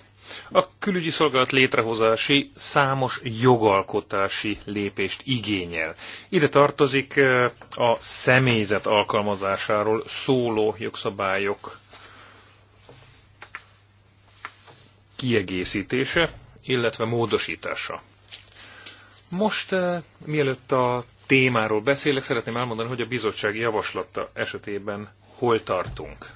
a külügyi szolgálat létrehozási számos jogalkotási lépést igényel. Ide tartozik eh, a személyzet alkalmazásáról szóló jogszabályok kiegészítése, illetve módosítása. Most, eh, mielőtt a témáról beszélek, szeretném elmondani, hogy a bizottság javaslata esetében hol tartunk.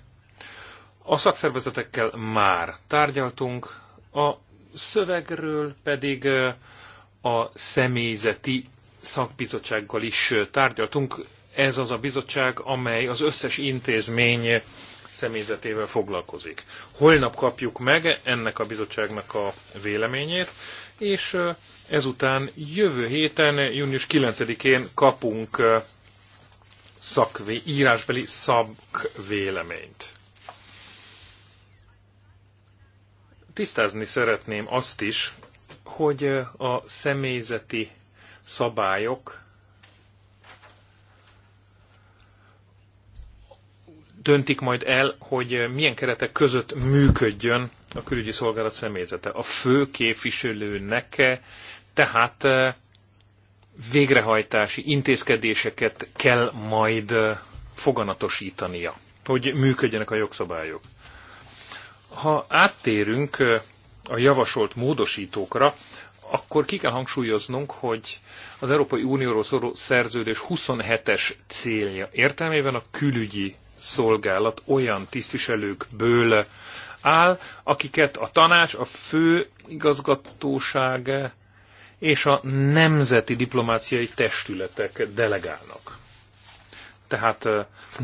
A szakszervezetekkel már tárgyaltunk, a szövegről pedig a személyzeti szakbizottsággal is tárgyaltunk. Ez az a bizottság, amely az összes intézmény személyzetével foglalkozik. Holnap kapjuk meg ennek a bizottságnak a véleményét, és Ezután jövő héten, június 9-én kapunk szakvé, írásbeli szakvéleményt. Tisztázni szeretném azt is, hogy a személyzeti szabályok döntik majd el, hogy milyen keretek között működjön a külügyi szolgálat személyzete. A fő képviselőnek tehát eh, végrehajtási intézkedéseket kell majd eh, foganatosítania, hogy működjenek a jogszabályok. Ha áttérünk eh, a javasolt módosítókra, akkor ki kell hangsúlyoznunk, hogy az Európai Unióról szóló szerződés 27-es célja értelmében a külügyi szolgálat olyan tisztviselőkből áll, akiket a tanács, a fő igazgatóság és a nemzeti diplomáciai testületek delegálnak. Tehát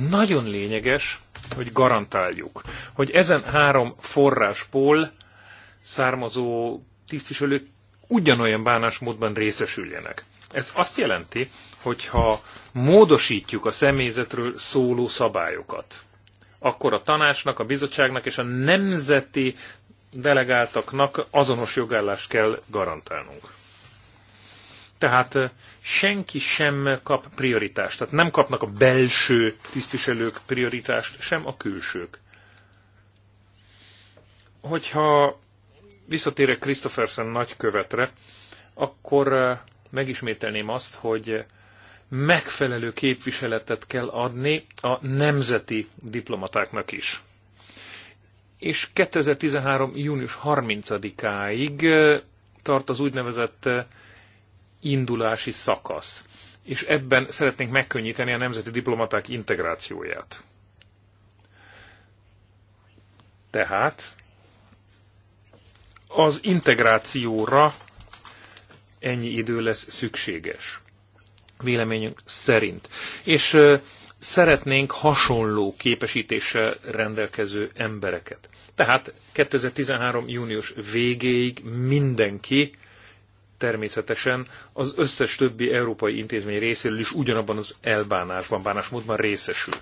nagyon lényeges, hogy garantáljuk, hogy ezen három forrásból származó tisztviselők ugyanolyan bánásmódban részesüljenek. Ez azt jelenti, hogyha módosítjuk a személyzetről szóló szabályokat, akkor a tanácsnak, a bizottságnak és a nemzeti delegáltaknak azonos jogállást kell garantálnunk. Tehát senki sem kap prioritást. Tehát nem kapnak a belső tisztviselők prioritást, sem a külsők. Hogyha visszatérek Christopherson nagykövetre, akkor megismételném azt, hogy megfelelő képviseletet kell adni a nemzeti diplomatáknak is. És 2013. június 30-áig tart az úgynevezett indulási szakasz, és ebben szeretnénk megkönnyíteni a nemzeti diplomaták integrációját. Tehát az integrációra ennyi idő lesz szükséges, véleményünk szerint. És szeretnénk hasonló képesítéssel rendelkező embereket. Tehát 2013. június végéig mindenki természetesen az összes többi európai intézmény részéről is ugyanabban az elbánásban, bánásmódban részesül.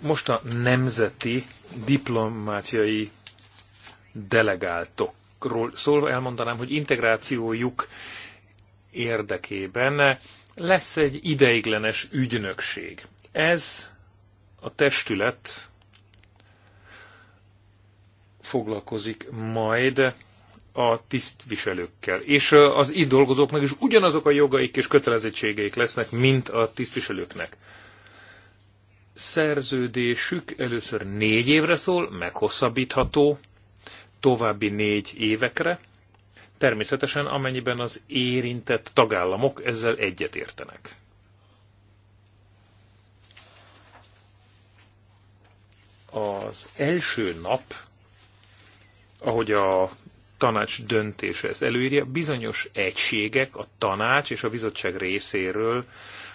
Most a nemzeti diplomáciai delegáltokról szólva elmondanám, hogy integrációjuk érdekében lesz egy ideiglenes ügynökség. Ez a testület foglalkozik majd a tisztviselőkkel. És az itt dolgozóknak is ugyanazok a jogaik és kötelezettségeik lesznek, mint a tisztviselőknek. Szerződésük először négy évre szól, meghosszabbítható, további négy évekre, természetesen amennyiben az érintett tagállamok ezzel egyetértenek. Az első nap ahogy a tanács döntése ezt előírja, bizonyos egységek a tanács és a bizottság részéről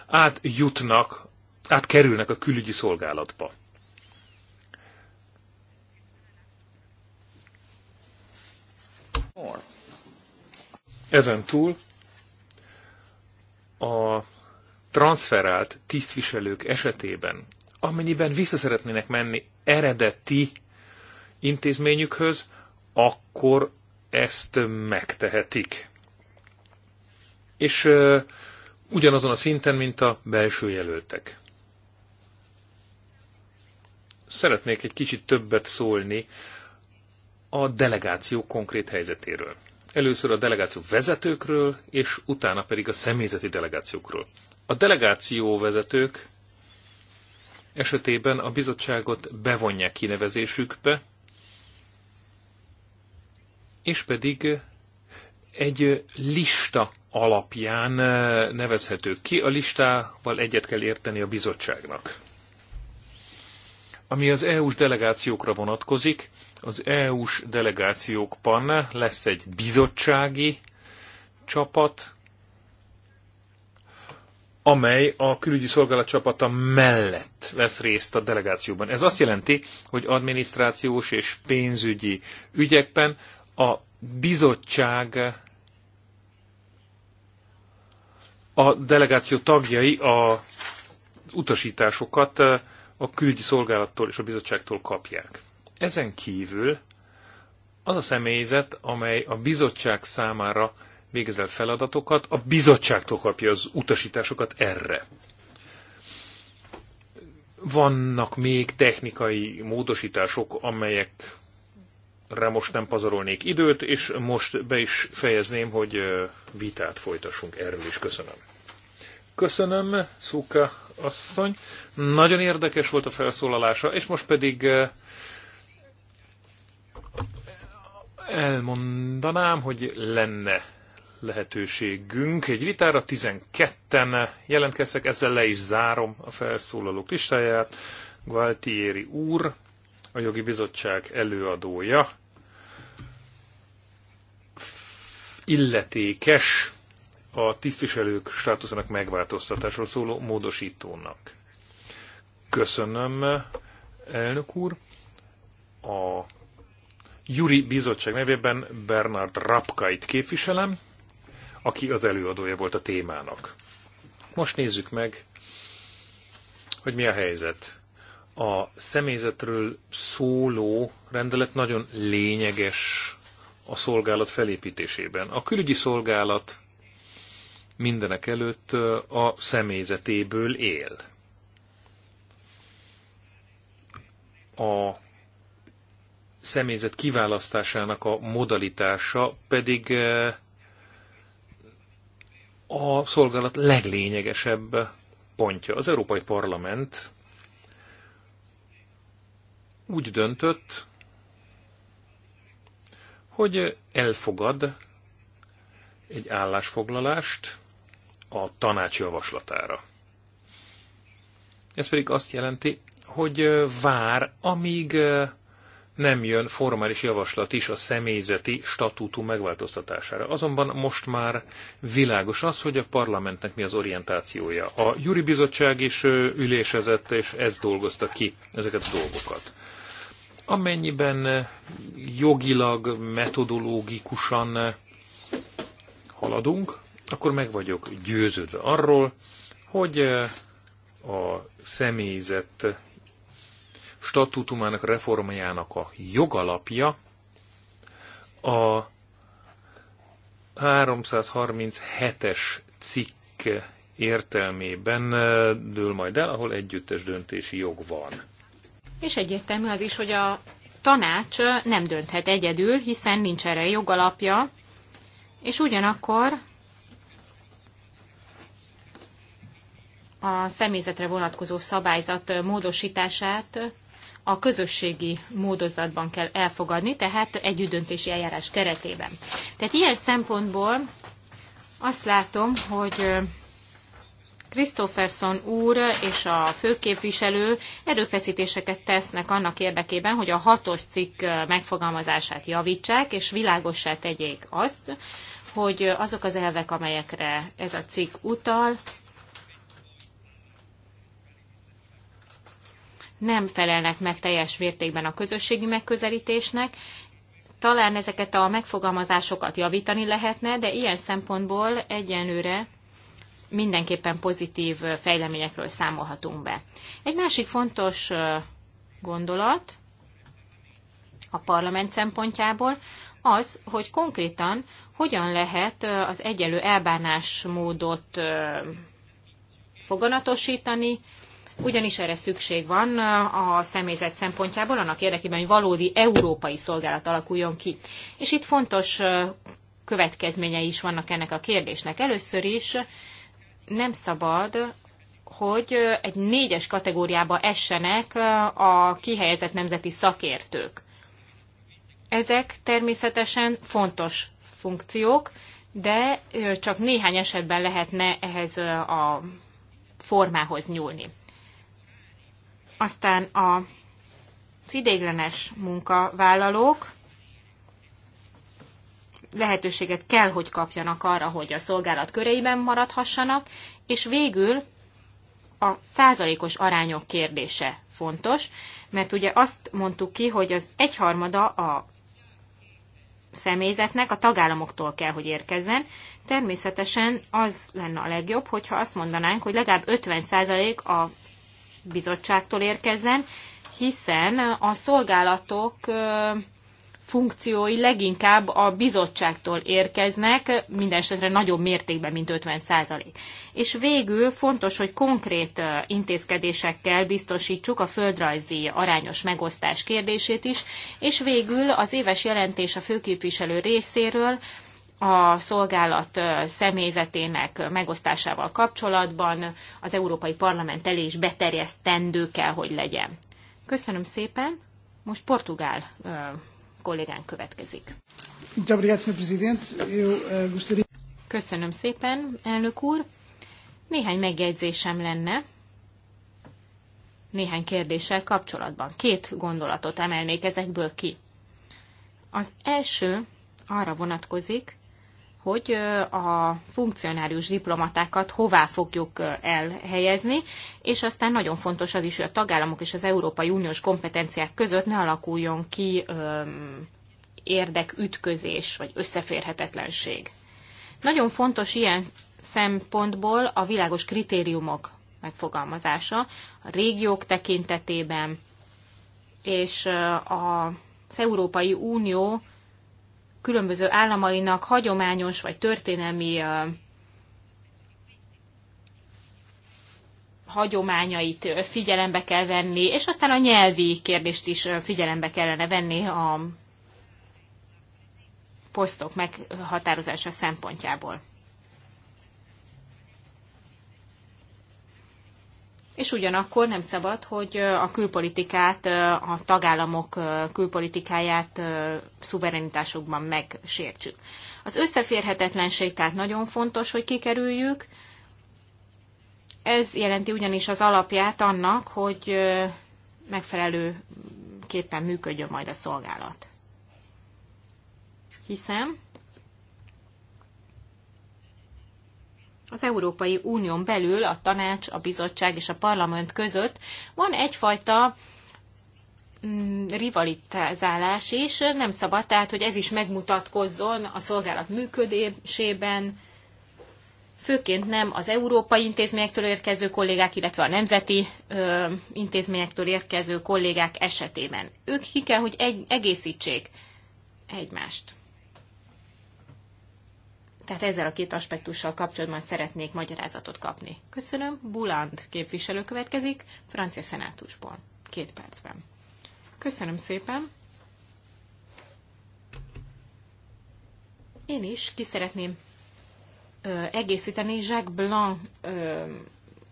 átjutnak, átkerülnek a külügyi szolgálatba. Ezen túl a transferált tisztviselők esetében, amennyiben vissza szeretnének menni eredeti intézményükhöz, akkor ezt megtehetik. És ugyanazon a szinten, mint a belső jelöltek. Szeretnék egy kicsit többet szólni a delegáció konkrét helyzetéről. Először a delegáció vezetőkről, és utána pedig a személyzeti delegációkról. A delegáció vezetők esetében a bizottságot bevonják kinevezésükbe, és pedig egy lista alapján eh, nevezhető ki. A listával egyet kell érteni a bizottságnak. Ami az EU-s delegációkra vonatkozik, az EU-s delegációkban lesz egy bizottsági csapat, amely a külügyi szolgálat csapata mellett vesz részt a delegációban. Ez azt jelenti, hogy adminisztrációs és pénzügyi ügyekben a bizottság a delegáció tagjai a utasításokat a külügyi szolgálattól és a bizottságtól kapják. Ezen kívül az a személyzet, amely a bizottság számára végezel feladatokat, a bizottságtól kapja az utasításokat erre. Vannak még technikai módosítások, amelyek re most nem pazarolnék időt, és most be is fejezném, hogy vitát folytassunk erről is. Köszönöm. Köszönöm, Szuka asszony. Nagyon érdekes volt a felszólalása, és most pedig elmondanám, hogy lenne lehetőségünk egy vitára. 12-en jelentkeztek, ezzel le is zárom a felszólalók listáját. Gualtieri úr, a jogi bizottság előadója illetékes a tisztviselők státuszának megváltoztatásról szóló módosítónak. Köszönöm, elnök úr. A Juri Bizottság nevében Bernard Rapkait képviselem, aki az előadója volt a témának. Most nézzük meg, hogy mi a helyzet. A személyzetről szóló rendelet nagyon lényeges a szolgálat felépítésében. A külügyi szolgálat mindenek előtt a személyzetéből él. A személyzet kiválasztásának a modalitása pedig a szolgálat leglényegesebb pontja. Az Európai Parlament úgy döntött, hogy elfogad egy állásfoglalást a tanács javaslatára. Ez pedig azt jelenti, hogy vár, amíg nem jön formális javaslat is a személyzeti statútú megváltoztatására. Azonban most már világos az, hogy a parlamentnek mi az orientációja. A Juri Bizottság is ülésezett, és ez dolgozta ki ezeket a dolgokat. Amennyiben eh, jogilag, metodológikusan eh, haladunk, akkor meg vagyok győződve arról, hogy eh, a személyzet statutumának reformjának a jogalapja a 337-es cikk értelmében dől majd el, ahol együttes döntési jog van és egyértelmű az is, hogy a tanács nem dönthet egyedül, hiszen nincs erre jogalapja, és ugyanakkor a személyzetre vonatkozó szabályzat módosítását a közösségi módozatban kell elfogadni, tehát együttdöntési eljárás keretében. Tehát ilyen szempontból azt látom, hogy Christopherson úr és a főképviselő erőfeszítéseket tesznek annak érdekében, hogy a hatos cikk megfogalmazását javítsák, és világossá tegyék azt, hogy azok az elvek, amelyekre ez a cikk utal, nem felelnek meg teljes mértékben a közösségi megközelítésnek, talán ezeket a megfogalmazásokat javítani lehetne, de ilyen szempontból egyenlőre mindenképpen pozitív fejleményekről számolhatunk be. Egy másik fontos gondolat a parlament szempontjából az, hogy konkrétan hogyan lehet az egyelő elbánásmódot foganatosítani, ugyanis erre szükség van a személyzet szempontjából, annak érdekében, hogy valódi európai szolgálat alakuljon ki. És itt fontos következményei is vannak ennek a kérdésnek. Először is nem szabad, hogy egy négyes kategóriába essenek a kihelyezett nemzeti szakértők. Ezek természetesen fontos funkciók, de csak néhány esetben lehetne ehhez a formához nyúlni. Aztán a ideiglenes munkavállalók, lehetőséget kell, hogy kapjanak arra, hogy a szolgálat köreiben maradhassanak, és végül a százalékos arányok kérdése fontos, mert ugye azt mondtuk ki, hogy az egyharmada a személyzetnek a tagállamoktól kell, hogy érkezzen. Természetesen az lenne a legjobb, hogyha azt mondanánk, hogy legalább 50% a bizottságtól érkezzen, hiszen a szolgálatok funkciói leginkább a bizottságtól érkeznek, minden esetre nagyobb mértékben, mint 50 százalék. És végül fontos, hogy konkrét intézkedésekkel biztosítsuk a földrajzi arányos megosztás kérdését is, és végül az éves jelentés a főképviselő részéről a szolgálat személyzetének megosztásával kapcsolatban az Európai Parlament elé is beterjesztendő kell, hogy legyen. Köszönöm szépen! Most portugál kollégán következik. Eh, Köszönöm szépen, elnök úr. Néhány megjegyzésem lenne néhány kérdéssel kapcsolatban. Két gondolatot emelnék ezekből ki. Az első arra vonatkozik, hogy a funkcionárius diplomatákat hová fogjuk elhelyezni, és aztán nagyon fontos az is, hogy a tagállamok és az Európai Uniós kompetenciák között ne alakuljon ki érdekütközés vagy összeférhetetlenség. Nagyon fontos ilyen szempontból a világos kritériumok megfogalmazása a régiók tekintetében, és az Európai Unió különböző államainak hagyományos vagy történelmi hagyományait figyelembe kell venni, és aztán a nyelvi kérdést is figyelembe kellene venni a posztok meghatározása szempontjából. és ugyanakkor nem szabad, hogy a külpolitikát, a tagállamok külpolitikáját szuverenitásokban megsértsük. Az összeférhetetlenség tehát nagyon fontos, hogy kikerüljük. Ez jelenti ugyanis az alapját annak, hogy megfelelő képpen működjön majd a szolgálat. Hiszem, az Európai Unión belül a tanács, a bizottság és a parlament között van egyfajta mm, rivalitázálás is, nem szabad, tehát hogy ez is megmutatkozzon a szolgálat működésében, főként nem az európai intézményektől érkező kollégák, illetve a nemzeti ö, intézményektől érkező kollégák esetében. Ők ki kell, hogy egy, egészítsék egymást. Tehát ezzel a két aspektussal kapcsolatban szeretnék magyarázatot kapni. Köszönöm. Buland képviselő következik, francia szenátusból. Két percben. Köszönöm szépen. Én is ki szeretném ö, egészíteni Jacques Blanc ö,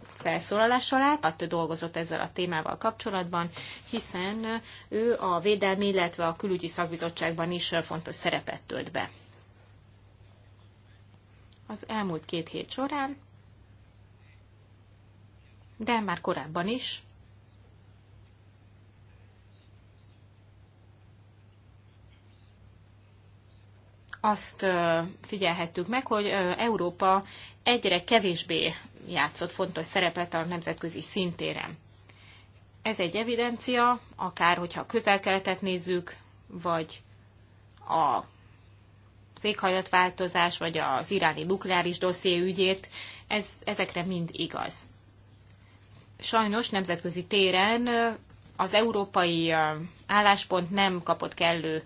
felszólalás alá, hát dolgozott ezzel a témával kapcsolatban, hiszen ő a védelmi, illetve a külügyi szakbizottságban is fontos szerepet tölt be az elmúlt két hét során, de már korábban is. Azt figyelhettük meg, hogy Európa egyre kevésbé játszott fontos szerepet a nemzetközi szintéren. Ez egy evidencia, akár hogyha a közel nézzük, vagy a az éghajlatváltozás, vagy az iráni nukleáris dosszié ügyét, ez, ezekre mind igaz. Sajnos nemzetközi téren az európai álláspont nem kapott kellő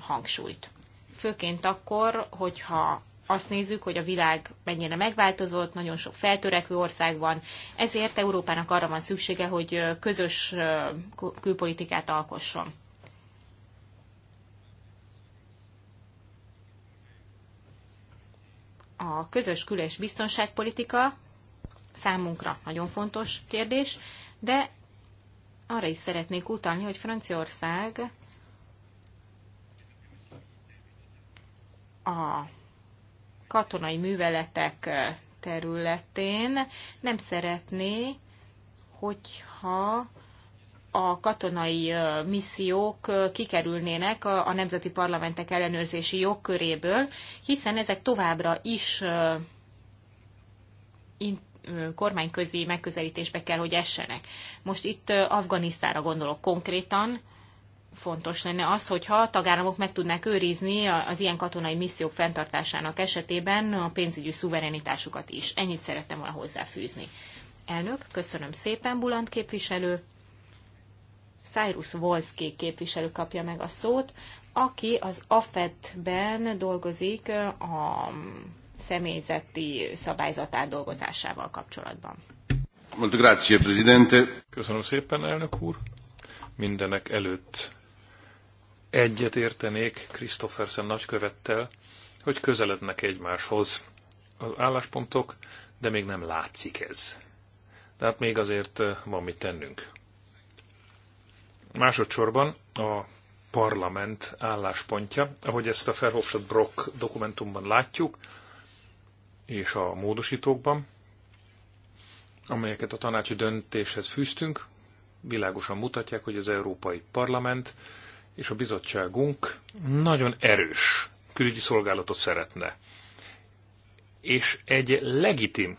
hangsúlyt. Főként akkor, hogyha azt nézzük, hogy a világ mennyire megváltozott, nagyon sok feltörekvő ország van, ezért Európának arra van szüksége, hogy közös külpolitikát alkosson. a közös kül- és biztonságpolitika számunkra nagyon fontos kérdés, de arra is szeretnék utalni, hogy Franciaország a katonai műveletek területén nem szeretné, hogyha a katonai missziók kikerülnének a nemzeti parlamentek ellenőrzési jogköréből, hiszen ezek továbbra is kormányközi megközelítésbe kell, hogy essenek. Most itt Afganisztára gondolok konkrétan, fontos lenne az, hogyha a tagállamok meg tudnák őrizni az ilyen katonai missziók fenntartásának esetében a pénzügyi szuverenitásukat is. Ennyit szerettem volna hozzáfűzni. Elnök, köszönöm szépen, Bulant képviselő. Cyrus Wolski képviselő kapja meg a szót, aki az AFET-ben dolgozik a személyzeti szabályzat átdolgozásával kapcsolatban. Grazie, Presidente. Köszönöm szépen, elnök úr. Mindenek előtt egyet értenék Christophersen nagykövettel, hogy közelednek egymáshoz az álláspontok, de még nem látszik ez. Tehát még azért van mit tennünk. Másodszorban a parlament álláspontja, ahogy ezt a Verhofstadt Brock dokumentumban látjuk, és a módosítókban, amelyeket a tanácsi döntéshez fűztünk, világosan mutatják, hogy az Európai Parlament és a bizottságunk nagyon erős külügyi szolgálatot szeretne. És egy legitim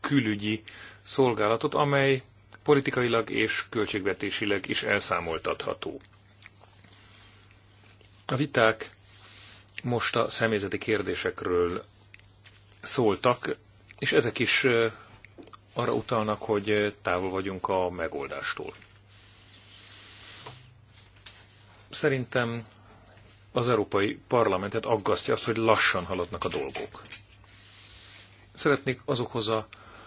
külügyi szolgálatot, amely politikailag és költségvetésileg is elszámoltatható. A viták most a személyzeti kérdésekről szóltak, és ezek is arra utalnak, hogy távol vagyunk a megoldástól. Szerintem az Európai Parlamentet aggasztja az, hogy lassan haladnak a dolgok. Szeretnék azokhoz a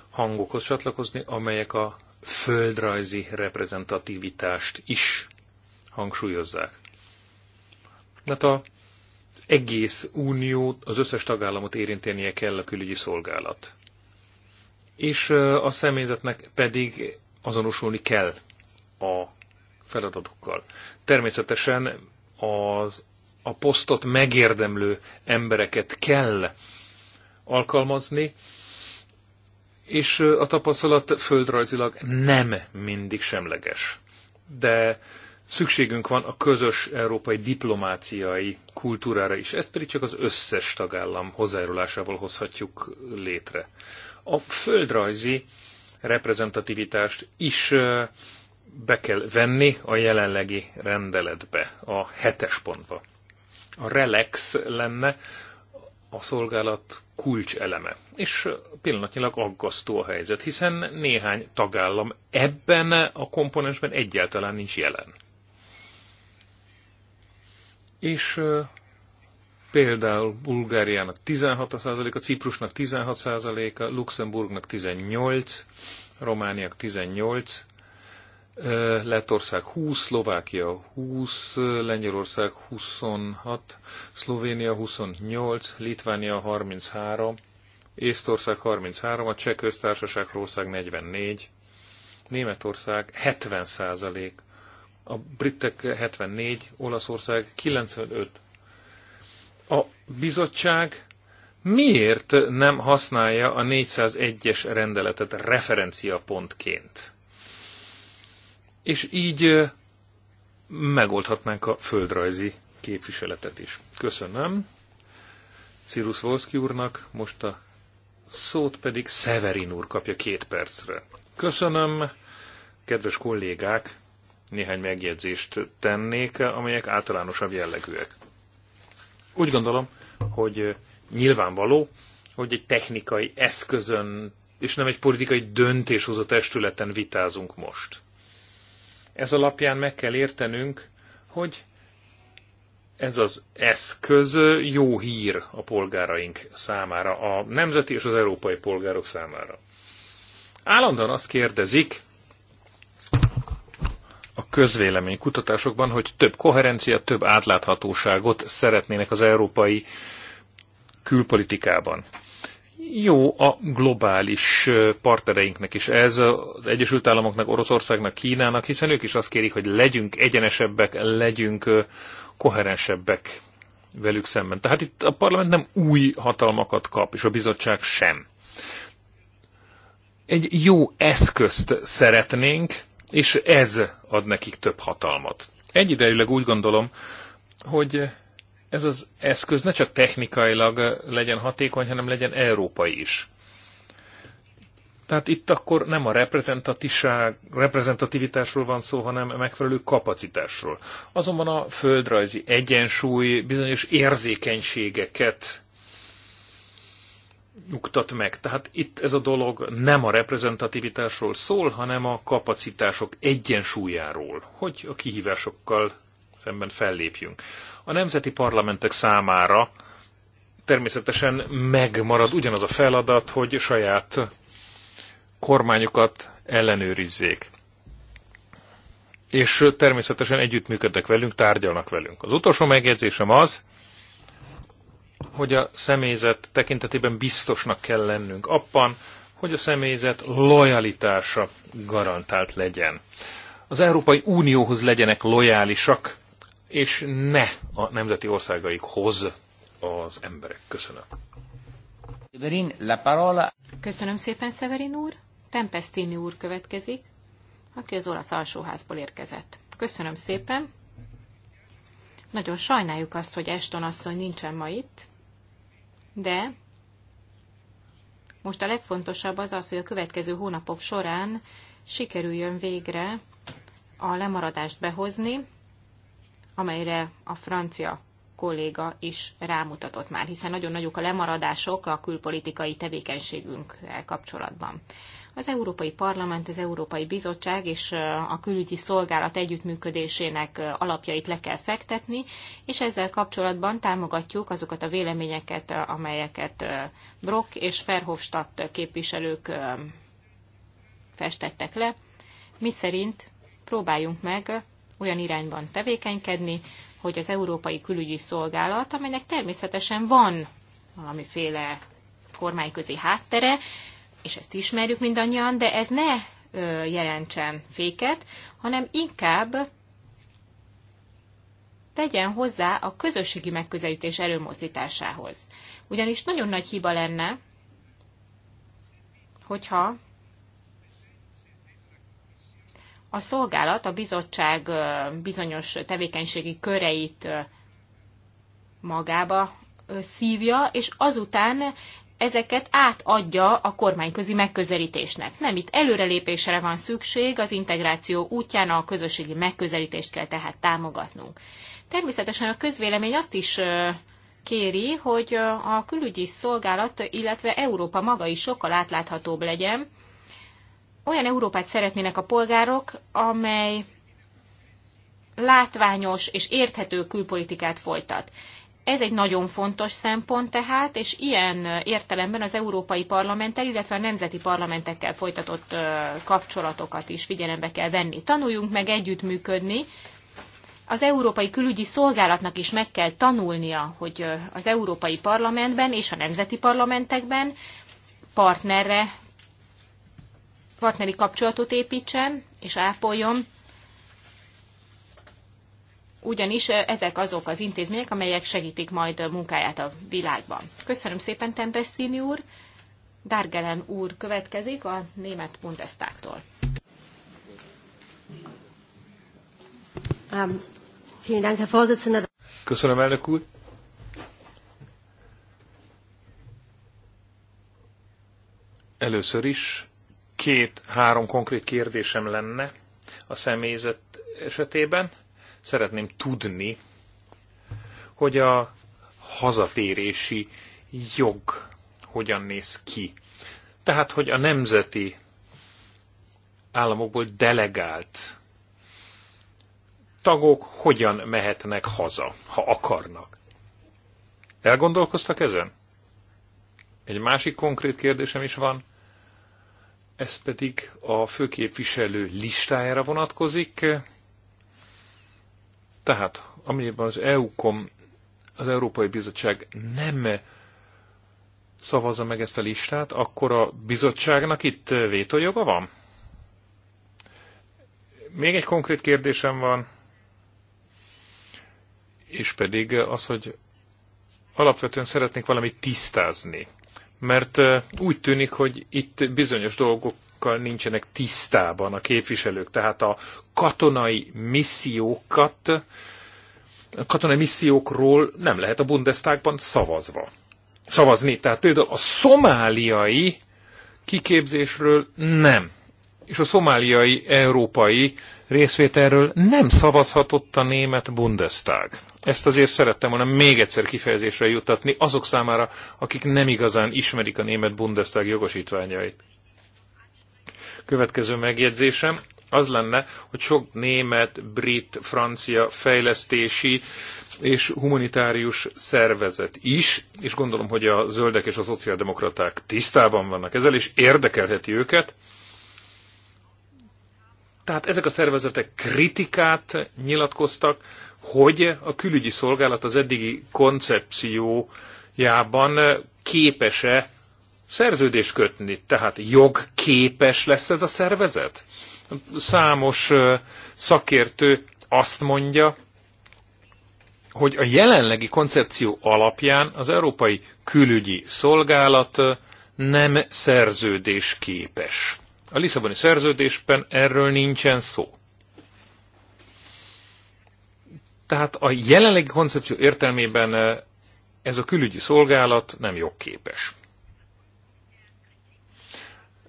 hangokhoz csatlakozni, amelyek a földrajzi reprezentativitást is hangsúlyozzák. Hát az egész uniót, az összes tagállamot érintenie kell a külügyi szolgálat. És a személyzetnek pedig azonosulni kell a feladatokkal. Természetesen az, a posztot megérdemlő embereket kell alkalmazni, és a tapasztalat földrajzilag nem mindig semleges. De szükségünk van a közös európai diplomáciai kultúrára is, ezt pedig csak az összes tagállam hozzájárulásával hozhatjuk létre. A földrajzi reprezentativitást is be kell venni a jelenlegi rendeletbe, a hetes pontba. A relax lenne a szolgálat kulcseleme. És pillanatnyilag aggasztó a helyzet, hiszen néhány tagállam ebben a komponensben egyáltalán nincs jelen. És például Bulgáriának 16%-a, Ciprusnak 16%-a, Luxemburgnak 18%, Romániak 18%, Eh, Lettország 20, Szlovákia 20, Lengyelország 26, Szlovénia 28, Litvánia 33, Észtország 33, a Cseh köztársaság ország 44, Németország 70 százalék, a britek 74, Olaszország 95. A bizottság miért nem használja a 401-es rendeletet referenciapontként? és így megoldhatnánk a földrajzi képviseletet is. Köszönöm Cyrus Volszki úrnak, most a szót pedig Severin úr kapja két percre. Köszönöm, kedves kollégák, néhány megjegyzést tennék, amelyek általánosabb jellegűek. Úgy gondolom, hogy nyilvánvaló, hogy egy technikai eszközön és nem egy politikai döntéshozó testületen vitázunk most. Ez alapján meg kell értenünk, hogy ez az eszköz jó hír a polgáraink számára, a nemzeti és az európai polgárok számára. Állandóan azt kérdezik a közvélemény kutatásokban, hogy több koherencia, több átláthatóságot szeretnének az európai külpolitikában jó a globális partnereinknek is ez, az Egyesült Államoknak, Oroszországnak, Kínának, hiszen ők is azt kérik, hogy legyünk egyenesebbek, legyünk koherensebbek velük szemben. Tehát itt a parlament nem új hatalmakat kap, és a bizottság sem. Egy jó eszközt szeretnénk, és ez ad nekik több hatalmat. Egyidejűleg úgy gondolom, hogy ez az eszköz ne csak technikailag legyen hatékony, hanem legyen európai is. Tehát itt akkor nem a reprezentativitásról van szó, hanem a megfelelő kapacitásról. Azonban a földrajzi egyensúly bizonyos érzékenységeket nyugtat meg. Tehát itt ez a dolog nem a reprezentativitásról szól, hanem a kapacitások egyensúlyáról, hogy a kihívásokkal szemben fellépjünk. A nemzeti parlamentek számára természetesen megmarad ugyanaz a feladat, hogy saját kormányokat ellenőrizzék. És természetesen együttműködnek velünk, tárgyalnak velünk. Az utolsó megjegyzésem az, hogy a személyzet tekintetében biztosnak kell lennünk abban, hogy a személyzet lojalitása garantált legyen. Az Európai Unióhoz legyenek lojálisak, és ne a nemzeti országaikhoz az emberek. Köszönöm. Köszönöm szépen, Severin úr. Tempestini úr következik, aki az olasz alsóházból érkezett. Köszönöm szépen. Nagyon sajnáljuk azt, hogy Eston asszony nincsen ma itt, de most a legfontosabb az az, hogy a következő hónapok során sikerüljön végre a lemaradást behozni, amelyre a francia kolléga is rámutatott már, hiszen nagyon nagyok a lemaradások a külpolitikai tevékenységünkkel kapcsolatban. Az Európai Parlament, az Európai Bizottság és a külügyi szolgálat együttműködésének alapjait le kell fektetni, és ezzel kapcsolatban támogatjuk azokat a véleményeket, amelyeket Brock és Verhofstadt képviselők festettek le, Mi szerint próbáljunk meg olyan irányban tevékenykedni, hogy az Európai Külügyi Szolgálat, amelynek természetesen van valamiféle kormányközi háttere, és ezt ismerjük mindannyian, de ez ne jelentsen féket, hanem inkább tegyen hozzá a közösségi megközelítés előmozdításához. Ugyanis nagyon nagy hiba lenne, hogyha a szolgálat a bizottság bizonyos tevékenységi köreit magába szívja, és azután ezeket átadja a kormányközi megközelítésnek. Nem itt előrelépésre van szükség, az integráció útján a közösségi megközelítést kell tehát támogatnunk. Természetesen a közvélemény azt is kéri, hogy a külügyi szolgálat, illetve Európa maga is sokkal átláthatóbb legyen, olyan Európát szeretnének a polgárok, amely látványos és érthető külpolitikát folytat. Ez egy nagyon fontos szempont tehát, és ilyen értelemben az Európai Parlamenttel, illetve a nemzeti parlamentekkel folytatott kapcsolatokat is figyelembe kell venni. Tanuljunk meg együttműködni. Az Európai Külügyi Szolgálatnak is meg kell tanulnia, hogy az Európai Parlamentben és a nemzeti parlamentekben partnerre partneri kapcsolatot építsen és ápoljon, ugyanis ezek azok az intézmények, amelyek segítik majd a munkáját a világban. Köszönöm szépen, Tempestini úr! Dargelen úr következik a német Bundestagtól. Um, Köszönöm, elnök úr! Először is két-három konkrét kérdésem lenne a személyzet esetében. Szeretném tudni, hogy a hazatérési jog hogyan néz ki. Tehát, hogy a nemzeti államokból delegált tagok hogyan mehetnek haza, ha akarnak. Elgondolkoztak ezen? Egy másik konkrét kérdésem is van ez pedig a főképviselő listájára vonatkozik, tehát amennyiben az EU-kom az Európai Bizottság nem szavazza meg ezt a listát, akkor a bizottságnak itt vétójoga van? Még egy konkrét kérdésem van, és pedig az, hogy alapvetően szeretnék valamit tisztázni mert úgy tűnik, hogy itt bizonyos dolgokkal nincsenek tisztában a képviselők, tehát a katonai missziókat, a katonai missziókról nem lehet a Bundestagban szavazva. Szavazni, tehát például a szomáliai kiképzésről nem. És a szomáliai európai részvételről nem szavazhatott a német Bundestag. Ezt azért szerettem volna még egyszer kifejezésre juttatni azok számára, akik nem igazán ismerik a német Bundestag jogosítványait. Következő megjegyzésem az lenne, hogy sok német, brit, francia fejlesztési és humanitárius szervezet is, és gondolom, hogy a zöldek és a szociáldemokraták tisztában vannak ezzel, és érdekelheti őket. Tehát ezek a szervezetek kritikát nyilatkoztak, hogy a külügyi szolgálat az eddigi koncepciójában képes-e szerződést kötni? Tehát jogképes lesz ez a szervezet? Számos szakértő azt mondja, hogy a jelenlegi koncepció alapján az Európai Külügyi Szolgálat nem szerződésképes. A Lisszaboni szerződésben erről nincsen szó. Tehát a jelenlegi koncepció értelmében eh, ez a külügyi szolgálat nem jogképes.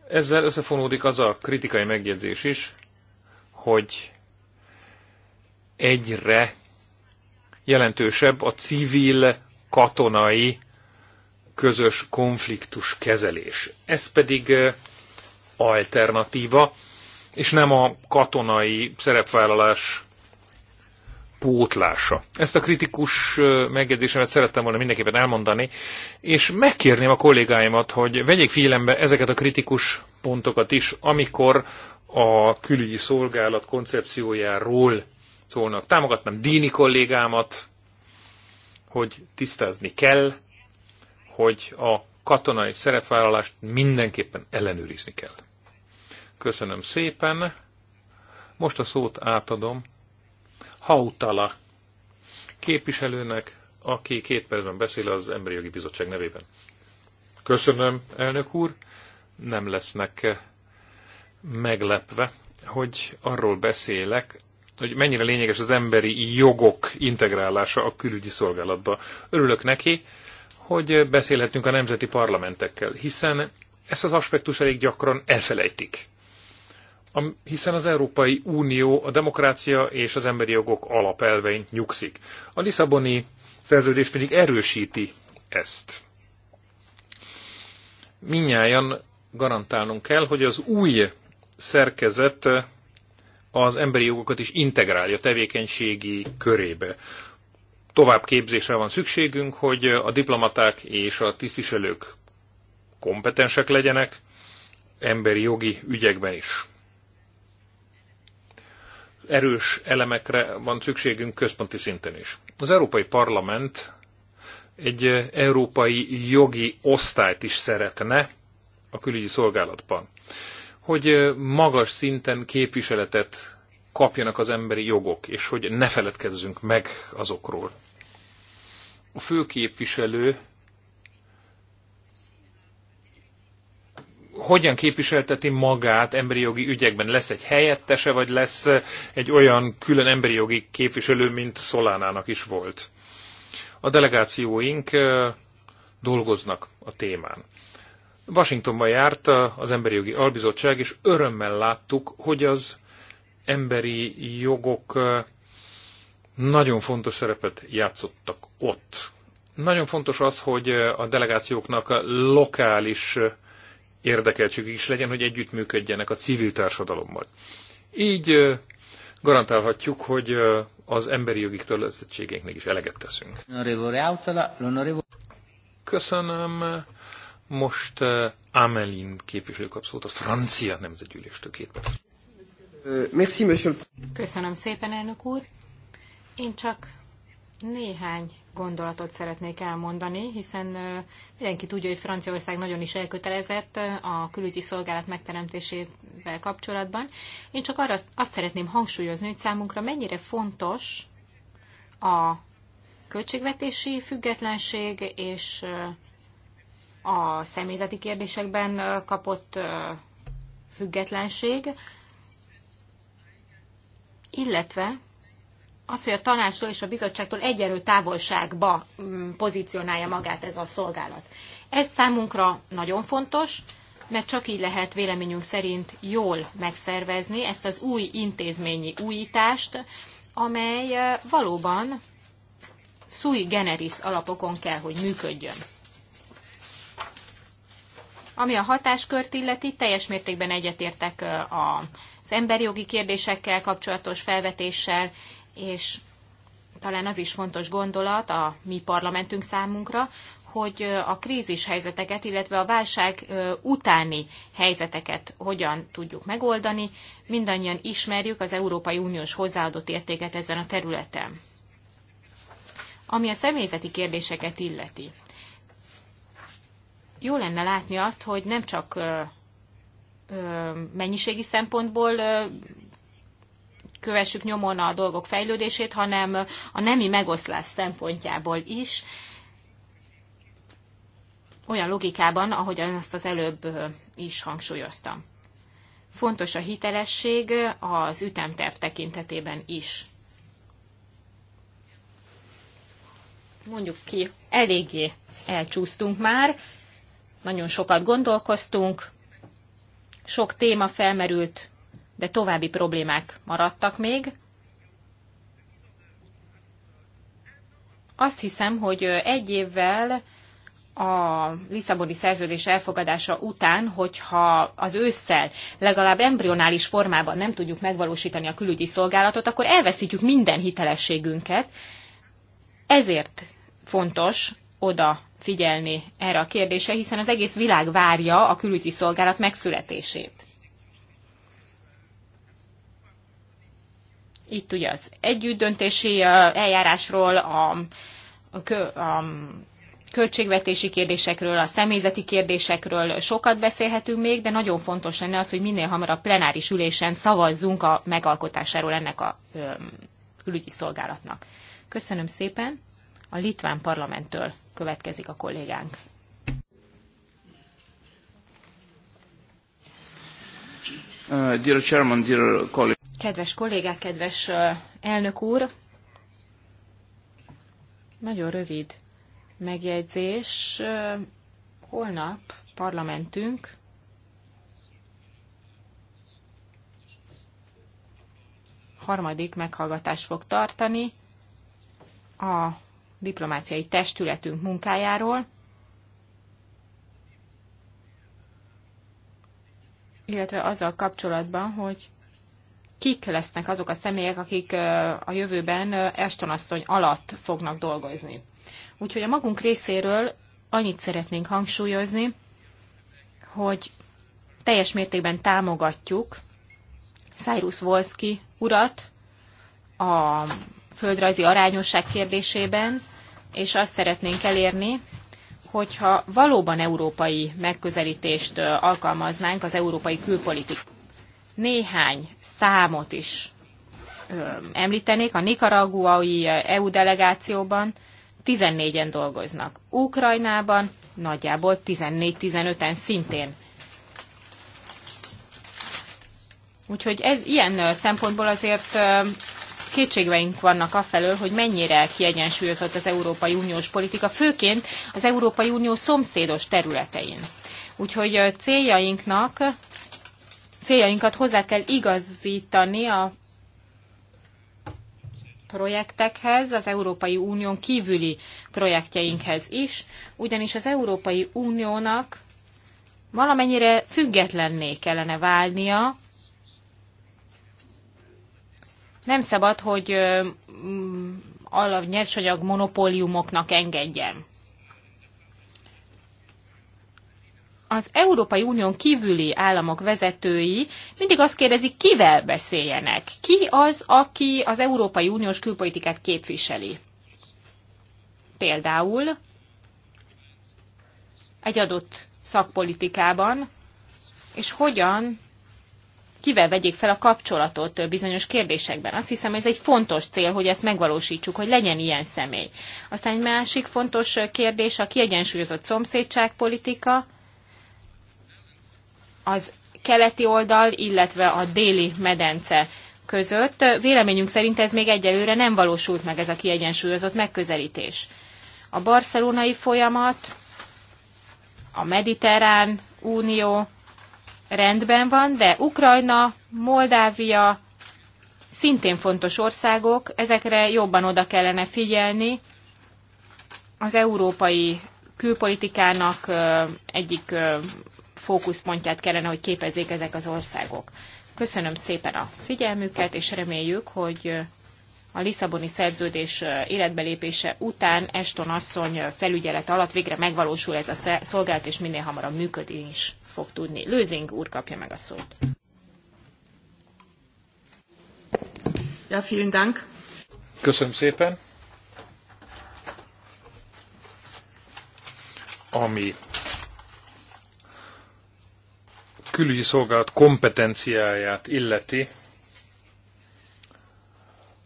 Ezzel összefonódik az a kritikai megjegyzés is, hogy egyre jelentősebb a civil-katonai közös konfliktus kezelés. Ez pedig eh, alternatíva, és nem a katonai szerepvállalás pótlása. Ezt a kritikus megjegyzésemet szerettem volna mindenképpen elmondani, és megkérném a kollégáimat, hogy vegyék figyelembe ezeket a kritikus pontokat is, amikor a külügyi szolgálat koncepciójáról szólnak. Támogatnám Dini kollégámat, hogy tisztázni kell, hogy a katonai szerepvállalást mindenképpen ellenőrizni kell. Köszönöm szépen. Most a szót átadom Hautala képviselőnek, aki két percben beszél az Emberi Jogi Bizottság nevében. Köszönöm, elnök úr. Nem lesznek eh, meglepve, hogy arról beszélek, hogy mennyire lényeges az emberi jogok integrálása a külügyi szolgálatba. Örülök neki, hogy beszélhetünk a nemzeti parlamentekkel, hiszen ezt az aspektus elég gyakran elfelejtik hiszen az Európai Unió a demokrácia és az emberi jogok alapelvein nyugszik. A Lisszaboni szerződés pedig erősíti ezt. Minnyáján garantálnunk kell, hogy az új szerkezet az emberi jogokat is integrálja tevékenységi körébe. Tovább képzésre van szükségünk, hogy a diplomaták és a tisztviselők kompetensek legyenek emberi jogi ügyekben is erős elemekre van szükségünk központi szinten is. Az Európai Parlament egy európai jogi osztályt is szeretne a külügyi szolgálatban, hogy magas szinten képviseletet kapjanak az emberi jogok, és hogy ne feledkezzünk meg azokról. A főképviselő hogyan képviselteti magát emberi jogi ügyekben? Lesz egy helyettese, vagy lesz egy olyan külön emberi jogi képviselő, mint Szolánának is volt? A delegációink dolgoznak a témán. Washingtonban járt az Emberi Jogi Albizottság, és örömmel láttuk, hogy az emberi jogok nagyon fontos szerepet játszottak ott. Nagyon fontos az, hogy a delegációknak lokális érdekeltségük is legyen, hogy együttműködjenek a civil társadalommal. Így garantálhatjuk, hogy az emberi jogi törlesztettségeinknek is eleget teszünk. Köszönöm. Most Amelin képviselő kap szót a francia nemzetgyűléstől két perc. Köszönöm szépen, elnök úr. Én csak néhány gondolatot szeretnék elmondani, hiszen mindenki tudja, hogy Franciaország nagyon is elkötelezett a külügyi szolgálat megteremtésével kapcsolatban. Én csak arra azt szeretném hangsúlyozni, hogy számunkra mennyire fontos a költségvetési függetlenség és a személyzeti kérdésekben kapott függetlenség, illetve az, hogy a tanácsról és a bizottságtól egyenlő távolságba mm, pozícionálja magát ez a szolgálat. Ez számunkra nagyon fontos, mert csak így lehet véleményünk szerint jól megszervezni ezt az új intézményi újítást, amely valóban sui generis alapokon kell, hogy működjön. Ami a hatáskört illeti, teljes mértékben egyetértek az emberjogi jogi kérdésekkel kapcsolatos felvetéssel, és talán az is fontos gondolat a mi parlamentünk számunkra, hogy a krízis helyzeteket, illetve a válság utáni helyzeteket hogyan tudjuk megoldani. Mindannyian ismerjük az Európai Uniós hozzáadott értéket ezen a területen. Ami a személyzeti kérdéseket illeti. Jó lenne látni azt, hogy nem csak mennyiségi szempontból kövessük nyomon a dolgok fejlődését, hanem a nemi megoszlás szempontjából is, olyan logikában, ahogyan azt az előbb is hangsúlyoztam. Fontos a hitelesség az ütemterv tekintetében is. Mondjuk ki, eléggé elcsúsztunk már, nagyon sokat gondolkoztunk, sok téma felmerült, de további problémák maradtak még. Azt hiszem, hogy egy évvel a Lisszaboni szerződés elfogadása után, hogyha az ősszel legalább embrionális formában nem tudjuk megvalósítani a külügyi szolgálatot, akkor elveszítjük minden hitelességünket. Ezért fontos oda figyelni erre a kérdésre, hiszen az egész világ várja a külügyi szolgálat megszületését. Itt ugye az együttdöntési eljárásról, a, a, a költségvetési kérdésekről, a személyzeti kérdésekről sokat beszélhetünk még, de nagyon fontos lenne az, hogy minél hamarabb plenáris ülésen szavazzunk a megalkotásáról ennek a külügyi szolgálatnak. Köszönöm szépen. A Litván parlamenttől következik a kollégánk. Uh, dear Chairman, dear Kedves kollégák, kedves elnök úr, nagyon rövid megjegyzés. Holnap parlamentünk harmadik meghallgatás fog tartani a diplomáciai testületünk munkájáról, illetve azzal kapcsolatban, hogy kik lesznek azok a személyek, akik a jövőben estonasszony alatt fognak dolgozni. Úgyhogy a magunk részéről annyit szeretnénk hangsúlyozni, hogy teljes mértékben támogatjuk Cyrus Wolski urat a földrajzi arányosság kérdésében, és azt szeretnénk elérni, hogyha valóban európai megközelítést alkalmaznánk az európai külpolitikában néhány számot is említenék. A nikaraguai EU delegációban 14-en dolgoznak. Ukrajnában nagyjából 14-15-en szintén. Úgyhogy ez, ilyen szempontból azért kétségveink vannak afelől, hogy mennyire kiegyensúlyozott az Európai Uniós politika, főként az Európai Unió szomszédos területein. Úgyhogy céljainknak céljainkat hozzá kell igazítani a projektekhez, az Európai Unión kívüli projektjeinkhez is, ugyanis az Európai Uniónak valamennyire függetlenné kellene válnia. Nem szabad, hogy a nyersanyag monopóliumoknak engedjen. az Európai Unión kívüli államok vezetői mindig azt kérdezik, kivel beszéljenek. Ki az, aki az Európai Uniós külpolitikát képviseli? Például egy adott szakpolitikában, és hogyan, kivel vegyék fel a kapcsolatot bizonyos kérdésekben. Azt hiszem, ez egy fontos cél, hogy ezt megvalósítsuk, hogy legyen ilyen személy. Aztán egy másik fontos kérdés a kiegyensúlyozott szomszédságpolitika, az keleti oldal, illetve a déli medence között. Véleményünk szerint ez még egyelőre nem valósult meg ez a kiegyensúlyozott megközelítés. A barcelonai folyamat, a mediterrán unió rendben van, de Ukrajna, Moldávia szintén fontos országok, ezekre jobban oda kellene figyelni. Az európai külpolitikának egyik fókuszpontját kellene, hogy képezzék ezek az országok. Köszönöm szépen a figyelmüket, és reméljük, hogy a Lisszaboni szerződés életbelépése után Eston asszony felügyelet alatt végre megvalósul ez a szolgálat, és minél hamarabb működni is fog tudni. Lőzing úr kapja meg a szót. Ja, vielen Dank. Köszönöm szépen. Ami külügyi szolgálat kompetenciáját illeti,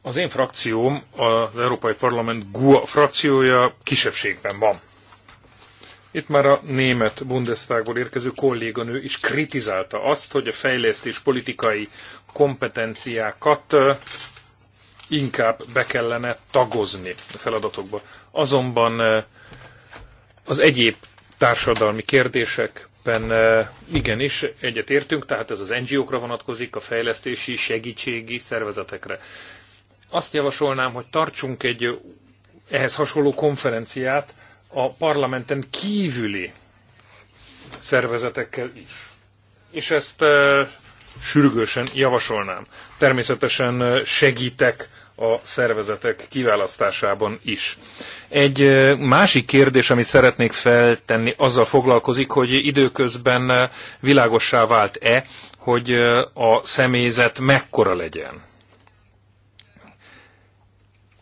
az én frakcióm, az Európai Parlament GUA frakciója kisebbségben van. Itt már a német Bundestagból érkező kolléganő is kritizálta azt, hogy a fejlesztés politikai kompetenciákat inkább be kellene tagozni a feladatokba. Azonban az egyéb társadalmi kérdések Tulajdonképpen igenis egyetértünk, tehát ez az NGO-kra vonatkozik, a fejlesztési, segítségi szervezetekre. Azt javasolnám, hogy tartsunk egy ehhez hasonló konferenciát a parlamenten kívüli szervezetekkel is. És ezt sürgősen javasolnám. Természetesen segítek a szervezetek kiválasztásában is. Egy másik kérdés, amit szeretnék feltenni, azzal foglalkozik, hogy időközben világossá vált-e, hogy a személyzet mekkora legyen.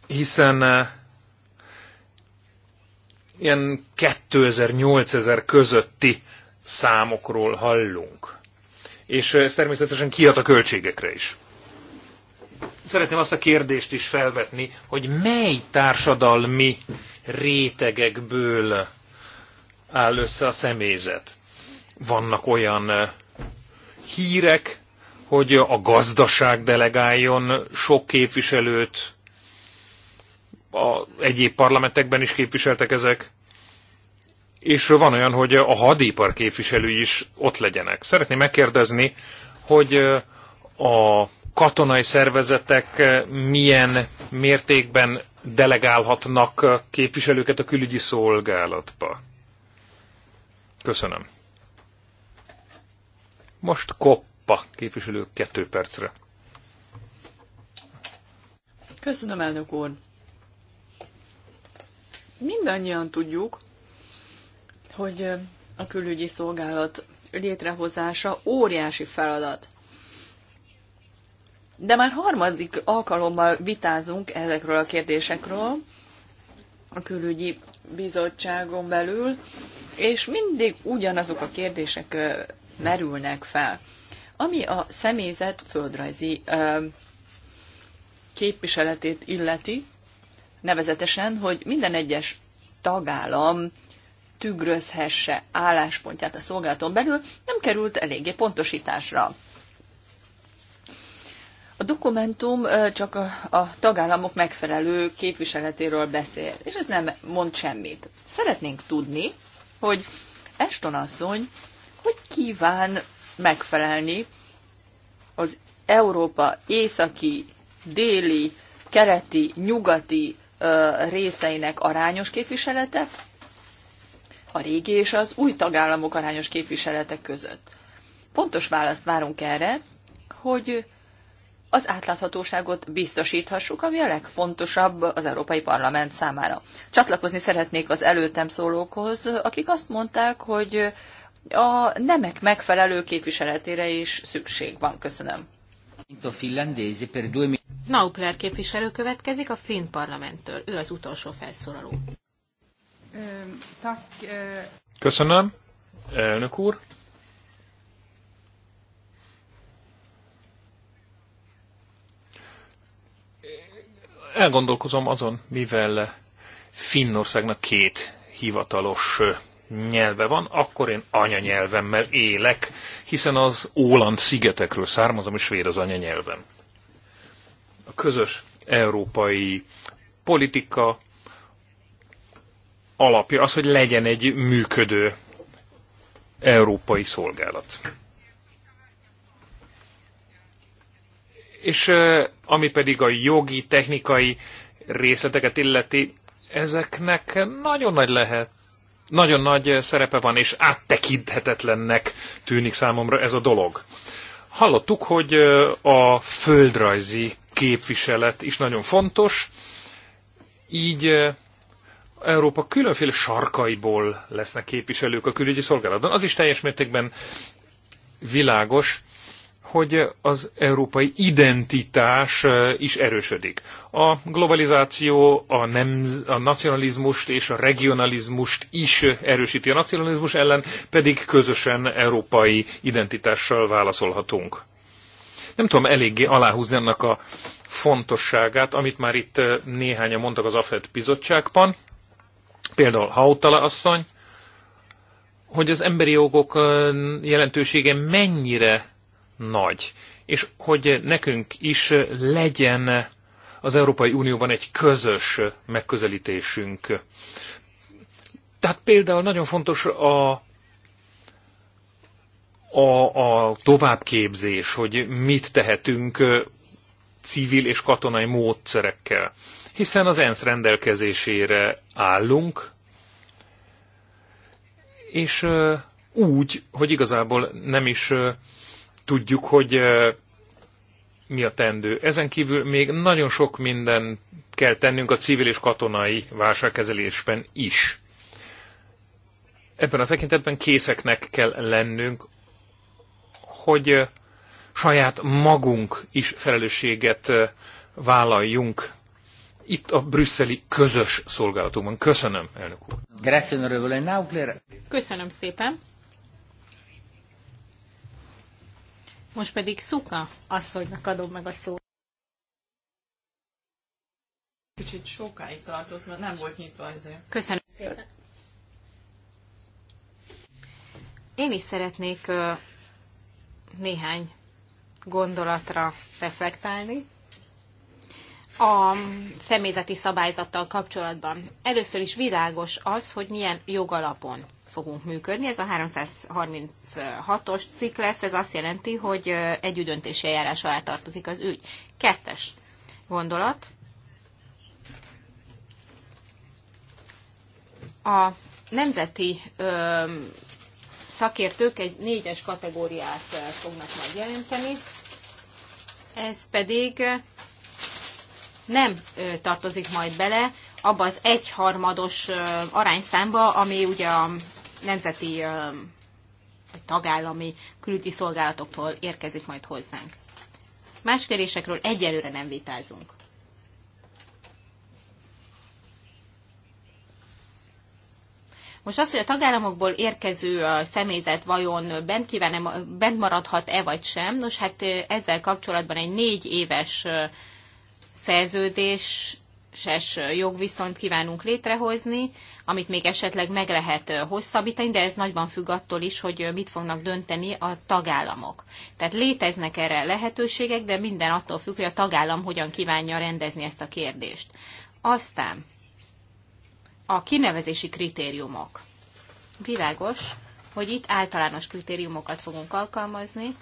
Hiszen ilyen 2000-8000 közötti számokról hallunk. És ez természetesen kiad a költségekre is szeretném azt a kérdést is felvetni, hogy mely társadalmi rétegekből áll össze a személyzet. Vannak olyan eh, hírek, hogy a gazdaság delegáljon sok képviselőt, a egyéb parlamentekben is képviseltek ezek, és van olyan, hogy a hadipar képviselői is ott legyenek. Szeretném megkérdezni, hogy eh, a katonai szervezetek eh, milyen mértékben delegálhatnak eh, képviselőket a külügyi szolgálatba. Köszönöm. Most koppa képviselő kettő percre. Köszönöm, elnök úr. Mindannyian tudjuk, hogy eh, a külügyi szolgálat létrehozása óriási feladat. De már harmadik alkalommal vitázunk ezekről a kérdésekről a külügyi bizottságon belül, és mindig ugyanazok a kérdések merülnek fel. Ami a személyzet földrajzi képviseletét illeti, nevezetesen, hogy minden egyes tagállam tükrözhesse álláspontját a szolgálaton belül, nem került eléggé pontosításra. A dokumentum csak a, a tagállamok megfelelő képviseletéről beszél, és ez nem mond semmit. Szeretnénk tudni, hogy Eston asszony hogy kíván megfelelni az Európa északi, déli, kereti, nyugati ö, részeinek arányos képviselete, a régi és az új tagállamok arányos képviselete között. Pontos választ várunk erre, hogy az átláthatóságot biztosíthassuk, ami a legfontosabb az Európai Parlament számára. Csatlakozni szeretnék az előttem szólókhoz, akik azt mondták, hogy a nemek megfelelő képviseletére is szükség van. Köszönöm. Naupler képviselő következik a Finn parlamenttől. Ő az utolsó felszólaló. Köszönöm, elnök úr. elgondolkozom azon, mivel Finnországnak két hivatalos nyelve van, akkor én anyanyelvemmel élek, hiszen az Óland szigetekről származom, és svéd az anyanyelvem. A közös európai politika alapja az, hogy legyen egy működő európai szolgálat. És ami pedig a jogi, technikai részleteket illeti, ezeknek nagyon nagy lehet, nagyon nagy szerepe van, és áttekinthetetlennek tűnik számomra ez a dolog. Hallottuk, hogy a földrajzi képviselet is nagyon fontos, így Európa különféle sarkaiból lesznek képviselők a külügyi szolgálatban. Az is teljes mértékben világos, hogy az európai identitás is erősödik. A globalizáció a, nem, a nacionalizmust és a regionalizmust is erősíti. A nacionalizmus ellen pedig közösen európai identitással válaszolhatunk. Nem tudom eléggé aláhúzni annak a fontosságát, amit már itt néhányan mondtak az AFED bizottságban, például Hautala asszony, hogy az emberi jogok jelentősége mennyire nagy, és hogy nekünk is legyen az Európai Unióban egy közös megközelítésünk. Tehát például nagyon fontos a a, a továbbképzés, hogy mit tehetünk civil és katonai módszerekkel. Hiszen az ENSZ rendelkezésére állunk, és úgy, hogy igazából nem is tudjuk, hogy mi a tendő. Ezen kívül még nagyon sok minden kell tennünk a civil és katonai válságkezelésben is. Ebben a tekintetben készeknek kell lennünk, hogy saját magunk is felelősséget vállaljunk itt a brüsszeli közös szolgálatunkban. Köszönöm, elnök úr. Köszönöm szépen. Most pedig Szuka asszonynak adom meg a szót. Kicsit sokáig tartott, mert nem volt nyitva azért. Köszönöm szépen. Én is szeretnék néhány gondolatra reflektálni a személyzeti szabályzattal kapcsolatban. Először is világos az, hogy milyen jogalapon fogunk működni. Ez a 336-os cikk lesz, ez azt jelenti, hogy egy üdöntési eljárás alá tartozik az ügy. Kettes gondolat. A nemzeti ö, szakértők egy négyes kategóriát fognak majd jelenteni, ez pedig nem tartozik majd bele abba az egyharmados arányszámba, ami ugye a nemzeti vagy tagállami külügyi szolgálatoktól érkezik majd hozzánk. Más kérésekről egyelőre nem vitázunk. Most az, hogy a tagállamokból érkező személyzet vajon bent, kívánne, bent maradhat-e vagy sem, nos hát ezzel kapcsolatban egy négy éves szerződéses jogviszont kívánunk létrehozni, amit még esetleg meg lehet hosszabbítani, de ez nagyban függ attól is, hogy mit fognak dönteni a tagállamok. Tehát léteznek erre lehetőségek, de minden attól függ, hogy a tagállam hogyan kívánja rendezni ezt a kérdést. Aztán a kinevezési kritériumok. Világos, hogy itt általános kritériumokat fogunk alkalmazni,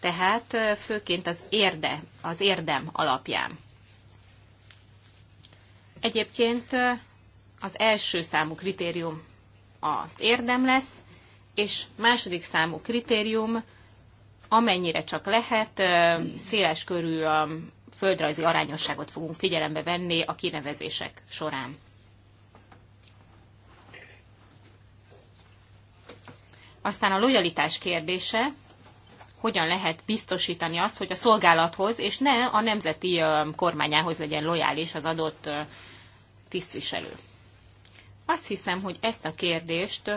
tehát főként az, érde, az érdem alapján. Egyébként az első számú kritérium az érdem lesz, és második számú kritérium, amennyire csak lehet, széles körű földrajzi arányosságot fogunk figyelembe venni a kinevezések során. Aztán a lojalitás kérdése, hogyan lehet biztosítani azt, hogy a szolgálathoz és ne a nemzeti kormányához legyen lojális az adott tisztviselő. Azt hiszem, hogy ezt a kérdést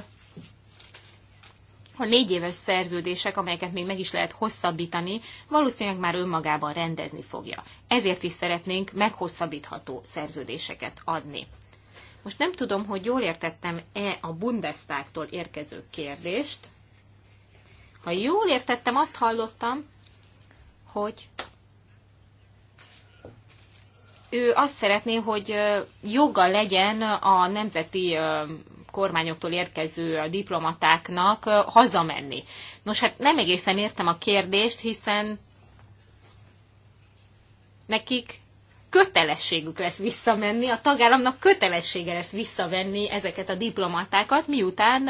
a négy éves szerződések, amelyeket még meg is lehet hosszabbítani, valószínűleg már önmagában rendezni fogja. Ezért is szeretnénk meghosszabbítható szerződéseket adni. Most nem tudom, hogy jól értettem-e a Bundestagtól érkező kérdést. Ha jól értettem, azt hallottam, hogy ő azt szeretné, hogy joga legyen a nemzeti kormányoktól érkező diplomatáknak hazamenni. Nos, hát nem egészen értem a kérdést, hiszen nekik kötelességük lesz visszamenni, a tagállamnak kötelessége lesz visszavenni ezeket a diplomatákat, miután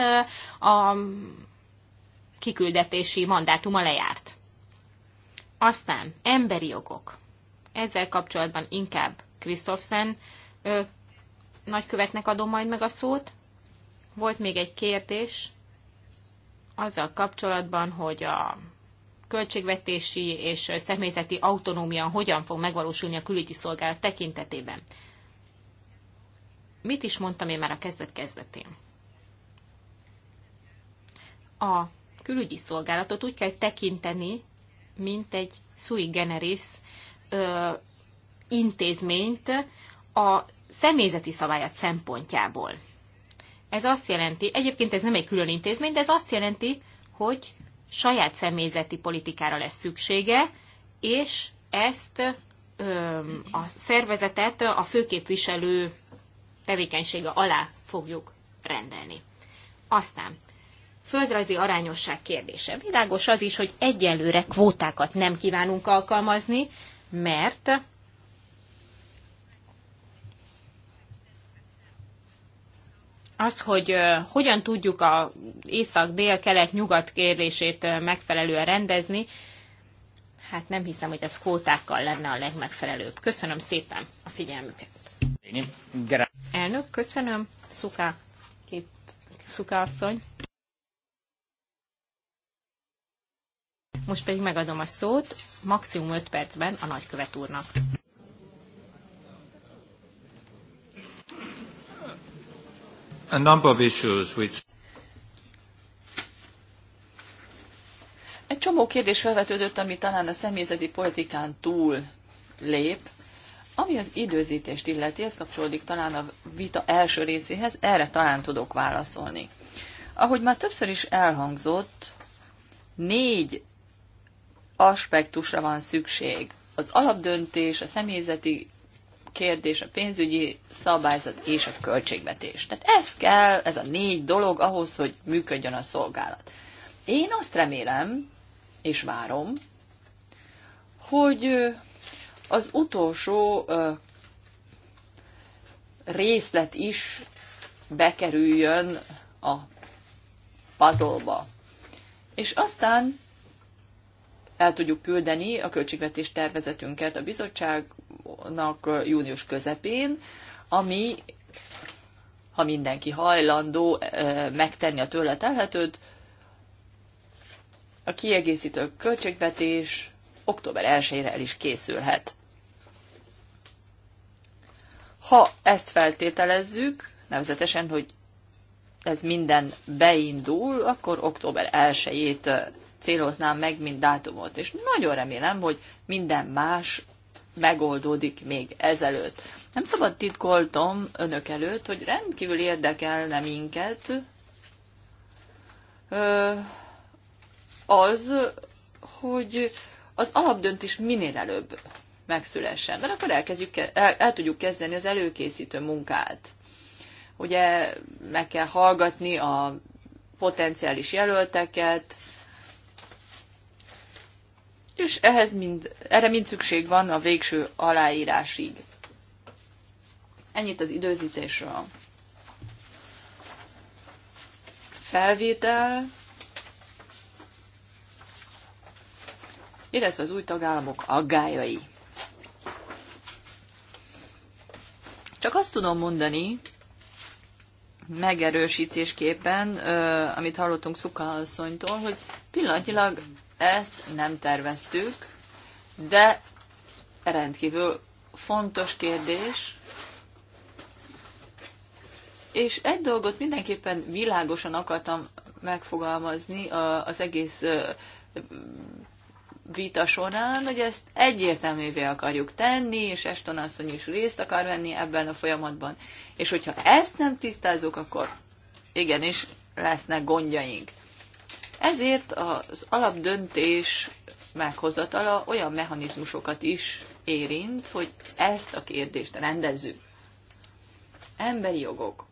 a kiküldetési mandátuma lejárt. Aztán emberi jogok ezzel kapcsolatban inkább Krisztofszen nagykövetnek adom majd meg a szót. Volt még egy kérdés azzal kapcsolatban, hogy a költségvetési és személyzeti autonómia hogyan fog megvalósulni a külügyi szolgálat tekintetében. Mit is mondtam én már a kezdet-kezdetén? A külügyi szolgálatot úgy kell tekinteni, mint egy sui generis ö, intézményt a személyzeti szabályat szempontjából. Ez azt jelenti, egyébként ez nem egy külön intézmény, de ez azt jelenti, hogy saját személyzeti politikára lesz szüksége, és ezt ö, a szervezetet a főképviselő tevékenysége alá fogjuk rendelni. Aztán földrajzi arányosság kérdése. Világos az is, hogy egyelőre kvótákat nem kívánunk alkalmazni, mert az, hogy hogyan tudjuk a észak-dél-kelet-nyugat kérdését megfelelően rendezni, hát nem hiszem, hogy ez kótákkal lenne a legmegfelelőbb. Köszönöm szépen a figyelmüket. Elnök, köszönöm. Szuka, kép, Szuka asszony. Most pedig megadom a szót maximum 5 percben a nagykövet úrnak. A number of issues which Egy csomó kérdés felvetődött, ami talán a személyzeti politikán túl lép. Ami az időzítést illeti, ez kapcsolódik talán a vita első részéhez, erre talán tudok válaszolni. Ahogy már többször is elhangzott, négy aspektusra van szükség. Az alapdöntés, a személyzeti kérdés, a pénzügyi szabályzat és a költségvetés. Tehát ez kell, ez a négy dolog ahhoz, hogy működjön a szolgálat. Én azt remélem, és várom, hogy az utolsó részlet is bekerüljön a puzzle És aztán el tudjuk küldeni a költségvetés tervezetünket a bizottságnak június közepén, ami, ha mindenki hajlandó megtenni a tőle telhetőt, a kiegészítő költségvetés október 1 el is készülhet. Ha ezt feltételezzük, nevezetesen, hogy ez minden beindul, akkor október 1-ét céloznám meg, mint dátumot. És nagyon remélem, hogy minden más megoldódik még ezelőtt. Nem szabad titkoltom önök előtt, hogy rendkívül érdekelne minket az, hogy az alapdöntés minél előbb megszülessen, mert akkor elkezdjük, el, el tudjuk kezdeni az előkészítő munkát. Ugye meg kell hallgatni a potenciális jelölteket, és ehhez mind, erre mind szükség van a végső aláírásig. Ennyit az időzítésről. Felvétel, illetve az új tagállamok aggályai. Csak azt tudom mondani, megerősítésképpen, amit hallottunk Szuka asszonytól, hogy pillanatilag. Ezt nem terveztük, de rendkívül fontos kérdés, és egy dolgot mindenképpen világosan akartam megfogalmazni az egész vita során, hogy ezt egyértelművé akarjuk tenni, és Eston asszony is részt akar venni ebben a folyamatban. És hogyha ezt nem tisztázzuk, akkor igenis lesznek gondjaink. Ezért az alapdöntés meghozatala olyan mechanizmusokat is érint, hogy ezt a kérdést rendezzük. Emberi jogok.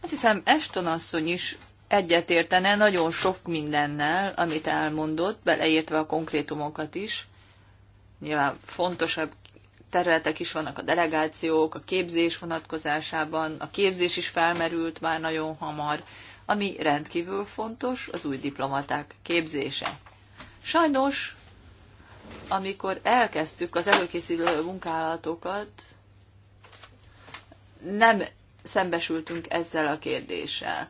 Azt hiszem, Eston asszony is egyetértene nagyon sok mindennel, amit elmondott, beleértve a konkrétumokat is. Nyilván fontosabb területek is vannak, a delegációk, a képzés vonatkozásában, a képzés is felmerült már nagyon hamar, ami rendkívül fontos, az új diplomaták képzése. Sajnos, amikor elkezdtük az előkészítő munkálatokat, nem szembesültünk ezzel a kérdéssel.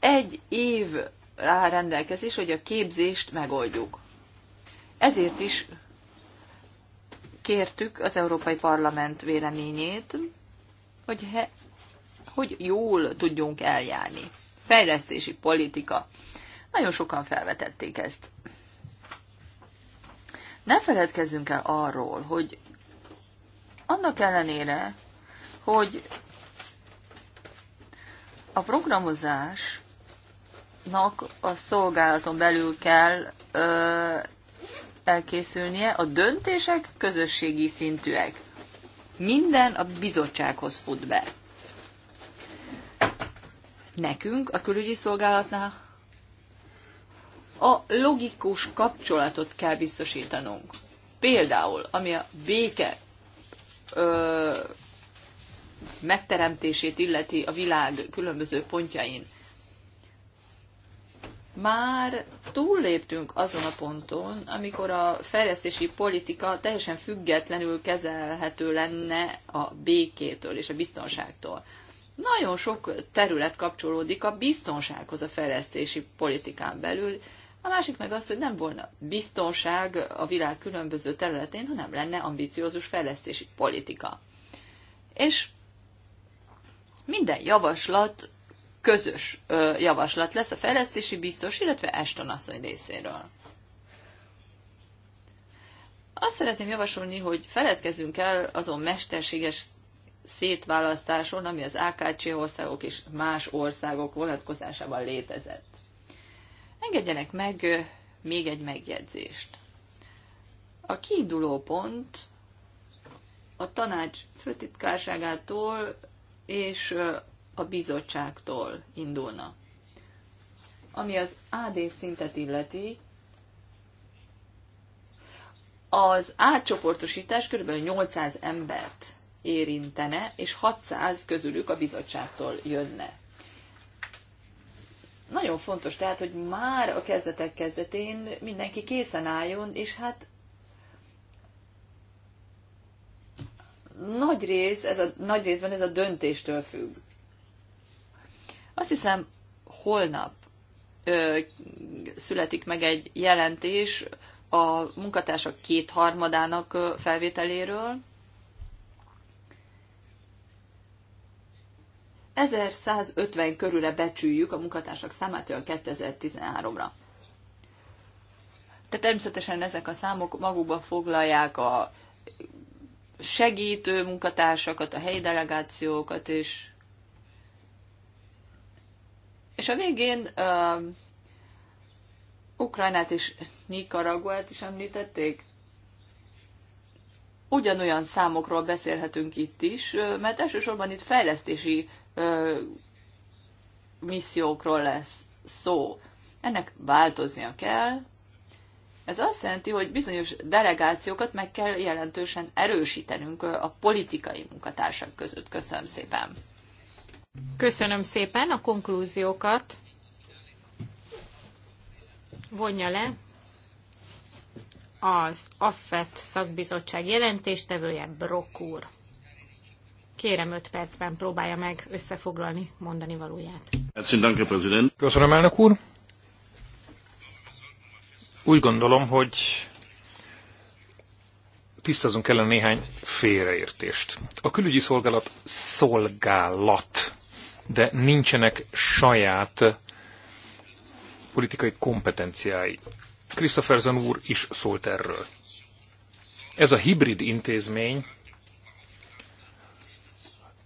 Egy év rá rendelkezés, hogy a képzést megoldjuk. Ezért is kértük az Európai Parlament véleményét, hogy, he, hogy jól tudjunk eljárni. Fejlesztési politika. Nagyon sokan felvetették ezt. Ne feledkezzünk el arról, hogy annak ellenére, hogy a programozásnak a szolgálaton belül kell ö, elkészülnie, a döntések közösségi szintűek. Minden a bizottsághoz fut be. Nekünk, a külügyi szolgálatnál a logikus kapcsolatot kell biztosítanunk. Például, ami a béke ö, megteremtését illeti a világ különböző pontjain már túlléptünk azon a ponton, amikor a fejlesztési politika teljesen függetlenül kezelhető lenne a békétől és a biztonságtól. Nagyon sok terület kapcsolódik a biztonsághoz a fejlesztési politikán belül, a másik meg az, hogy nem volna biztonság a világ különböző területén, hanem lenne ambiciózus fejlesztési politika. És minden javaslat közös javaslat lesz a fejlesztési biztos, illetve Ashton asszony részéről. Azt szeretném javasolni, hogy feledkezzünk el azon mesterséges szétválasztáson, ami az AKC országok és más országok vonatkozásában létezett. Engedjenek meg még egy megjegyzést. A kiinduló pont a tanács főtitkárságától és a bizottságtól indulna. Ami az AD szintet illeti, az átcsoportosítás kb. 800 embert érintene, és 600 közülük a bizottságtól jönne. Nagyon fontos tehát, hogy már a kezdetek kezdetén mindenki készen álljon, és hát nagy, rész, ez a, nagy részben ez a döntéstől függ. Azt hiszem, holnap ö, születik meg egy jelentés a munkatársak kétharmadának felvételéről. 1150 körülre becsüljük a munkatársak számát olyan 2013-ra. De természetesen ezek a számok magukba foglalják a segítő munkatársakat, a helyi delegációkat és és a végén uh, Ukrajnát és Nikaraguát is említették. Ugyanolyan számokról beszélhetünk itt is, mert elsősorban itt fejlesztési uh, missziókról lesz szó. Ennek változnia kell. Ez azt jelenti, hogy bizonyos delegációkat meg kell jelentősen erősítenünk a politikai munkatársak között. Köszönöm szépen! Köszönöm szépen a konklúziókat. Vonja le az AFET szakbizottság jelentéstevője Brok úr. Kérem 5 percben próbálja meg összefoglalni mondani valóját. Köszönöm, elnök úr. Úgy gondolom, hogy tisztázunk ellen néhány félreértést. A külügyi szolgálat szolgálat de nincsenek saját politikai kompetenciái. Christopherson úr is szólt erről. Ez a hibrid intézmény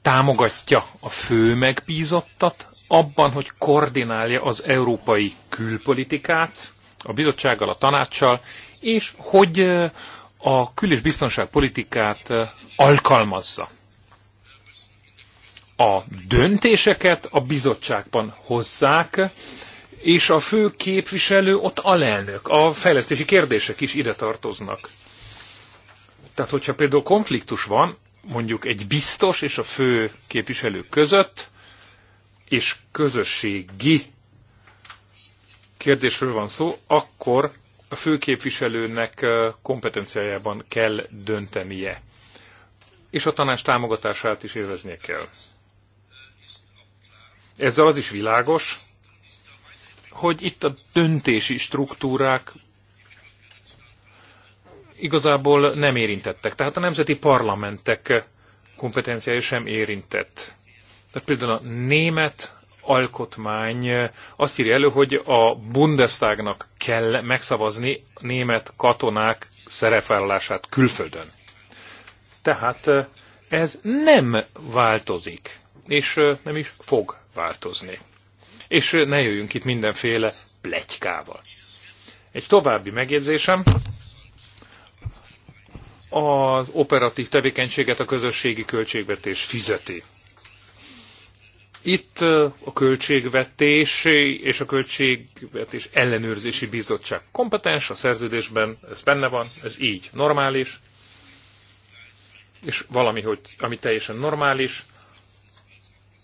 támogatja a fő megbízottat abban, hogy koordinálja az európai külpolitikát a bizottsággal, a tanácssal, és hogy eh, a kül- és biztonságpolitikát eh, alkalmazza a döntéseket a bizottságban hozzák, és a fő képviselő ott alelnök. A fejlesztési kérdések is ide tartoznak. Tehát, hogyha például konfliktus van, mondjuk egy biztos és a fő képviselő között, és közösségi kérdésről van szó, akkor a főképviselőnek kompetenciájában kell döntenie. És a tanács támogatását is élveznie kell. Ezzel az is világos, hogy itt a döntési struktúrák igazából nem érintettek. Tehát a nemzeti parlamentek kompetenciája sem érintett. Tehát például a német alkotmány azt írja elő, hogy a Bundestagnak kell megszavazni német katonák szerepvállalását külföldön. Tehát ez nem változik és nem is fog változni. És ne jöjjünk itt mindenféle plegykával. Egy további megjegyzésem, az operatív tevékenységet a közösségi költségvetés fizeti. Itt a költségvetés és a költségvetés ellenőrzési bizottság kompetens, a szerződésben ez benne van, ez így normális, és valami, hogy, ami teljesen normális,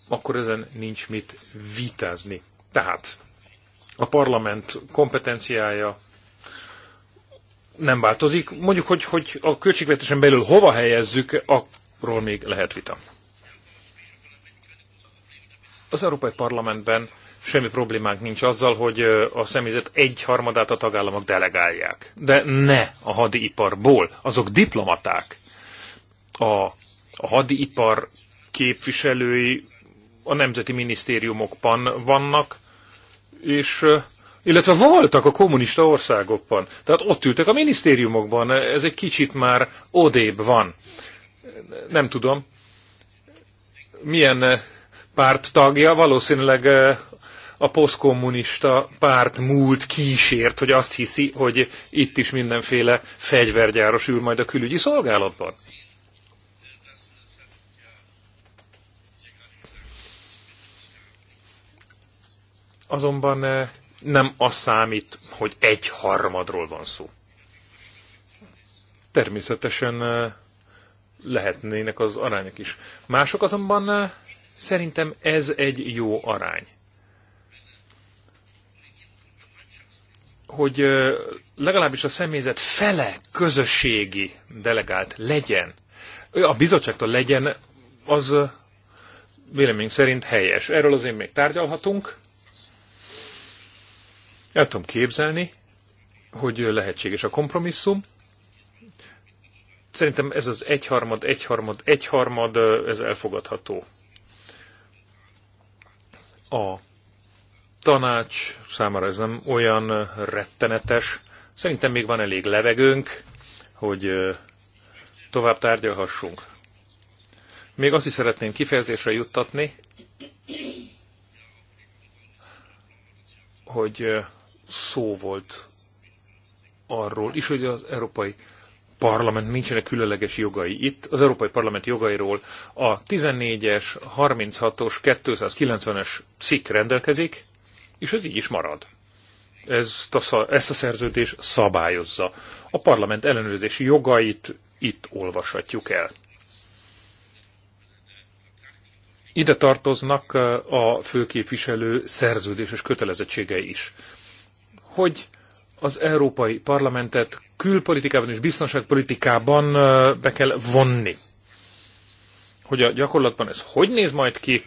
akkor ezen nincs mit vitázni. Tehát a parlament kompetenciája nem változik. Mondjuk, hogy, hogy a költségvetésen belül hova helyezzük, arról még lehet vita. Az Európai Parlamentben semmi problémánk nincs azzal, hogy a személyzet egy harmadát a tagállamok delegálják. De ne a hadiiparból, azok diplomaták. A, a hadiipar képviselői a nemzeti minisztériumokban vannak, és eh, illetve voltak a kommunista országokban. Tehát ott ültek a minisztériumokban, ez egy kicsit már odébb van. Nem tudom, milyen eh, párt tagja, valószínűleg eh, a posztkommunista párt múlt kísért, hogy azt hiszi, hogy itt is mindenféle fegyvergyáros ül majd a külügyi szolgálatban. azonban eh, nem az számít, hogy egy harmadról van szó. Természetesen eh, lehetnének az arányok is. Mások azonban eh, szerintem ez egy jó arány. Hogy legalábbis a személyzet fele közösségi delegált legyen, a bizottságtól legyen, az vélemény szerint helyes. Erről azért még tárgyalhatunk, el tudom képzelni, hogy lehetséges a kompromisszum. Szerintem ez az egyharmad, egyharmad, egyharmad, ez elfogadható. A tanács számára ez nem olyan rettenetes. Szerintem még van elég levegőnk, hogy tovább tárgyalhassunk. Még azt is szeretném kifejezésre juttatni, hogy szó volt arról is, hogy az Európai Parlament nincsenek különleges jogai. Itt az Európai Parlament jogairól a 14-es, 36-os, 290-es cikk rendelkezik, és ez így is marad. Ezt a, ezt a szerződés szabályozza. A parlament ellenőrzési jogait itt olvashatjuk el. Ide tartoznak a főképviselő szerződéses kötelezettségei is hogy az Európai Parlamentet külpolitikában és biztonságpolitikában be kell vonni. Hogy a gyakorlatban ez hogy néz majd ki,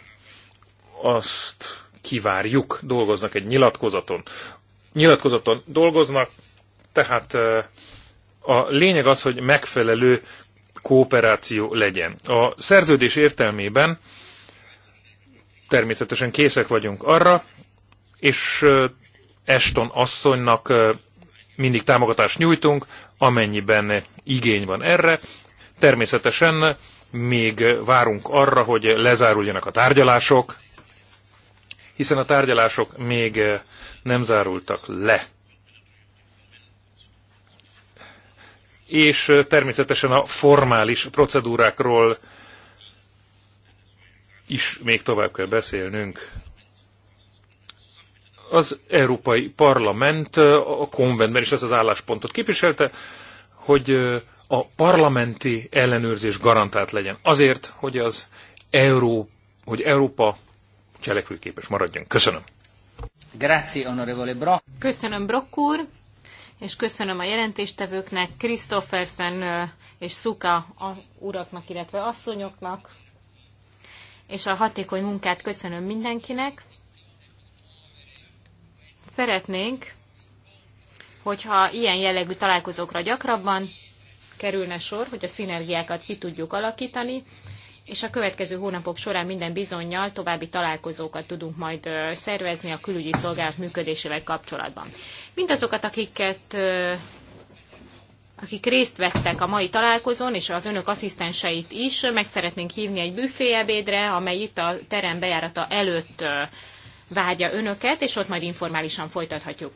azt kivárjuk. Dolgoznak egy nyilatkozaton. Nyilatkozaton dolgoznak, tehát a lényeg az, hogy megfelelő kooperáció legyen. A szerződés értelmében természetesen készek vagyunk arra, és Eston asszonynak mindig támogatást nyújtunk, amennyiben igény van erre. Természetesen még várunk arra, hogy lezáruljanak a tárgyalások, hiszen a tárgyalások még nem zárultak le. És természetesen a formális procedúrákról is még tovább kell beszélnünk az Európai Parlament a konventben is az az álláspontot képviselte, hogy a parlamenti ellenőrzés garantált legyen. Azért, hogy az Euró, hogy Európa cselekvőképes maradjon. Köszönöm. Grazie, onorevole Brock. Köszönöm, Brock úr, és köszönöm a jelentéstevőknek, Christophersen és Szuka a uraknak, illetve asszonyoknak, és a hatékony munkát köszönöm mindenkinek. Szeretnénk, hogyha ilyen jellegű találkozókra gyakrabban kerülne sor, hogy a szinergiákat ki tudjuk alakítani, és a következő hónapok során minden bizonyal további találkozókat tudunk majd szervezni a külügyi szolgálat működésével kapcsolatban. Mindazokat, akiket akik részt vettek a mai találkozón, és az önök asszisztenseit is, meg szeretnénk hívni egy ebédre, amely itt a terem bejárata előtt várja önöket, és ott majd informálisan folytathatjuk.